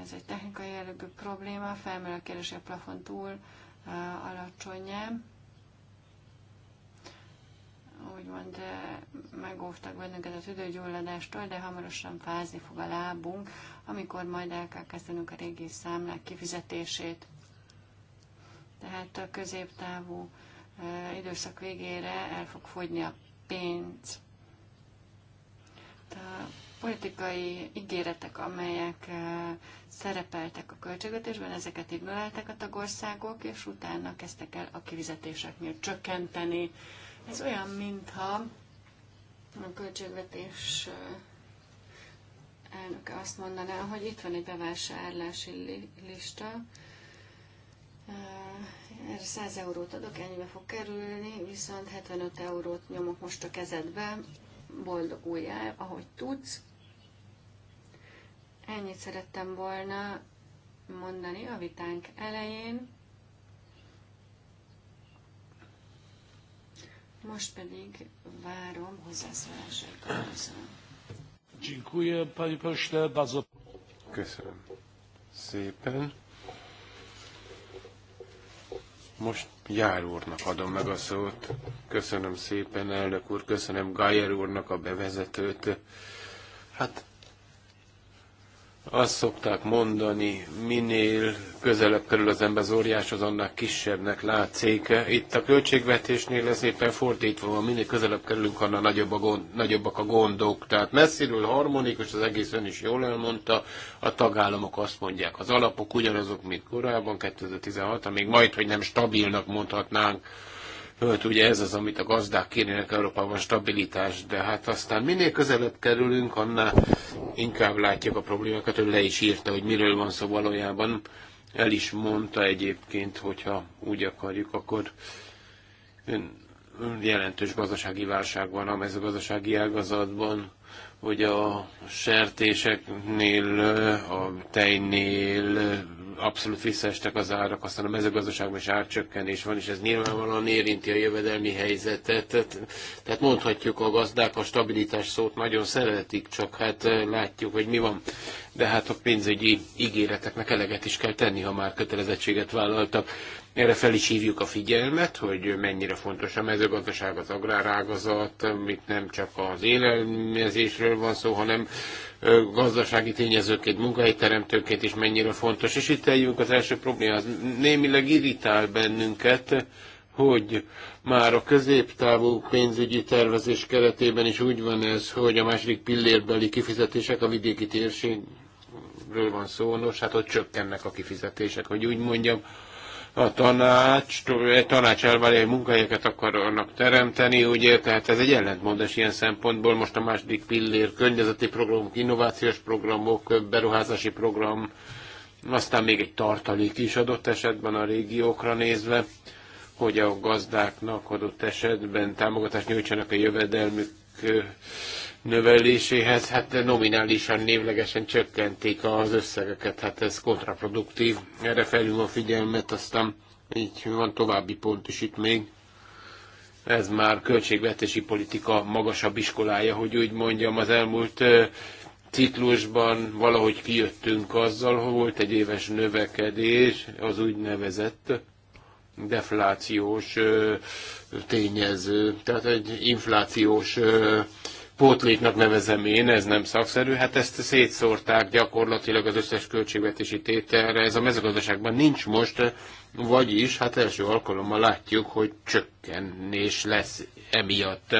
D: ez egy technikai jellegű probléma, felmerül a kérdés, a plafon túl eh, alacsony úgymond megóvtak bennünket a tüdőgyulladástól, de hamarosan fázni fog a lábunk, amikor majd el kell kezdenünk a régi számlák kifizetését. Tehát a középtávú eh, időszak végére el fog fogyni a pénz politikai ígéretek, amelyek eh, szerepeltek a költségvetésben, ezeket ignorálták a tagországok, és utána kezdtek el a miatt csökkenteni. Ez olyan, mintha a költségvetés eh, elnöke azt mondaná, hogy itt van egy bevásárlási lista, eh, erre 100 eurót adok, ennyibe fog kerülni, viszont 75 eurót nyomok most a kezedbe, boldog újjá, ahogy tudsz. Ennyit szerettem volna mondani a vitánk elején. Most pedig várom hozzászólásaikat. Köszönöm.
B: Köszönöm szépen. Most Jár úrnak adom meg a szót. Köszönöm szépen, elnök úr, köszönöm Gajer úrnak a bevezetőt. Hát azt szokták mondani, minél közelebb kerül az ember az óriáshoz, annak kisebbnek látszik. Itt a költségvetésnél ez éppen fordítva van, minél közelebb kerülünk, annál nagyobb a gond, nagyobbak a gondok. Tehát messziről harmonikus, az egész ön is jól elmondta, a tagállamok azt mondják, az alapok ugyanazok, mint korábban, 2016-ra, még majd, hogy nem stabilnak mondhatnánk Hát, ugye ez az, amit a gazdák kérnének Európában stabilitás, de hát aztán minél közelebb kerülünk, annál inkább látjuk a problémákat, ő le is írta, hogy miről van szó valójában. El is mondta egyébként, hogyha úgy akarjuk, akkor jelentős gazdasági válság van a mezőgazdasági ágazatban, hogy a sertéseknél, a tejnél abszolút visszaestek az árak, aztán a mezőgazdaságban is árcsökkenés van, és ez nyilvánvalóan érinti a jövedelmi helyzetet. Tehát mondhatjuk, a gazdák a stabilitás szót nagyon szeretik, csak hát eh, látjuk, hogy mi van. De hát a pénzügyi ígéreteknek eleget is kell tenni, ha már kötelezettséget vállaltak. Erre fel is hívjuk a figyelmet, hogy mennyire fontos a mezőgazdaság, az agrárágazat, itt nem csak az élelmezésről van szó, hanem gazdasági tényezőként, munkahelyteremtőként is mennyire fontos. És itt eljövünk az első problémához. Némileg irritál bennünket, hogy már a középtávú pénzügyi tervezés keretében is úgy van ez, hogy a második pillérbeli kifizetések a vidéki térségről van szó, nos, hát ott csökkennek a kifizetések, hogy úgy mondjam, a tanács, egy tanács elvárja, hogy munkahelyeket akarnak teremteni, ugye, tehát ez egy ellentmondás ilyen szempontból. Most a második pillér, környezeti programok, innovációs programok, beruházási program, aztán még egy tartalék is adott esetben a régiókra nézve, hogy a gazdáknak adott esetben támogatást nyújtsanak a jövedelmük növeléséhez, hát nominálisan, névlegesen csökkentik az összegeket, hát ez kontraproduktív. Erre felül a figyelmet, aztán így van további pont is itt még. Ez már költségvetési politika magasabb iskolája, hogy úgy mondjam, az elmúlt ciklusban valahogy kijöttünk azzal, hogy volt egy éves növekedés, az úgynevezett deflációs tényező, tehát egy inflációs pótléknak nevezem én, ez nem szakszerű, hát ezt szétszórták gyakorlatilag az összes költségvetési tételre, ez a mezőgazdaságban nincs most, vagyis hát első alkalommal látjuk, hogy csökkenés lesz emiatt.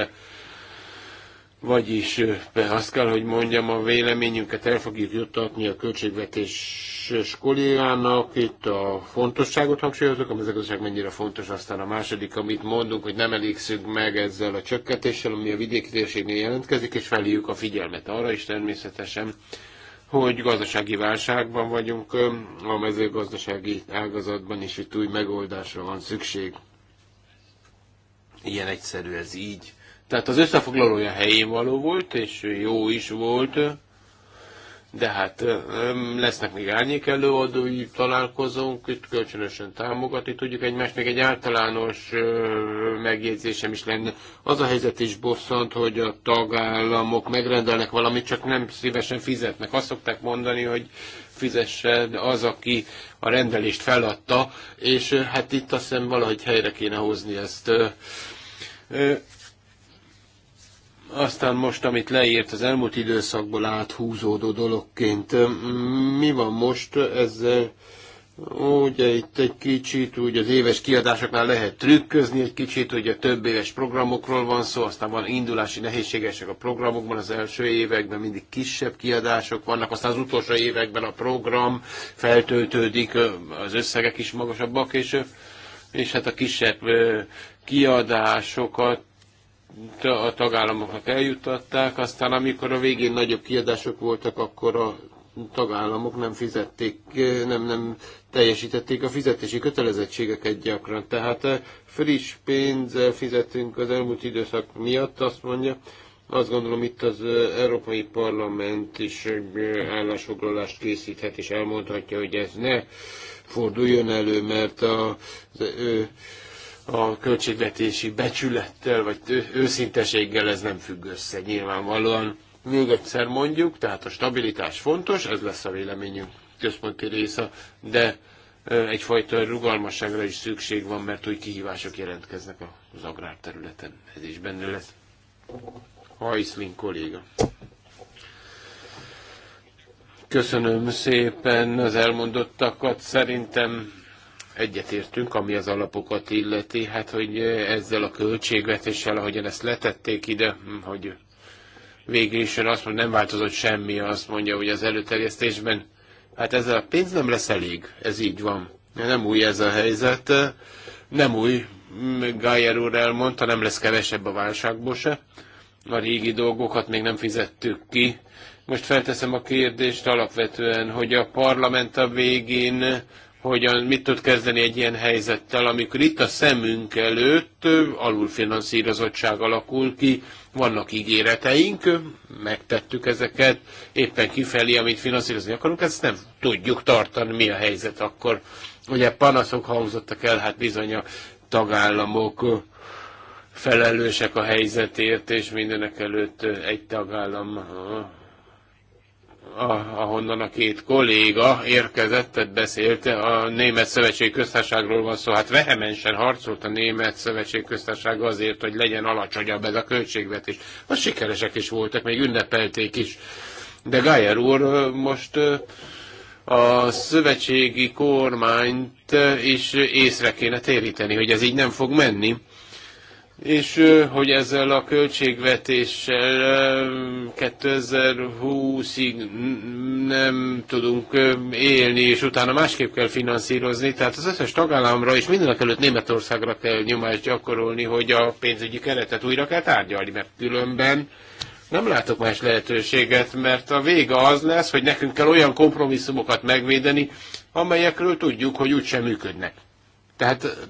B: Vagyis azt kell, hogy mondjam, a véleményünket el fogjuk juttatni a költségvetéses kollégának. Itt a fontosságot hangsúlyozok, a mezőgazdaság mennyire fontos. Aztán a második, amit mondunk, hogy nem elégszünk meg ezzel a csökkentéssel, ami a vidéki térségnél jelentkezik, és felhívjuk a figyelmet arra is természetesen, hogy gazdasági válságban vagyunk, a mezőgazdasági ágazatban is itt új megoldásra van szükség. Ilyen egyszerű ez így tehát az összefoglalója helyén való volt, és jó is volt, de hát lesznek még árnyék előadói találkozónk, itt kölcsönösen támogatni tudjuk egymást, még egy általános megjegyzésem is lenne. Az a helyzet is bosszant, hogy a tagállamok megrendelnek valamit, csak nem szívesen fizetnek. Azt szokták mondani, hogy fizessen az, aki a rendelést feladta, és hát itt azt hiszem valahogy helyre kéne hozni ezt aztán most, amit leírt az elmúlt időszakból áthúzódó dologként, mi van most ezzel? Ugye itt egy kicsit úgy az éves kiadásoknál lehet trükközni, egy kicsit ugye több éves programokról van szó, aztán van indulási nehézségesek a programokban, az első években mindig kisebb kiadások vannak, aztán az utolsó években a program feltöltődik, az összegek is magasabbak, és, és hát a kisebb kiadásokat a tagállamoknak eljuttatták, aztán amikor a végén nagyobb kiadások voltak, akkor a tagállamok nem fizették, nem, nem teljesítették a fizetési kötelezettségeket gyakran. Tehát eh, friss pénzzel fizetünk az elmúlt időszak miatt, azt mondja, azt gondolom itt az eh, Európai Parlament is eh, állásfoglalást készíthet, és elmondhatja, hogy ez ne forduljon elő, mert a, az, a költségvetési becsülettel vagy őszinteséggel ez nem függ össze nyilvánvalóan. Még egyszer mondjuk, tehát a stabilitás fontos, ez lesz a véleményünk központi része, de egyfajta rugalmasságra is szükség van, mert úgy kihívások jelentkeznek az agrárterületen. Ez is benne lesz. Hajszlin kolléga. Köszönöm szépen az elmondottakat. Szerintem egyetértünk, ami az alapokat illeti, hát hogy ezzel a költségvetéssel, ahogyan ezt letették ide, hogy végül is azt mondja, nem változott semmi, azt mondja, hogy az előterjesztésben, hát ezzel a pénz nem lesz elég, ez így van. Nem új ez a helyzet, nem új, Gájer úr elmondta, nem lesz kevesebb a válságból se. A régi dolgokat még nem fizettük ki. Most felteszem a kérdést alapvetően, hogy a parlament a végén hogyan, mit tud kezdeni egy ilyen helyzettel, amikor itt a szemünk előtt alulfinanszírozottság alakul ki, vannak ígéreteink, megtettük ezeket, éppen kifelé, amit finanszírozni akarunk, ezt nem tudjuk tartani, mi a helyzet akkor. Ugye panaszok hangzottak el, hát bizony a tagállamok felelősek a helyzetért, és mindenek előtt egy tagállam ahonnan a két kolléga érkezett, tehát beszélt, a Német Szövetség Köztársaságról van szó, hát vehemensen harcolt a Német Szövetség köztársaság azért, hogy legyen alacsonyabb ez a költségvetés. A sikeresek is voltak, még ünnepelték is. De Gájer úr most a szövetségi kormányt is észre kéne téríteni, hogy ez így nem fog menni és hogy ezzel a költségvetéssel 2020-ig nem tudunk élni, és utána másképp kell finanszírozni. Tehát az összes tagállamra és mindenek előtt Németországra kell nyomást gyakorolni, hogy a pénzügyi keretet újra kell tárgyalni, mert különben nem látok más lehetőséget, mert a vége az lesz, hogy nekünk kell olyan kompromisszumokat megvédeni, amelyekről tudjuk, hogy úgysem működnek. Tehát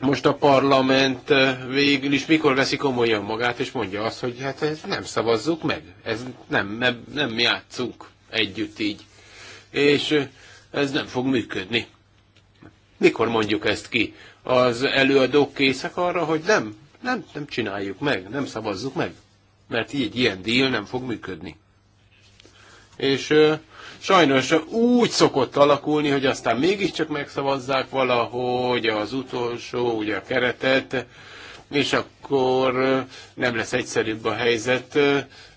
B: most a parlament eh, végül is mikor veszi komolyan magát, és mondja azt, hogy hát ezt nem szavazzuk meg, ez nem, nem, nem játszunk együtt így, és eh, ez nem fog működni. Mikor mondjuk ezt ki? Az előadók készek arra, hogy nem, nem, nem csináljuk meg, nem szavazzuk meg, mert így ilyen díl nem fog működni. És eh, Sajnos úgy szokott alakulni, hogy aztán mégiscsak megszavazzák valahogy az utolsó, ugye a keretet, és akkor nem lesz egyszerűbb a helyzet.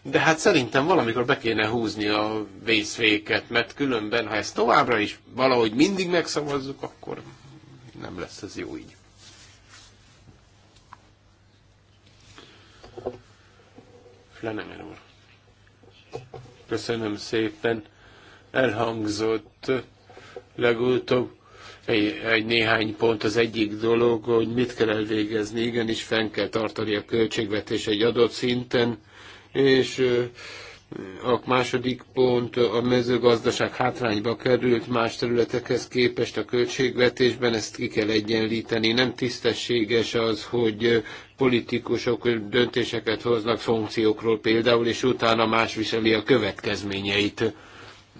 B: De hát szerintem valamikor be kéne húzni a vészféket, mert különben, ha ezt továbbra is valahogy mindig megszavazzuk, akkor nem lesz ez jó így. Flenemer úr. Köszönöm szépen elhangzott legutóbb egy, egy néhány pont. Az egyik dolog, hogy mit kell elvégezni, igenis fenn kell tartani a költségvetés egy adott szinten, és a második pont a mezőgazdaság hátrányba került más területekhez képest a költségvetésben, ezt ki kell egyenlíteni. Nem tisztességes az, hogy politikusok döntéseket hoznak funkciókról például, és utána más viseli a következményeit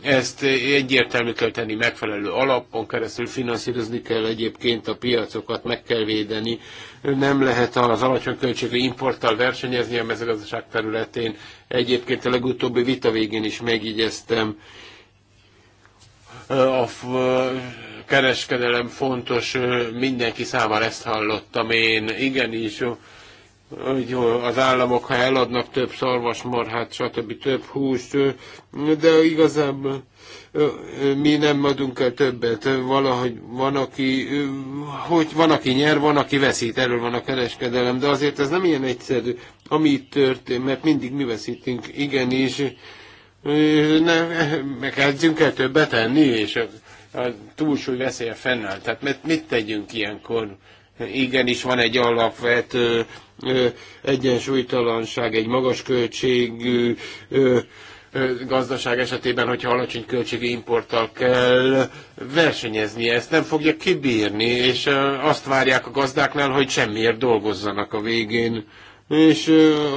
B: ezt egyértelmű kell tenni, megfelelő alapon keresztül finanszírozni kell egyébként a piacokat, meg kell védeni. Nem lehet az alacsony költségű importtal versenyezni a mezőgazdaság területén. Egyébként a legutóbbi vita végén is megígyeztem, a kereskedelem fontos, mindenki számára ezt hallottam én, igenis, hogy az államok, ha eladnak több szarvasmarhát, stb. több húst, de igazából mi nem adunk el többet. Valahogy van, aki, hogy van, aki nyer, van, aki veszít, erről van a kereskedelem, de azért ez nem ilyen egyszerű, ami itt történt, mert mindig mi veszítünk, igenis, meg kezdjünk el többet enni, és a, a túlsúly veszélye fennáll. Tehát mit tegyünk ilyenkor? igenis van egy alapvető egyensúlytalanság, egy magas költségű gazdaság esetében, hogyha alacsony költségű importtal kell versenyezni, ezt nem fogja kibírni, és azt várják a gazdáknál, hogy semmiért dolgozzanak a végén és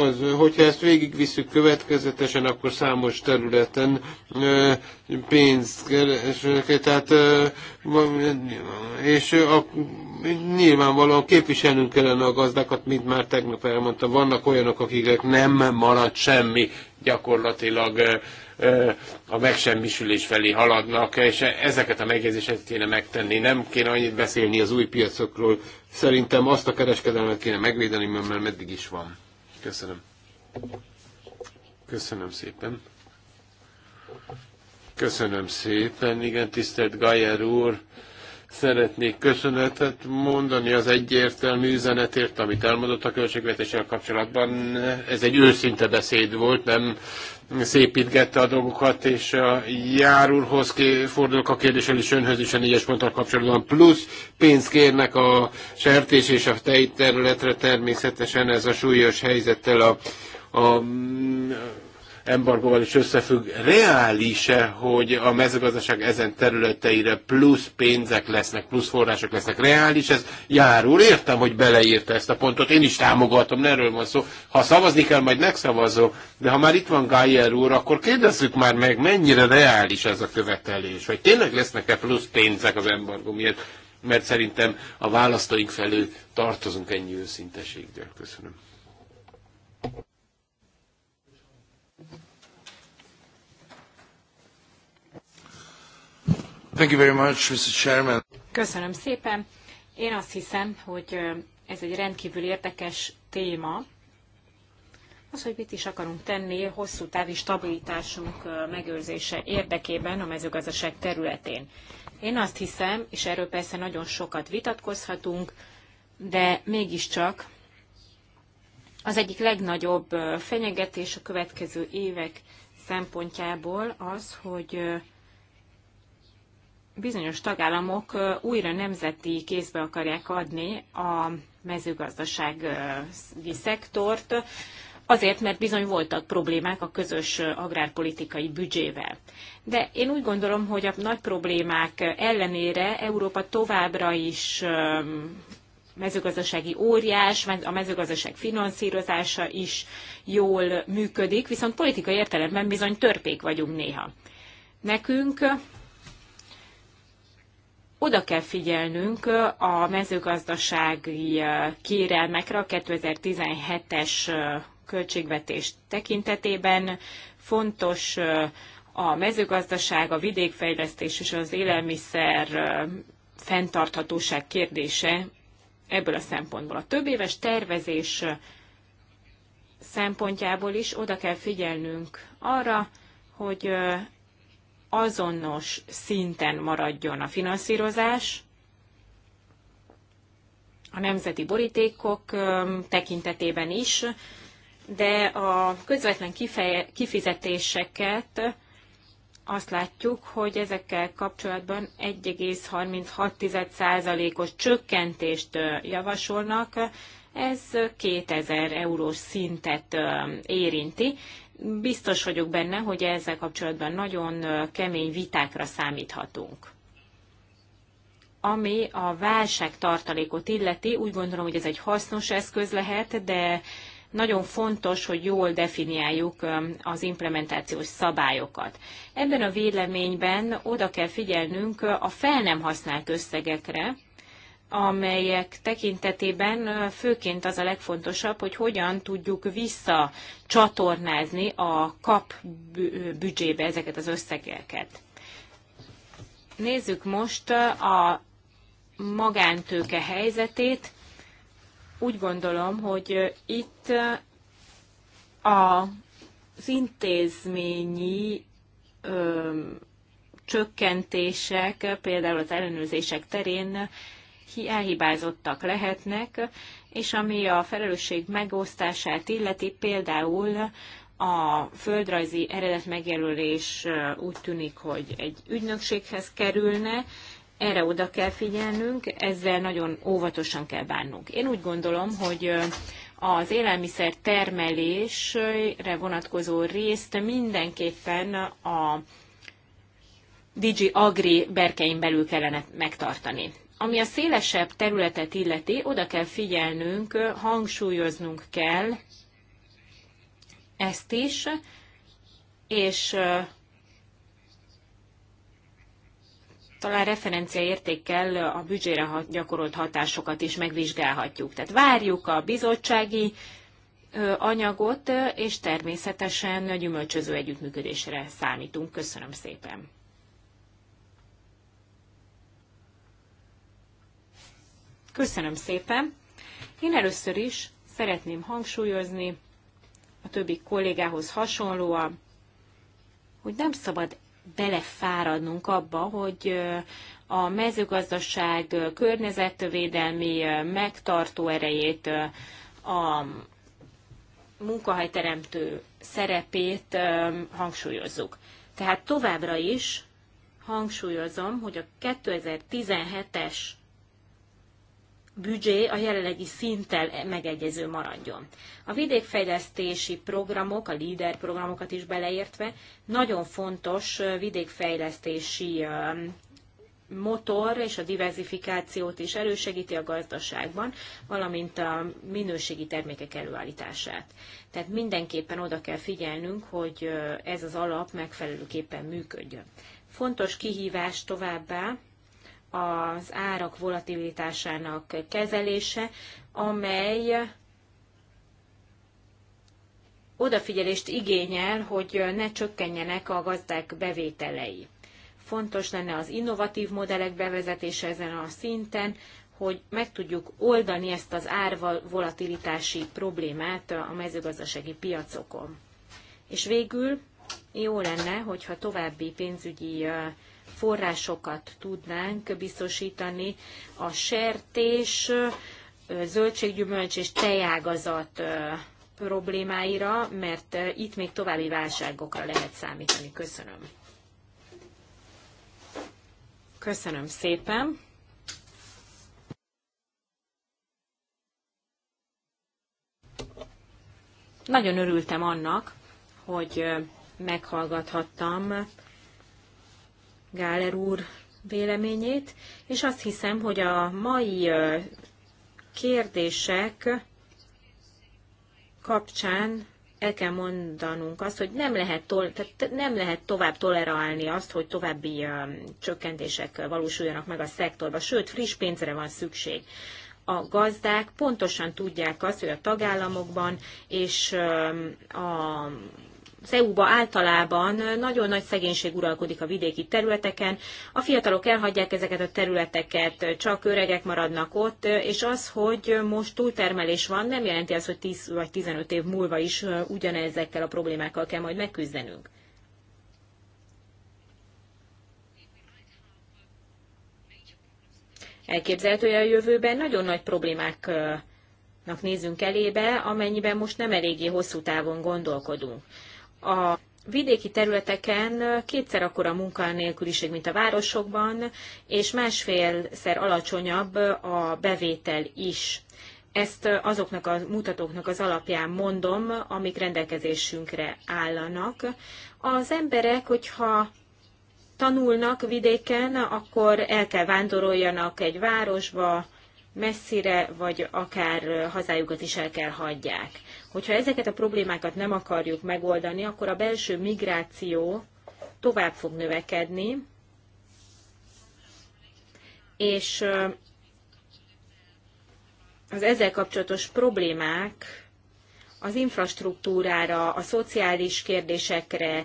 B: az, hogyha ezt végigviszük következetesen, akkor számos területen pénzt keresünk. tehát és a, nyilvánvalóan képviselnünk kellene a gazdákat, mint már tegnap elmondtam. Vannak olyanok, akiknek nem marad semmi gyakorlatilag a megsemmisülés felé haladnak, és ezeket a megjegyzéseket kéne megtenni. Nem kéne annyit beszélni az új piacokról, Szerintem azt a kereskedelmet kéne megvédeni, mert meddig is van. Köszönöm. Köszönöm szépen. Köszönöm szépen, igen, tisztelt Gajer úr. Szeretnék köszönetet mondani az egyértelmű üzenetért, amit elmondott a költségvetéssel kapcsolatban. Ez egy őszinte beszéd volt, nem szépítgette a dolgokat, és a járulhoz fordulok a kérdéssel is önhöz is a négyes ponttal kapcsolatban. Plusz pénzt kérnek a sertés és a tej területre, természetesen ez a súlyos helyzettel a, a embargóval is összefügg, reális-e, hogy a mezőgazdaság ezen területeire plusz pénzek lesznek, plusz források lesznek? Reális ez? Járul, értem, hogy beleírta ezt a pontot, én is támogatom, erről van szó. Ha szavazni kell, majd megszavazom, de ha már itt van Gájer úr, akkor kérdezzük már meg, mennyire reális ez a követelés, vagy tényleg lesznek-e plusz pénzek az embargó miatt? Mert szerintem a választóink felől tartozunk ennyi őszinteséggel. Köszönöm.
C: Köszönöm szépen. Én azt hiszem, hogy ez egy rendkívül érdekes téma. Az, hogy mit is akarunk tenni hosszú távi stabilitásunk megőrzése érdekében a mezőgazdaság területén. Én azt hiszem, és erről persze nagyon sokat vitatkozhatunk, de mégiscsak az egyik legnagyobb fenyegetés a következő évek szempontjából az, hogy bizonyos tagállamok újra nemzeti kézbe akarják adni a mezőgazdasági szektort, azért, mert bizony voltak problémák a közös agrárpolitikai büdzsével. De én úgy gondolom, hogy a nagy problémák ellenére Európa továbbra is mezőgazdasági óriás, a mezőgazdaság finanszírozása is jól működik, viszont politikai értelemben bizony törpék vagyunk néha. Nekünk oda kell figyelnünk a mezőgazdasági eh, kérelmekre a 2017-es eh, költségvetés tekintetében. Fontos eh, a mezőgazdaság, a vidékfejlesztés és az élelmiszer fenntarthatóság kérdése ebből a szempontból. A több éves tervezés szempontjából is oda kell figyelnünk arra, hogy azonos szinten maradjon a finanszírozás, a nemzeti borítékok tekintetében is, de a közvetlen kifeje, kifizetéseket azt látjuk, hogy ezekkel kapcsolatban 1,36%-os csökkentést javasolnak, ez 2000 eurós szintet érinti, biztos vagyok benne, hogy ezzel kapcsolatban nagyon kemény vitákra számíthatunk. Ami a válság tartalékot illeti, úgy gondolom, hogy ez egy hasznos eszköz lehet, de nagyon fontos, hogy jól definiáljuk az implementációs szabályokat. Ebben a véleményben oda kell figyelnünk a fel nem használt összegekre, amelyek tekintetében főként az a legfontosabb, hogy hogyan tudjuk visszacsatornázni a kap büdzsébe ezeket az összegeket. Nézzük most a magántőke helyzetét. Úgy gondolom, hogy itt az intézményi csökkentések, például az ellenőrzések terén elhibázottak lehetnek, és ami a felelősség megosztását illeti, például a földrajzi eredetmegjelölés úgy tűnik, hogy egy ügynökséghez kerülne, erre oda kell figyelnünk, ezzel nagyon óvatosan kell bánnunk. Én úgy gondolom, hogy az élelmiszer termelésre vonatkozó részt mindenképpen a Digi Agri berkein belül kellene megtartani. Ami a szélesebb területet illeti, oda kell figyelnünk, hangsúlyoznunk kell ezt is, és talán referenciaértékkel a büdzsére gyakorolt hatásokat is megvizsgálhatjuk. Tehát várjuk a bizottsági anyagot, és természetesen gyümölcsöző együttműködésre számítunk. Köszönöm szépen! Köszönöm szépen! Én először is szeretném hangsúlyozni a többi kollégához hasonlóan, hogy nem szabad belefáradnunk abba, hogy a mezőgazdaság környezetvédelmi megtartó erejét, a munkahelyteremtő szerepét hangsúlyozzuk. Tehát továbbra is hangsúlyozom, hogy a 2017-es büdzsé a jelenlegi szinttel megegyező maradjon. A vidékfejlesztési programok, a LEADER programokat is beleértve, nagyon fontos vidékfejlesztési motor és a diversifikációt is elősegíti a gazdaságban, valamint a minőségi termékek előállítását. Tehát mindenképpen oda kell figyelnünk, hogy ez az alap megfelelőképpen működjön. Fontos kihívás továbbá az árak volatilitásának kezelése, amely odafigyelést igényel, hogy ne csökkenjenek a gazdák bevételei. Fontos lenne az innovatív modellek bevezetése ezen a szinten, hogy meg tudjuk oldani ezt az árvolatilitási problémát a mezőgazdasági piacokon. És végül jó lenne, hogyha további pénzügyi forrásokat tudnánk biztosítani a sertés, zöldséggyümölcs és tejágazat problémáira, mert itt még további válságokra lehet számítani. Köszönöm. Köszönöm szépen. Nagyon örültem annak, hogy meghallgathattam Gáler úr véleményét, és azt hiszem, hogy a mai kérdések kapcsán el kell mondanunk azt, hogy nem lehet, tol- tehát nem lehet tovább tolerálni azt, hogy további csökkentések valósuljanak meg a szektorban, sőt, friss pénzre van szükség. A gazdák pontosan tudják azt, hogy a tagállamokban és a az EU-ba általában nagyon nagy szegénység uralkodik a vidéki területeken, a fiatalok elhagyják ezeket a területeket, csak öregek maradnak ott, és az, hogy most túltermelés van, nem jelenti azt, hogy 10 vagy 15 év múlva is ugyanezekkel a problémákkal kell majd megküzdenünk. Elképzelhető, hogy a jövőben nagyon nagy problémáknak nézünk elébe, amennyiben most nem eléggé hosszú távon gondolkodunk a vidéki területeken kétszer akkora munkanélküliség, mint a városokban, és másfélszer alacsonyabb a bevétel is. Ezt azoknak a mutatóknak az alapján mondom, amik rendelkezésünkre állanak. Az emberek, hogyha tanulnak vidéken, akkor el kell vándoroljanak egy városba, messzire, vagy akár hazájukat is el kell hagyják. Hogyha ezeket a problémákat nem akarjuk megoldani, akkor a belső migráció tovább fog növekedni, és az ezzel kapcsolatos problémák az infrastruktúrára, a szociális kérdésekre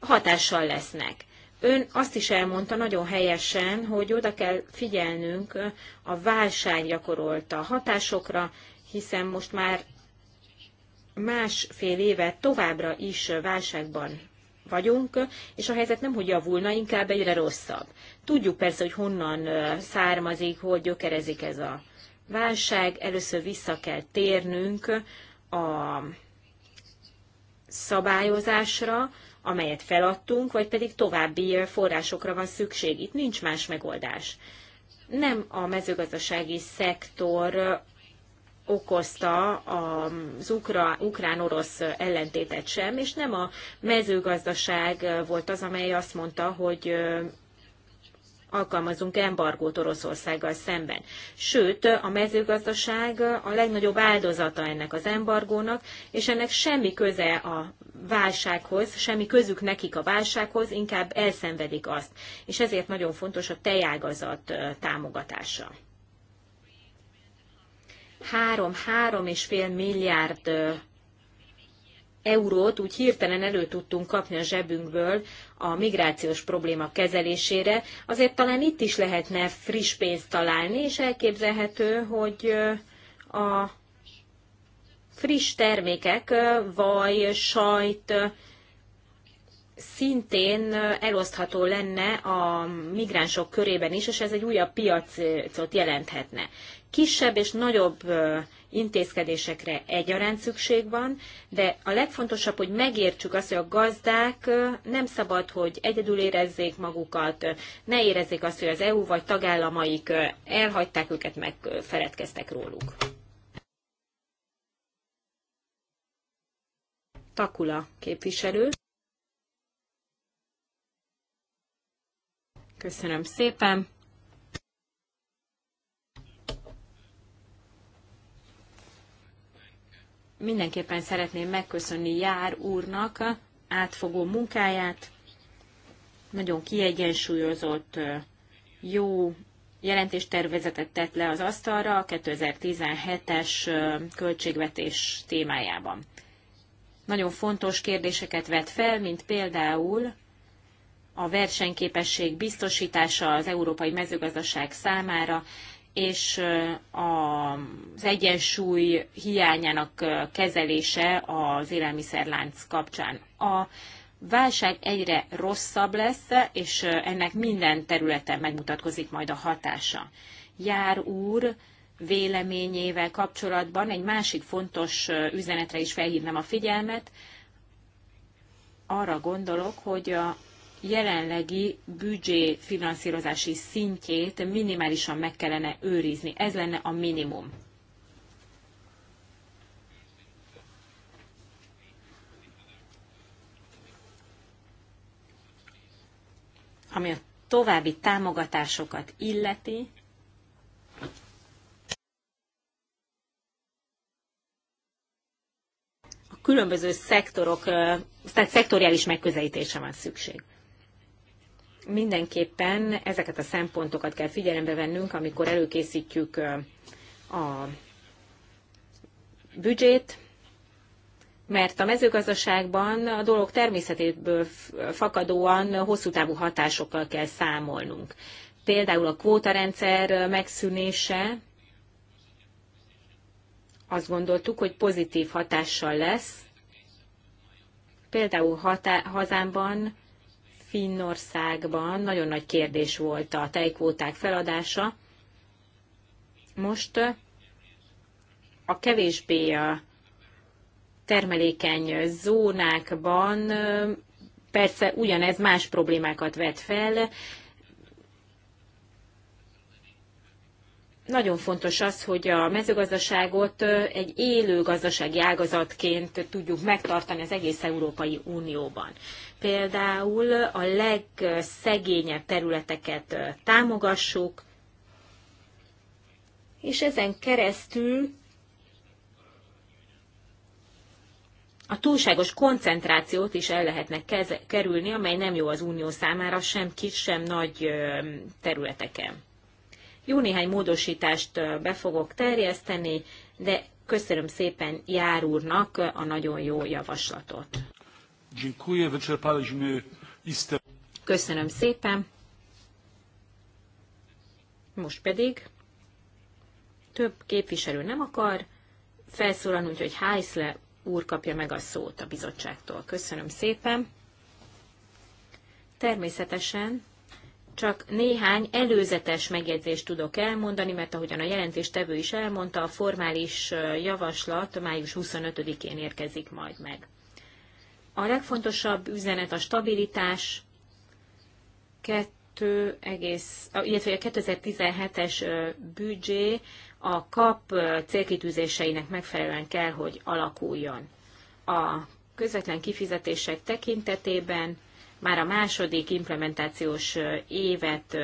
C: hatással lesznek. Ön azt is elmondta nagyon helyesen, hogy oda kell figyelnünk a válság gyakorolta hatásokra, hiszen most már másfél éve továbbra is válságban vagyunk, és a helyzet nem hogy javulna, inkább egyre rosszabb. Tudjuk persze, hogy honnan származik, hogy gyökerezik ez a válság. Először vissza kell térnünk a szabályozásra, amelyet feladtunk, vagy pedig további forrásokra van szükség. Itt nincs más megoldás. Nem a mezőgazdasági szektor okozta az ukra, ukrán-orosz ellentétet sem, és nem a mezőgazdaság volt az, amely azt mondta, hogy alkalmazunk embargót Oroszországgal szemben. Sőt, a mezőgazdaság a legnagyobb áldozata ennek az embargónak, és ennek semmi köze a válsághoz, semmi közük nekik a válsághoz, inkább elszenvedik azt. És ezért nagyon fontos a tejágazat támogatása. 3-3 és fél milliárd eurót úgy hirtelen elő tudtunk kapni a zsebünkből a migrációs probléma kezelésére, azért talán itt is lehetne friss pénzt találni, és elképzelhető, hogy a friss termékek, vaj, sajt szintén elosztható lenne a migránsok körében is, és ez egy újabb piacot jelenthetne kisebb és nagyobb intézkedésekre egyaránt szükség van, de a legfontosabb, hogy megértsük azt, hogy a gazdák nem szabad, hogy egyedül érezzék magukat, ne érezzék azt, hogy az EU vagy tagállamaik elhagyták őket, feledkeztek róluk. Takula képviselő. Köszönöm szépen. mindenképpen szeretném megköszönni Jár úrnak átfogó munkáját, nagyon kiegyensúlyozott, jó jelentéstervezetet tett le az asztalra a 2017-es költségvetés témájában. Nagyon fontos kérdéseket vett fel, mint például a versenyképesség biztosítása az európai mezőgazdaság számára, és az egyensúly hiányának kezelése az élelmiszerlánc kapcsán. A válság egyre rosszabb lesz, és ennek minden területen megmutatkozik majd a hatása. Jár úr véleményével kapcsolatban egy másik fontos üzenetre is felhívnám a figyelmet. Arra gondolok, hogy a jelenlegi büdzsé finanszírozási szintjét minimálisan meg kellene őrizni. Ez lenne a minimum. Ami a további támogatásokat illeti, különböző szektorok, tehát szektoriális megközelítése van szükség mindenképpen ezeket a szempontokat kell figyelembe vennünk, amikor előkészítjük a büdzsét, mert a mezőgazdaságban a dolog természetéből fakadóan hosszú távú hatásokkal kell számolnunk. Például a kvótarendszer megszűnése, azt gondoltuk, hogy pozitív hatással lesz. Például hazámban Finnországban nagyon nagy kérdés volt a tejkvóták feladása. Most a kevésbé a termelékeny zónákban persze ugyanez más problémákat vet fel. Nagyon fontos az, hogy a mezőgazdaságot egy élő gazdasági ágazatként tudjuk megtartani az egész Európai Unióban például a legszegényebb területeket támogassuk, és ezen keresztül a túlságos koncentrációt is el lehetne kerülni, amely nem jó az unió számára sem kis, sem nagy területeken. Jó néhány módosítást be fogok terjeszteni, de köszönöm szépen Jár úrnak a nagyon jó javaslatot.
A: Dziękuję. Wyczerpaliśmy listę.
C: Köszönöm szépen. Most pedig több képviselő nem akar felszólalni, úgyhogy Heisle úr kapja meg a szót a bizottságtól. Köszönöm szépen. Természetesen csak néhány előzetes megjegyzést tudok elmondani, mert ahogyan a jelentéstevő is elmondta, a formális javaslat május 25-én érkezik majd meg. A legfontosabb üzenet a stabilitás, kettő egész, illetve a 2017-es büdzsé a kap célkitűzéseinek megfelelően kell, hogy alakuljon. A közvetlen kifizetések tekintetében már a második implementációs évet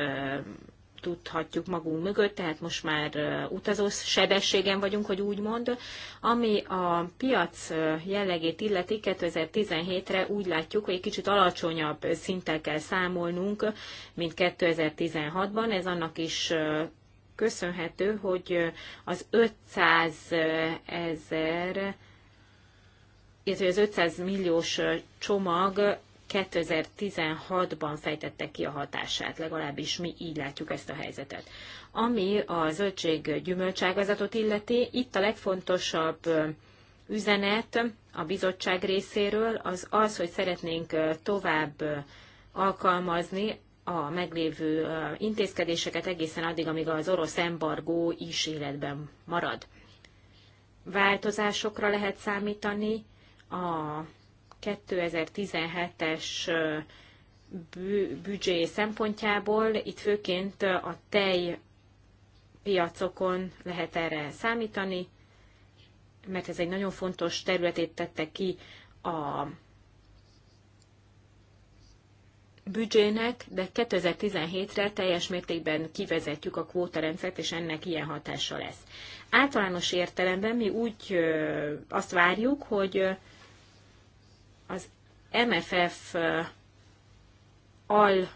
C: tudhatjuk magunk mögött, tehát most már utazó sebességen vagyunk, hogy úgy mond. Ami a piac jellegét illeti, 2017-re úgy látjuk, hogy egy kicsit alacsonyabb szinttel kell számolnunk, mint 2016-ban. Ez annak is köszönhető, hogy az 500 ezer illetve az 500 milliós csomag 2016-ban fejtette ki a hatását, legalábbis mi így látjuk ezt a helyzetet. Ami a zöldség gyümölcságazatot illeti, itt a legfontosabb üzenet a bizottság részéről az az, hogy szeretnénk tovább alkalmazni a meglévő intézkedéseket egészen addig, amíg az orosz embargó is életben marad. Változásokra lehet számítani a 2017-es büdzsé szempontjából. Itt főként a tej piacokon lehet erre számítani, mert ez egy nagyon fontos területét tette ki a büdzsének, de 2017-re teljes mértékben kivezetjük a kvótarendszert, és ennek ilyen hatása lesz. Általános értelemben mi úgy azt várjuk, hogy az MFF al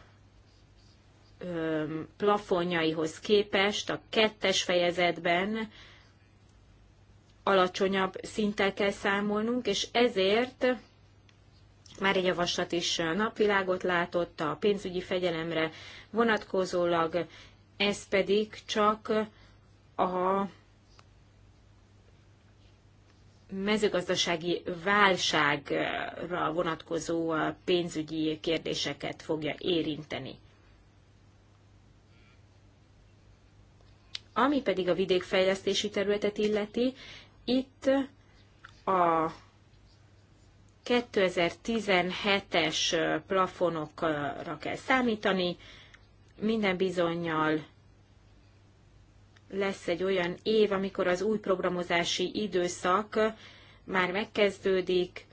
C: plafonjaihoz képest a kettes fejezetben alacsonyabb szinttel kell számolnunk, és ezért már egy javaslat is napvilágot látott a pénzügyi fegyelemre vonatkozólag, ez pedig csak a mezőgazdasági válságra vonatkozó pénzügyi kérdéseket fogja érinteni. Ami pedig a vidékfejlesztési területet illeti, itt a 2017-es plafonokra kell számítani, minden bizonyal lesz egy olyan év, amikor az új programozási időszak már megkezdődik,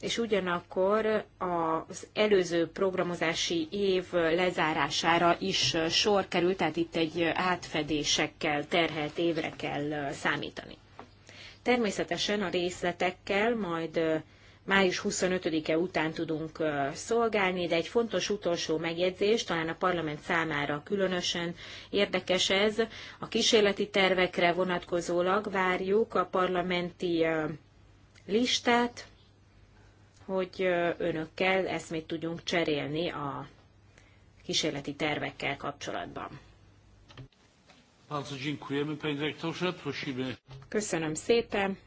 C: és ugyanakkor az előző programozási év lezárására is sor kerül, tehát itt egy átfedésekkel terhelt évre kell számítani. Természetesen a részletekkel majd május 25-e után tudunk szolgálni, de egy fontos utolsó megjegyzés, talán a parlament számára különösen érdekes ez. A kísérleti tervekre vonatkozólag várjuk a parlamenti listát, hogy önökkel még tudjunk cserélni a kísérleti tervekkel kapcsolatban. Köszönöm szépen.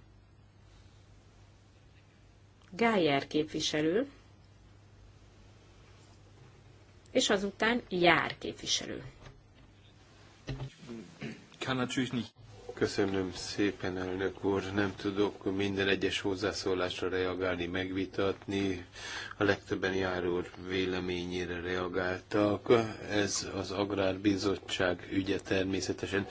C: Gájer képviselő, és azután Jár képviselő.
B: Köszönöm szépen, elnök úr. Nem tudok minden egyes hozzászólásra reagálni, megvitatni. A legtöbben járór véleményére reagáltak. Ez az Agrárbizottság ügye természetesen.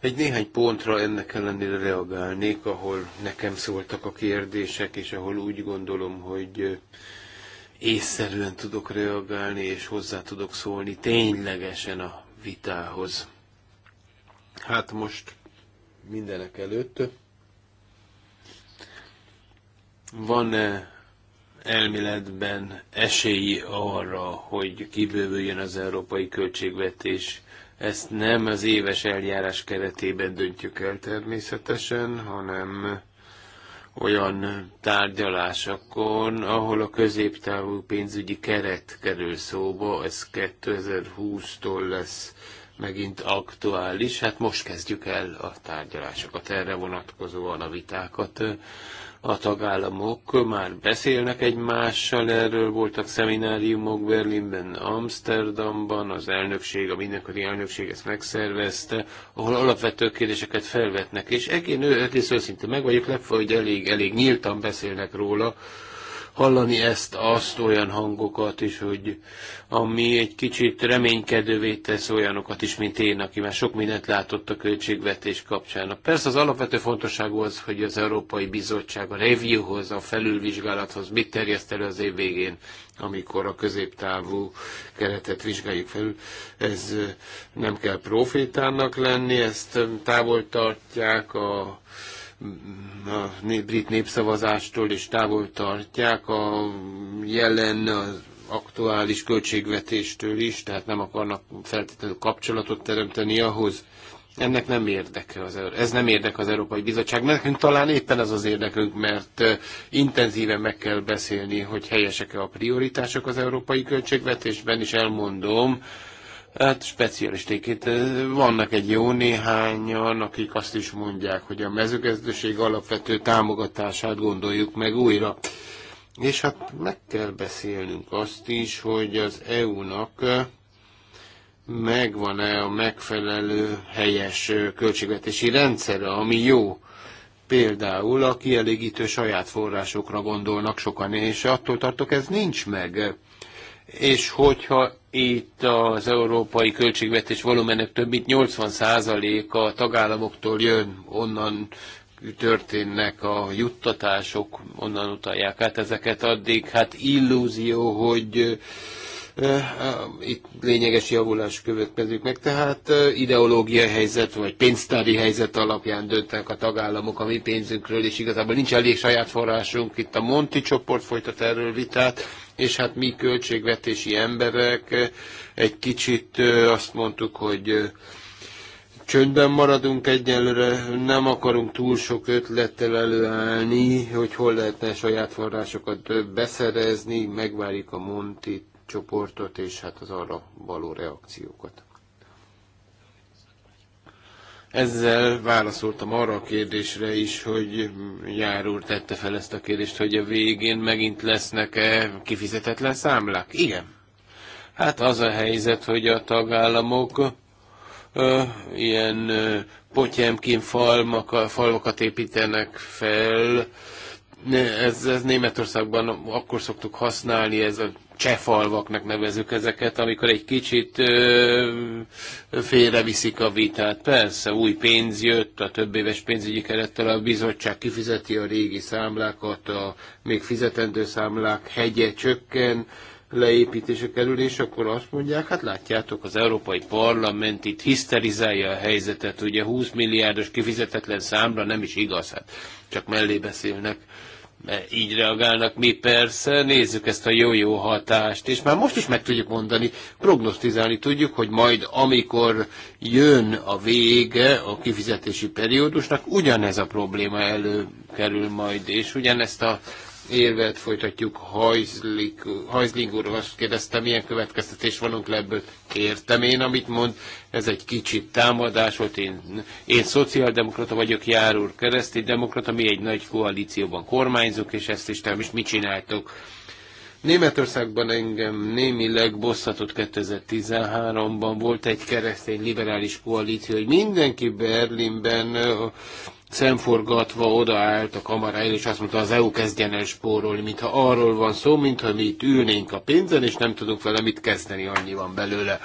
B: Egy néhány pontra ennek ellenére reagálnék, ahol nekem szóltak a kérdések, és ahol úgy gondolom, hogy észszerűen tudok reagálni, és hozzá tudok szólni ténylegesen a vitához. Hát most mindenek előtt van -e elméletben esély arra, hogy kibővüljön az európai költségvetés ezt nem az éves eljárás keretében döntjük el természetesen, hanem olyan tárgyalásokon, ahol a középtávú pénzügyi keret kerül szóba, ez 2020-tól lesz megint aktuális. Hát most kezdjük el a tárgyalásokat, erre vonatkozóan a vitákat a tagállamok már beszélnek egymással, erről voltak szemináriumok Berlinben, Amsterdamban, az elnökség, a mindenkori elnökség ezt megszervezte, ahol alapvető kérdéseket felvetnek, és egész, őszinte meg vagyok lepve, hogy elég, elég nyíltan beszélnek róla, hallani ezt, azt, olyan hangokat is, hogy ami egy kicsit reménykedővé tesz olyanokat is, mint én, aki már sok mindent látott a költségvetés kapcsán. Persze az alapvető fontosságú az, hogy az Európai Bizottság a reviewhoz, a felülvizsgálathoz mit terjeszt elő az év végén, amikor a középtávú keretet vizsgáljuk felül. Ez nem kell profétának lenni, ezt távol tartják a a brit népszavazástól is távol tartják a jelen az aktuális költségvetéstől is, tehát nem akarnak feltétlenül kapcsolatot teremteni ahhoz. Ennek nem érdeke az, ez nem érdek az Európai Bizottság, nekünk talán éppen az az érdekünk, mert intenzíven meg kell beszélni, hogy helyesek-e a prioritások az európai költségvetésben, és elmondom, Hát specialistéként eh, vannak egy jó néhányan, akik azt is mondják, hogy a mezőgazdaság alapvető támogatását gondoljuk meg újra. És hát meg kell beszélnünk azt is, hogy az EU-nak eh, megvan-e a megfelelő helyes eh, költségvetési rendszere, ami jó. Például a kielégítő saját forrásokra gondolnak sokan, és attól tartok, ez nincs meg és hogyha itt az európai költségvetés volumenek több mint 80%-a a tagállamoktól jön, onnan történnek a juttatások, onnan utalják át ezeket addig, hát illúzió, hogy itt lényeges javulás következik meg, tehát ideológiai helyzet vagy pénztári helyzet alapján döntenek a tagállamok a mi pénzünkről, és igazából nincs elég saját forrásunk. Itt a Monti csoport folytat erről vitát, és hát mi költségvetési emberek egy kicsit azt mondtuk, hogy csöndben maradunk egyelőre, nem akarunk túl sok ötlettel előállni, hogy hol lehetne saját forrásokat beszerezni, megvárjuk a Monti csoportot és hát az arra való reakciókat. Ezzel válaszoltam arra a kérdésre is, hogy Jár úr tette fel ezt a kérdést, hogy a végén megint lesznek-e kifizetetlen számlák. Igen. Hát az a helyzet, hogy a tagállamok ö, ilyen ö, potyemkin falmaka, falvakat építenek fel. Ez, ez Németországban akkor szoktuk használni ez a csefalvaknak nevezük ezeket, amikor egy kicsit ö, félreviszik a vitát. Persze, új pénz jött a több éves pénzügyi kerettel, a bizottság kifizeti a régi számlákat, a még fizetendő számlák hegye csökken, leépítése kerül, és akkor azt mondják, hát látjátok, az Európai Parlament itt hiszterizálja a helyzetet, ugye 20 milliárdos kifizetetlen számla nem is igaz, hát csak mellé beszélnek így reagálnak mi persze, nézzük ezt a jó-jó hatást, és már most is meg tudjuk mondani, prognosztizálni tudjuk, hogy majd amikor jön a vége a kifizetési periódusnak, ugyanez a probléma előkerül majd, és ugyanezt a érvet folytatjuk. Hajzlik, Hajzling úr azt kérdezte, milyen következtetés vanunk le ebből. Értem én, amit mond, ez egy kicsit támadás volt. Én, én szociáldemokrata vagyok, jár úr keresztény demokrata, mi egy nagy koalícióban kormányzunk, és ezt is nem is mit csináltok. Németországban engem némileg bosszatott 2013-ban volt egy keresztény liberális koalíció, hogy mindenki Berlinben szemforgatva odaállt a kamara el, és azt mondta, az EU kezdjen el spórolni, mintha arról van szó, mintha mi itt ülnénk a pénzen, és nem tudunk vele mit kezdeni, annyi van belőle.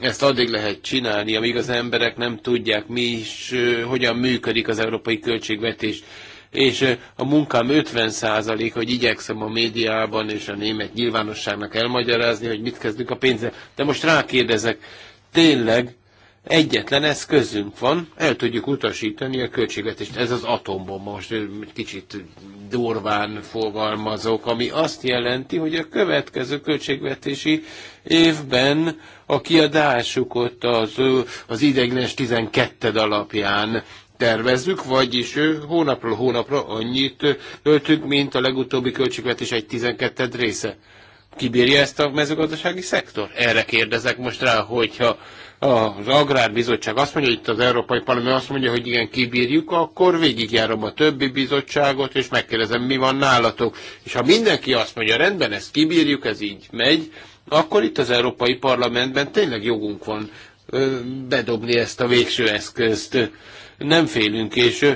B: Ezt addig lehet csinálni, amíg az emberek nem tudják, mi is, hogyan működik az európai költségvetés. És a munkám 50 hogy igyekszem a médiában és a német nyilvánosságnak elmagyarázni, hogy mit kezdünk a pénzzel. De most rákérdezek, tényleg Egyetlen eszközünk van, el tudjuk utasítani a költségvetést. Ez az atombomba, most kicsit durván fogalmazok, ami azt jelenti, hogy a következő költségvetési évben a kiadásuk ott az, az ideiglenes 12 alapján tervezzük, vagyis hónapról hónapra annyit öltünk, mint a legutóbbi költségvetés egy 12 része. Kibírja ezt a mezőgazdasági szektor? Erre kérdezek most rá, hogyha az Agrárbizottság azt mondja, itt az Európai Parlament azt mondja, hogy igen, kibírjuk, akkor végigjárom a többi bizottságot, és megkérdezem, mi van nálatok. És ha mindenki azt mondja, rendben, ezt kibírjuk, ez így megy, akkor itt az Európai Parlamentben tényleg jogunk van bedobni ezt a végső eszközt. Nem félünk, és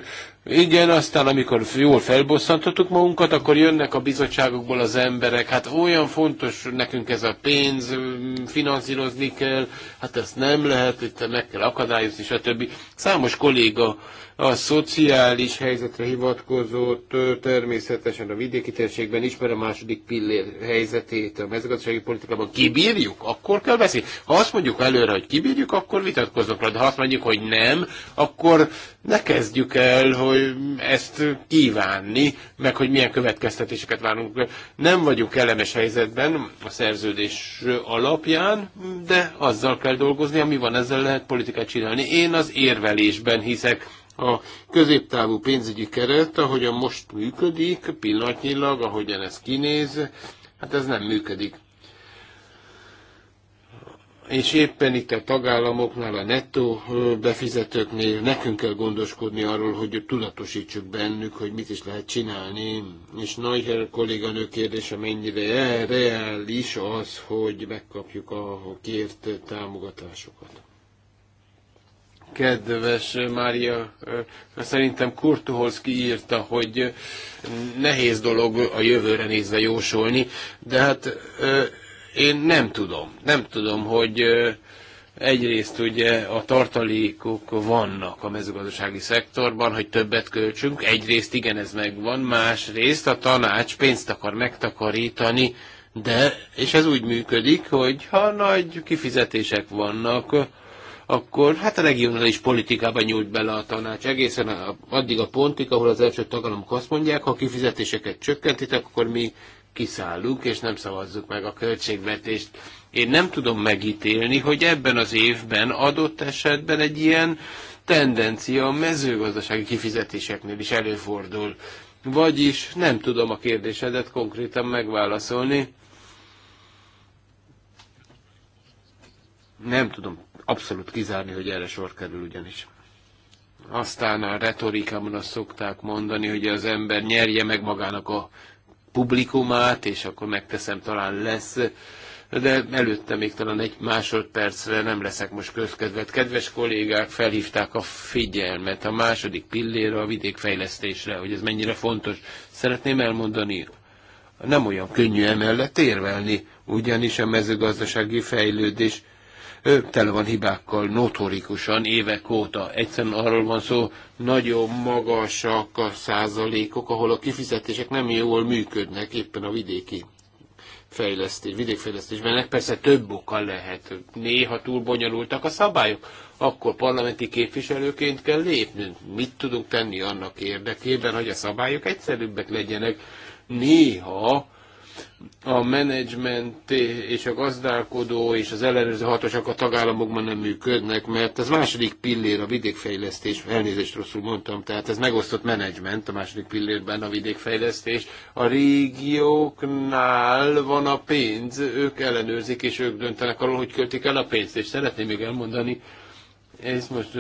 B: igen, aztán amikor jól felbosszantottuk magunkat, akkor jönnek a bizottságokból az emberek. Hát olyan fontos nekünk ez a pénz, mm, finanszírozni kell, hát ezt nem lehet, itt meg kell akadályozni, stb. Számos kolléga a szociális helyzetre hivatkozott, természetesen a vidéki térségben ismer a második pillér helyzetét, a mezőgazdasági politikában kibírjuk, akkor kell beszélni. Ha azt mondjuk előre, hogy kibírjuk, akkor vitatkozok rá, de ha azt mondjuk, hogy nem, akkor ne kezdjük el, hogy ezt kívánni, meg hogy milyen következtetéseket várunk. Nem vagyunk kellemes helyzetben a szerződés alapján, de azzal kell dolgozni, ami van, ezzel lehet politikát csinálni. Én az érve terhelésben, hiszek a középtávú pénzügyi keret, ahogyan most működik, pillanatnyilag, ahogyan ez kinéz, hát ez nem működik. És éppen itt a tagállamoknál, a nettó befizetőknél nekünk kell gondoskodni arról, hogy tudatosítsuk bennük, hogy mit is lehet csinálni. És nagy kolléganő kérdése mennyire reális az, hogy megkapjuk a kért támogatásokat kedves Mária, szerintem Kurtuholszki írta, hogy nehéz dolog a jövőre nézve jósolni, de hát én nem tudom. Nem tudom, hogy egyrészt ugye a tartalékok vannak a mezőgazdasági szektorban, hogy többet költsünk, egyrészt igen, ez megvan, másrészt a tanács pénzt akar megtakarítani, de, és ez úgy működik, hogy ha nagy kifizetések vannak, akkor hát a regionális politikában nyújt bele a tanács egészen a, addig a pontig, ahol az első tagalomok azt mondják, ha kifizetéseket csökkentitek, akkor mi kiszállunk, és nem szavazzuk meg a költségvetést. Én nem tudom megítélni, hogy ebben az évben adott esetben egy ilyen tendencia a mezőgazdasági kifizetéseknél is előfordul. Vagyis nem tudom a kérdésedet konkrétan megválaszolni. Nem tudom abszolút kizárni, hogy erre sor kerül ugyanis. Aztán a retorikában azt szokták mondani, hogy az ember nyerje meg magának a publikumát, és akkor megteszem, talán lesz de előtte még talán egy másodpercre nem leszek most közkedvet. Kedves kollégák, felhívták a figyelmet a második pillére, a vidékfejlesztésre, hogy ez mennyire fontos. Szeretném elmondani, nem olyan könnyű emellett érvelni, ugyanis a mezőgazdasági fejlődés tele van hibákkal notorikusan évek óta. Egyszerűen arról van szó, nagyon magasak a százalékok, ahol a kifizetések nem jól működnek, éppen a vidéki fejlesztés, vidékfejlesztésben. Persze több oka lehet. Néha túl bonyolultak a szabályok, akkor parlamenti képviselőként kell lépnünk. Mit tudunk tenni annak érdekében, hogy a szabályok egyszerűbbek legyenek? Néha a menedzsment és a gazdálkodó és az ellenőrző hatosak a tagállamokban nem működnek, mert az második pillér a vidékfejlesztés, elnézést rosszul mondtam, tehát ez megosztott menedzsment a második pillérben a vidékfejlesztés. A régióknál van a pénz, ők ellenőrzik és ők döntenek arról, hogy költik el a pénzt, és szeretném még elmondani, ez most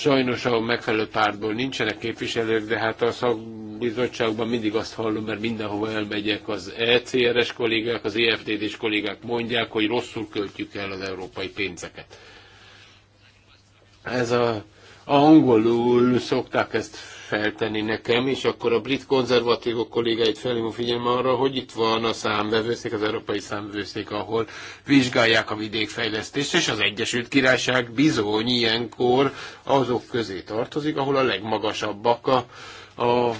B: Sajnos a megfelelő pártból nincsenek képviselők, de hát a szakbizottságban mindig azt hallom, mert mindenhova elmegyek, az ECRS kollégák, az EFDD-s kollégák mondják, hogy rosszul költjük el az európai pénzeket. Ez a angolul szokták ezt feltenni nekem, és akkor a brit konzervatívok kollégáit felhívom figyelme arra, hogy itt van a számvevőszék, az európai számvevőszék, ahol vizsgálják a vidékfejlesztést, és az Egyesült Királyság bizony ilyenkor azok közé tartozik, ahol a legmagasabbak a, a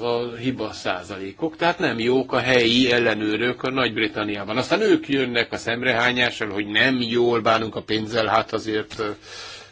B: a hiba százalékok, tehát nem jók a helyi ellenőrök a Nagy-Britanniában. Aztán ők jönnek a szemrehányással, hogy nem jól bánunk a pénzzel, hát azért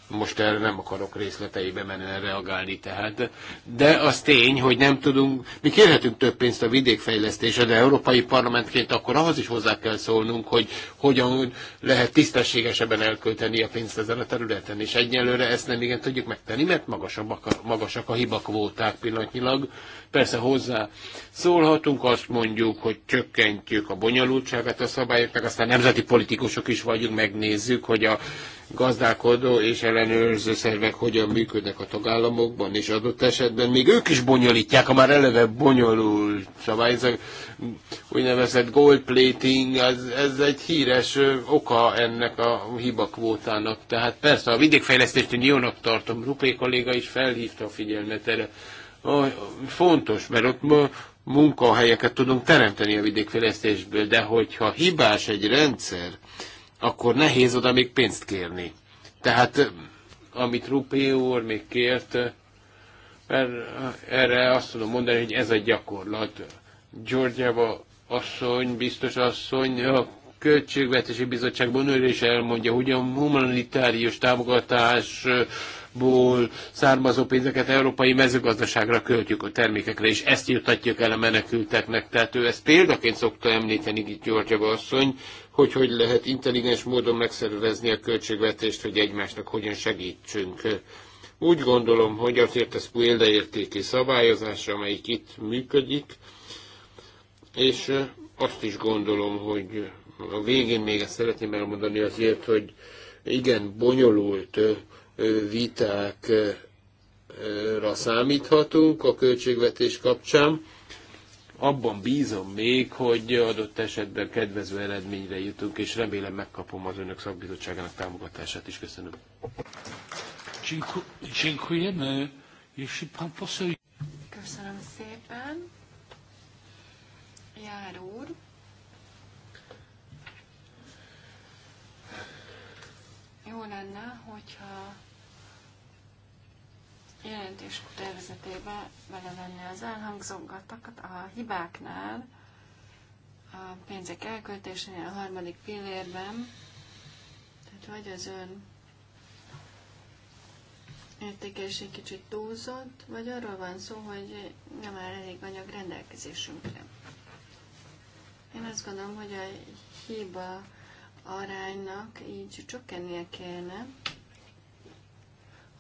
B: most erre nem akarok részleteibe menően reagálni tehát. De az tény, hogy nem tudunk, mi kérhetünk több pénzt a vidékfejlesztésre, de Európai Parlamentként akkor ahhoz is hozzá kell szólnunk, hogy hogyan lehet tisztességesebben elkölteni a pénzt ezen a területen. És egyelőre ezt nem igen tudjuk megtenni, mert magasabbak a, magasak a hibakvóták pillanatnyilag. Persze hozzá szólhatunk, azt mondjuk, hogy csökkentjük a bonyolultságát a szabályoknak, aztán nemzeti politikusok is vagyunk, megnézzük, hogy a gazdálkodó és ellenőrző szervek hogyan működnek a tagállamokban, és adott esetben még ők is bonyolítják a már eleve bonyolult szabályzat, úgynevezett gold plating, az ez egy híres oka ennek a hibakvótának. Tehát persze a vidékfejlesztést én jónak tartom, Rupé kolléga is felhívta a figyelmet erre. A, fontos, mert ott ma munkahelyeket tudunk teremteni a vidékfejlesztésből, de hogyha hibás egy rendszer, akkor nehéz oda még pénzt kérni. Tehát amit Rupé úr még kért, mert erre azt tudom mondani, hogy ez a gyakorlat. Georgiava asszony, biztos asszony, a Költségvetési Bizottságban ő is elmondja, hogy a humanitárius támogatásból származó pénzeket európai mezőgazdaságra költjük a termékekre, és ezt jutatjuk el a menekülteknek. Tehát ő ezt példaként szokta említeni Györgyeva asszony, hogy hogy lehet intelligens módon megszervezni a költségvetést, hogy egymásnak hogyan segítsünk. Úgy gondolom, hogy azért ez példaértéki szabályozás, amelyik itt működik, és azt is gondolom, hogy a végén még ezt szeretném elmondani azért, hogy igen, bonyolult viták számíthatunk a költségvetés kapcsán, abban bízom még, hogy adott esetben kedvező eredményre jutunk, és remélem megkapom az önök szakbizottságának támogatását is. Köszönöm.
D: Köszönöm szépen. Jár úr. Jó lenne, hogyha jelentés tervezetébe belevenni az elhangzottakat a hibáknál, a pénzek elköltésénél, a harmadik pillérben, tehát vagy az ön értékelés egy kicsit túlzott, vagy arról van szó, hogy nem áll elég anyag rendelkezésünkre. Én azt gondolom, hogy a hiba aránynak így csökkennie kellene.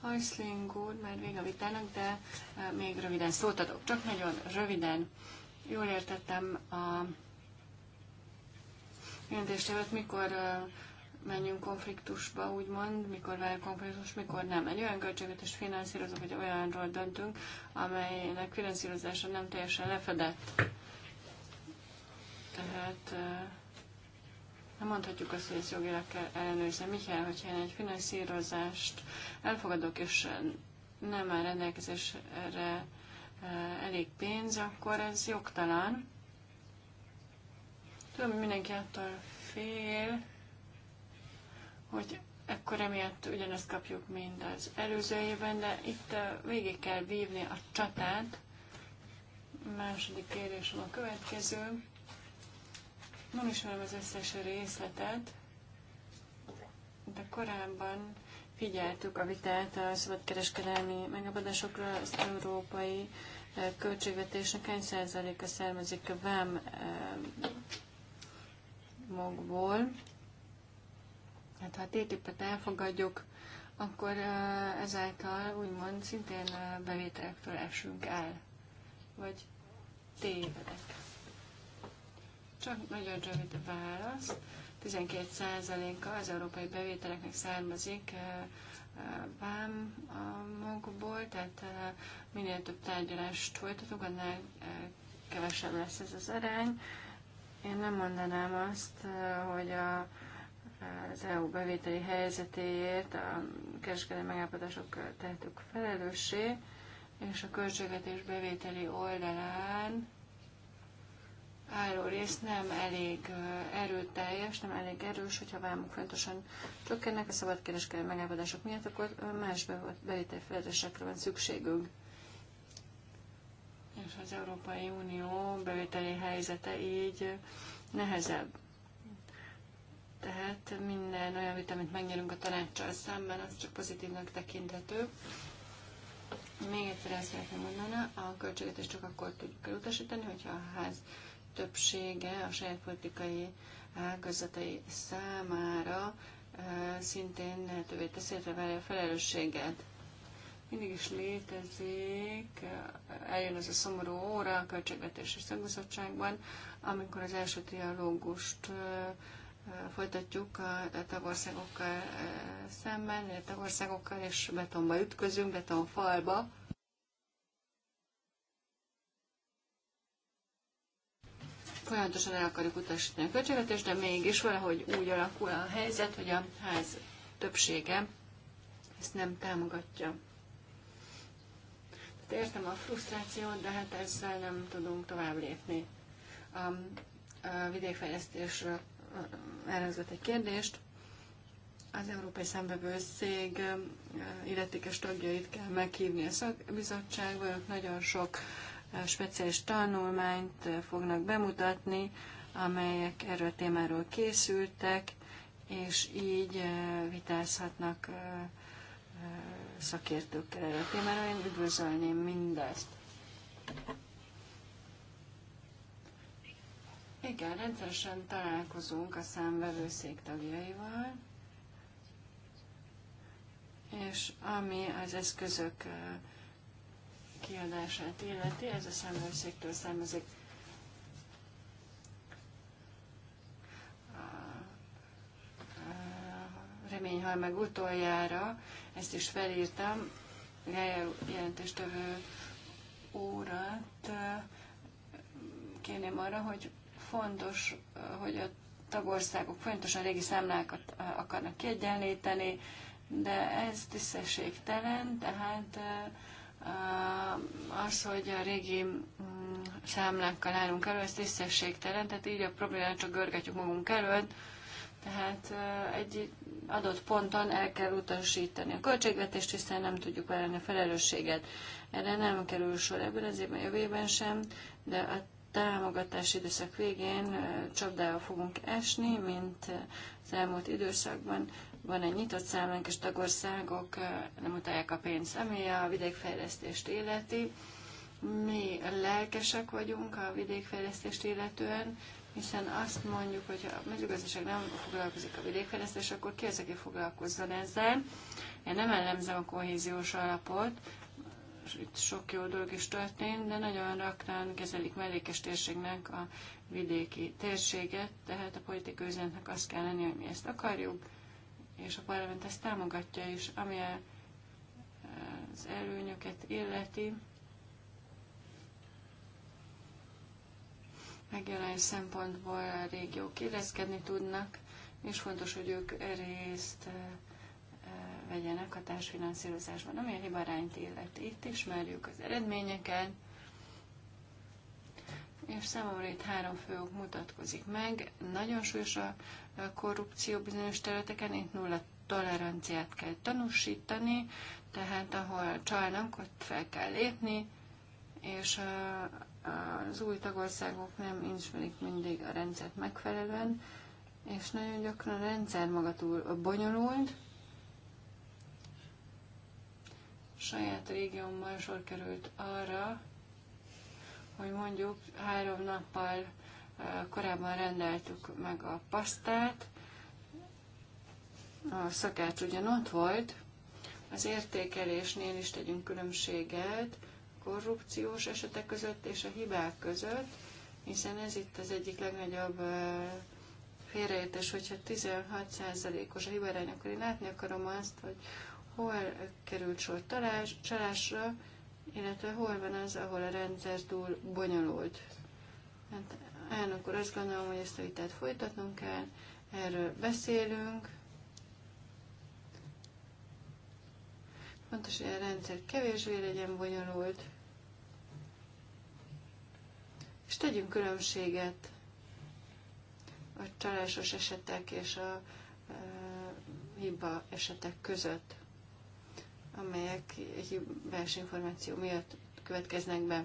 D: Hajszling úr, már vége a vitának, de még röviden szót adok, csak nagyon röviden. Jól értettem a jelentést előtt, mikor menjünk konfliktusba, úgymond, mikor vár konfliktus, mikor nem. Egy olyan költségvetés finanszírozunk, hogy olyanról döntünk, amelynek finanszírozása nem teljesen lefedett. Tehát nem mondhatjuk azt, hogy ez jogilag kell ellenőrizni. Mihály, hogyha én egy finanszírozást elfogadok, és nem áll rendelkezésre eh, elég pénz, akkor ez jogtalan. Tudom, hogy mindenki attól fél, hogy akkor emiatt ugyanezt kapjuk, mint az előző évben, de itt eh, végig kell vívni a csatát. A második kérdés a következő. Nem ismerem az összes részletet, de korábban figyeltük a vitát a szabadkereskedelmi megállapodásokról, az európai költségvetésnek hány százaléka származik a vám magból. Hát ha a TTIP-et elfogadjuk, akkor ezáltal úgymond szintén bevételektől esünk el, vagy tévedek. Csak nagyon rövid a válasz. 12%-a az európai bevételeknek származik eh, eh, vámokból, tehát eh, minél több tárgyalást folytatunk, annál kevesebb lesz ez az arány. Én nem mondanám azt, hogy a, az EU bevételi helyzetéért a kereskedelmi megállapodások tehetők felelőssé, és a költségvetés bevételi oldalán álló rész nem elég erőteljes, nem elég erős, hogyha vámok fontosan csökkennek a szabadkereskedelmi megállapodások miatt, akkor más bevételfeledésekre van szükségünk. És az Európai Unió bevételi helyzete így nehezebb. Tehát minden olyan vita, amit megnyerünk a tanácssal szemben, az csak pozitívnak tekinthető. Még egyszer ezt szeretném mondani, a költséget is csak akkor tudjuk elutasítani, hogyha a ház többsége a saját politikai ágazatai számára szintén lehetővé teszi, illetve várja a felelősséget. Mindig is létezik, eljön az a szomorú óra a költségvetési szakbizottságban, amikor az első dialógust folytatjuk a tagországokkal szemben, a tagországokkal, és betonba ütközünk, betonfalba, folyamatosan el akarjuk utasítani a költségvetés, de mégis valahogy úgy alakul a helyzet, hogy a ház többsége ezt nem támogatja. Tehát értem a frusztrációt, de hát ezzel nem tudunk tovább lépni. A, a vidékfejlesztés elhangzott egy kérdést. Az Európai Szembevőszég illetékes tagjait kell meghívni a szakbizottságba, ők nagyon sok uh, speciális tanulmányt fognak bemutatni, amelyek erről a témáról készültek, és így vitázhatnak szakértőkkel erről a témáról. Én üdvözölném mindezt. Igen, rendszeresen találkozunk a számvevőszék tagjaival, és ami az eszközök kiadását illeti, ez a számvevőszéktől származik. Reményhal meg utoljára, ezt is felírtam, Gájer jelentéstövő úrat kérném arra, hogy fontos, hogy a tagországok fontosan régi számlákat akarnak kiegyenlíteni, de ez tisztességtelen, tehát az, hogy a régi mm, számlákkal állunk elő, ez tisztességtelen, tehát így a problémát csak görgetjük magunk előtt, tehát egy adott ponton el kell utasítani a költségvetést, hiszen nem tudjuk vállalni a felelősséget. Erre nem kerül sor ebben az évben, jövőben sem, de a támogatási időszak végén csapdába fogunk esni, mint az elmúlt időszakban van egy nyitott számlánk, és tagországok nem utalják a pénzt, ami a vidékfejlesztést illeti. Mi lelkesek vagyunk a vidékfejlesztést illetően, hiszen azt mondjuk, hogy ha a mezőgazdaság nem foglalkozik a vidékfejlesztés, akkor ki az, aki foglalkozzon ezzel. Én nem ellenzem a kohéziós alapot, és itt sok jó dolog is történt, de nagyon raktán kezelik mellékes térségnek a vidéki térséget, tehát a politikai üzenetnek azt kell lenni, hogy mi ezt akarjuk, és a parlament ezt támogatja is, ami az előnyöket illeti. Megjelenés szempontból a régiók illeszkedni tudnak, és fontos, hogy ők részt vegyenek a társfinanszírozásban, ami a hibarányt illeti. Itt ismerjük az eredményeket, és számomra itt három fő mutatkozik meg. Nagyon súlyos a korrupció bizonyos területeken, itt nulla toleranciát kell tanúsítani, tehát ahol csalnak, ott fel kell lépni, és az új tagországok nem ismerik mindig a rendszert megfelelően, és nagyon gyakran a rendszer maga túl bonyolult. saját régiómmal sor került arra, hogy mondjuk három nappal korábban rendeltük meg a pasztát, a szakács ugyan ott volt, az értékelésnél is tegyünk különbséget korrupciós esetek között és a hibák között, hiszen ez itt az egyik legnagyobb félreértés, hogyha 16%-os a hibarány, akkor én látni akarom azt, hogy hol került sor csalásra, illetve hol van az, ahol a rendszer túl bonyolult. Hát elnök úr, azt gondolom, hogy ezt a vitát folytatnunk kell, erről beszélünk. Fontos, hogy a rendszer kevésbé legyen bonyolult, és tegyünk különbséget a csalásos esetek és a hiba esetek között amelyek hibás információ miatt következnek be.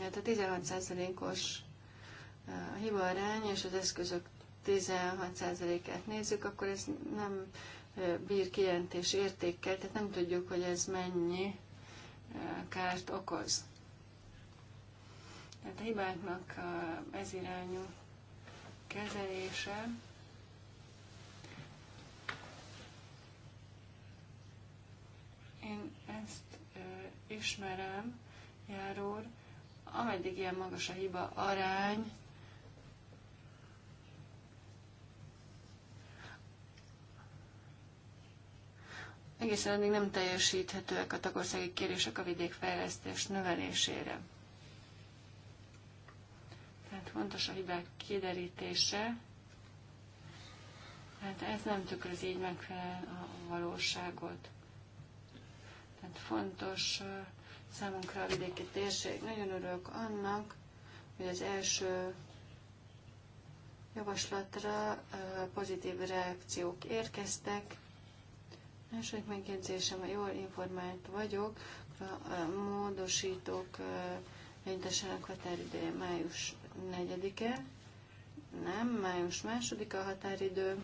D: Hát a 16%-os a arány és az eszközök 16%-át nézzük, akkor ez nem bír kijelentés értékkel, tehát nem tudjuk, hogy ez mennyi kárt okoz. Tehát a hibáknak ez irányú kezelése Én ezt ö, ismerem, járór, ameddig ilyen magas a hiba arány, egészen addig nem teljesíthetőek a tagországi kérések a vidékfejlesztés növelésére. Tehát fontos a hibák kiderítése, hát ez nem tükrözi így megfelelően a valóságot mert hát fontos számunkra a vidéki térség. Nagyon örülök annak, hogy az első javaslatra pozitív reakciók érkeztek. Második megjegyzésem, ha jól informált vagyok, a módosítók egyesenek határidője május 4-e, nem, május 2-a határidő.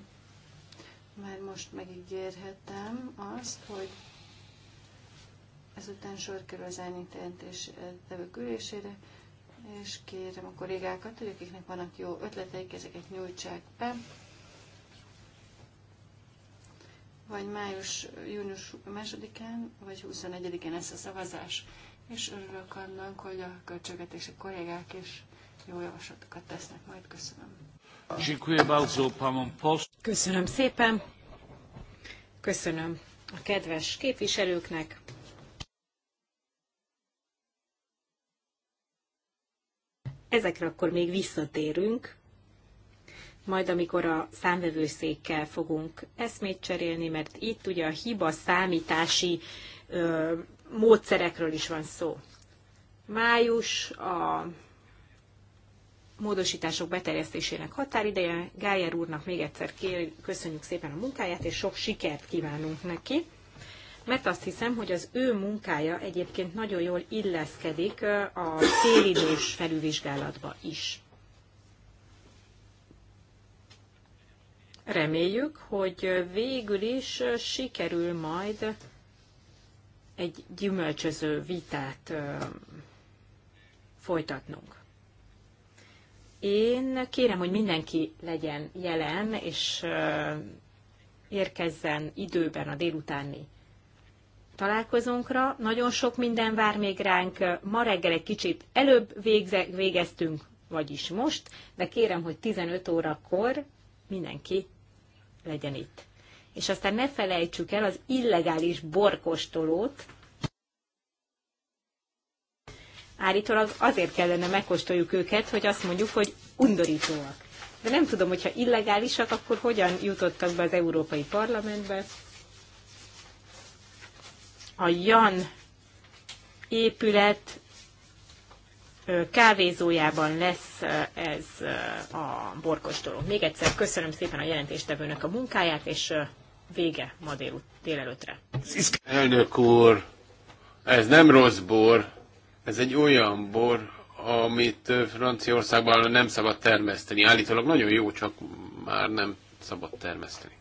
D: Már most megígérhetem azt, hogy Ezután sor kerül az elnyitítés eh, tevők ülésére, és kérem a kollégákat, hogy akiknek vannak jó ötleteik, ezeket nyújtsák be. Vagy május, június másodikán, vagy 21-én lesz a szavazás. És örülök annak, hogy a költségetési kollégák is jó javaslatokat tesznek majd.
C: Köszönöm. Köszönöm szépen. Köszönöm a kedves képviselőknek. Ezekre akkor még visszatérünk, majd amikor a számvevőszékkel fogunk eszmét cserélni, mert itt ugye a hiba számítási ö, módszerekről is van szó. Május a módosítások beterjesztésének határideje. Gájer úrnak még egyszer kér, köszönjük szépen a munkáját, és sok sikert kívánunk neki mert azt hiszem, hogy az ő munkája egyébként nagyon jól illeszkedik a félidős felülvizsgálatba is. Reméljük, hogy végül is sikerül majd egy gyümölcsöző vitát folytatnunk. Én kérem, hogy mindenki legyen jelen, és érkezzen időben a délutáni találkozónkra. Nagyon sok minden vár még ránk. Ma reggel egy kicsit előbb végze, végeztünk, vagyis most, de kérem, hogy 15 órakor mindenki legyen itt. És aztán ne felejtsük el az illegális borkostolót. Állítólag azért kellene megkóstoljuk őket, hogy azt mondjuk, hogy undorítóak. De nem tudom, hogyha illegálisak, akkor hogyan jutottak be az Európai Parlamentbe a Jan épület kávézójában lesz ez a borkostoló. Még egyszer köszönöm szépen a jelentéstevőnek a munkáját, és vége ma délelőttre. délelőtre.
B: Elnök úr, ez nem rossz bor, ez egy olyan bor, amit Franciaországban nem szabad termeszteni. Állítólag nagyon jó, csak már nem szabad termeszteni.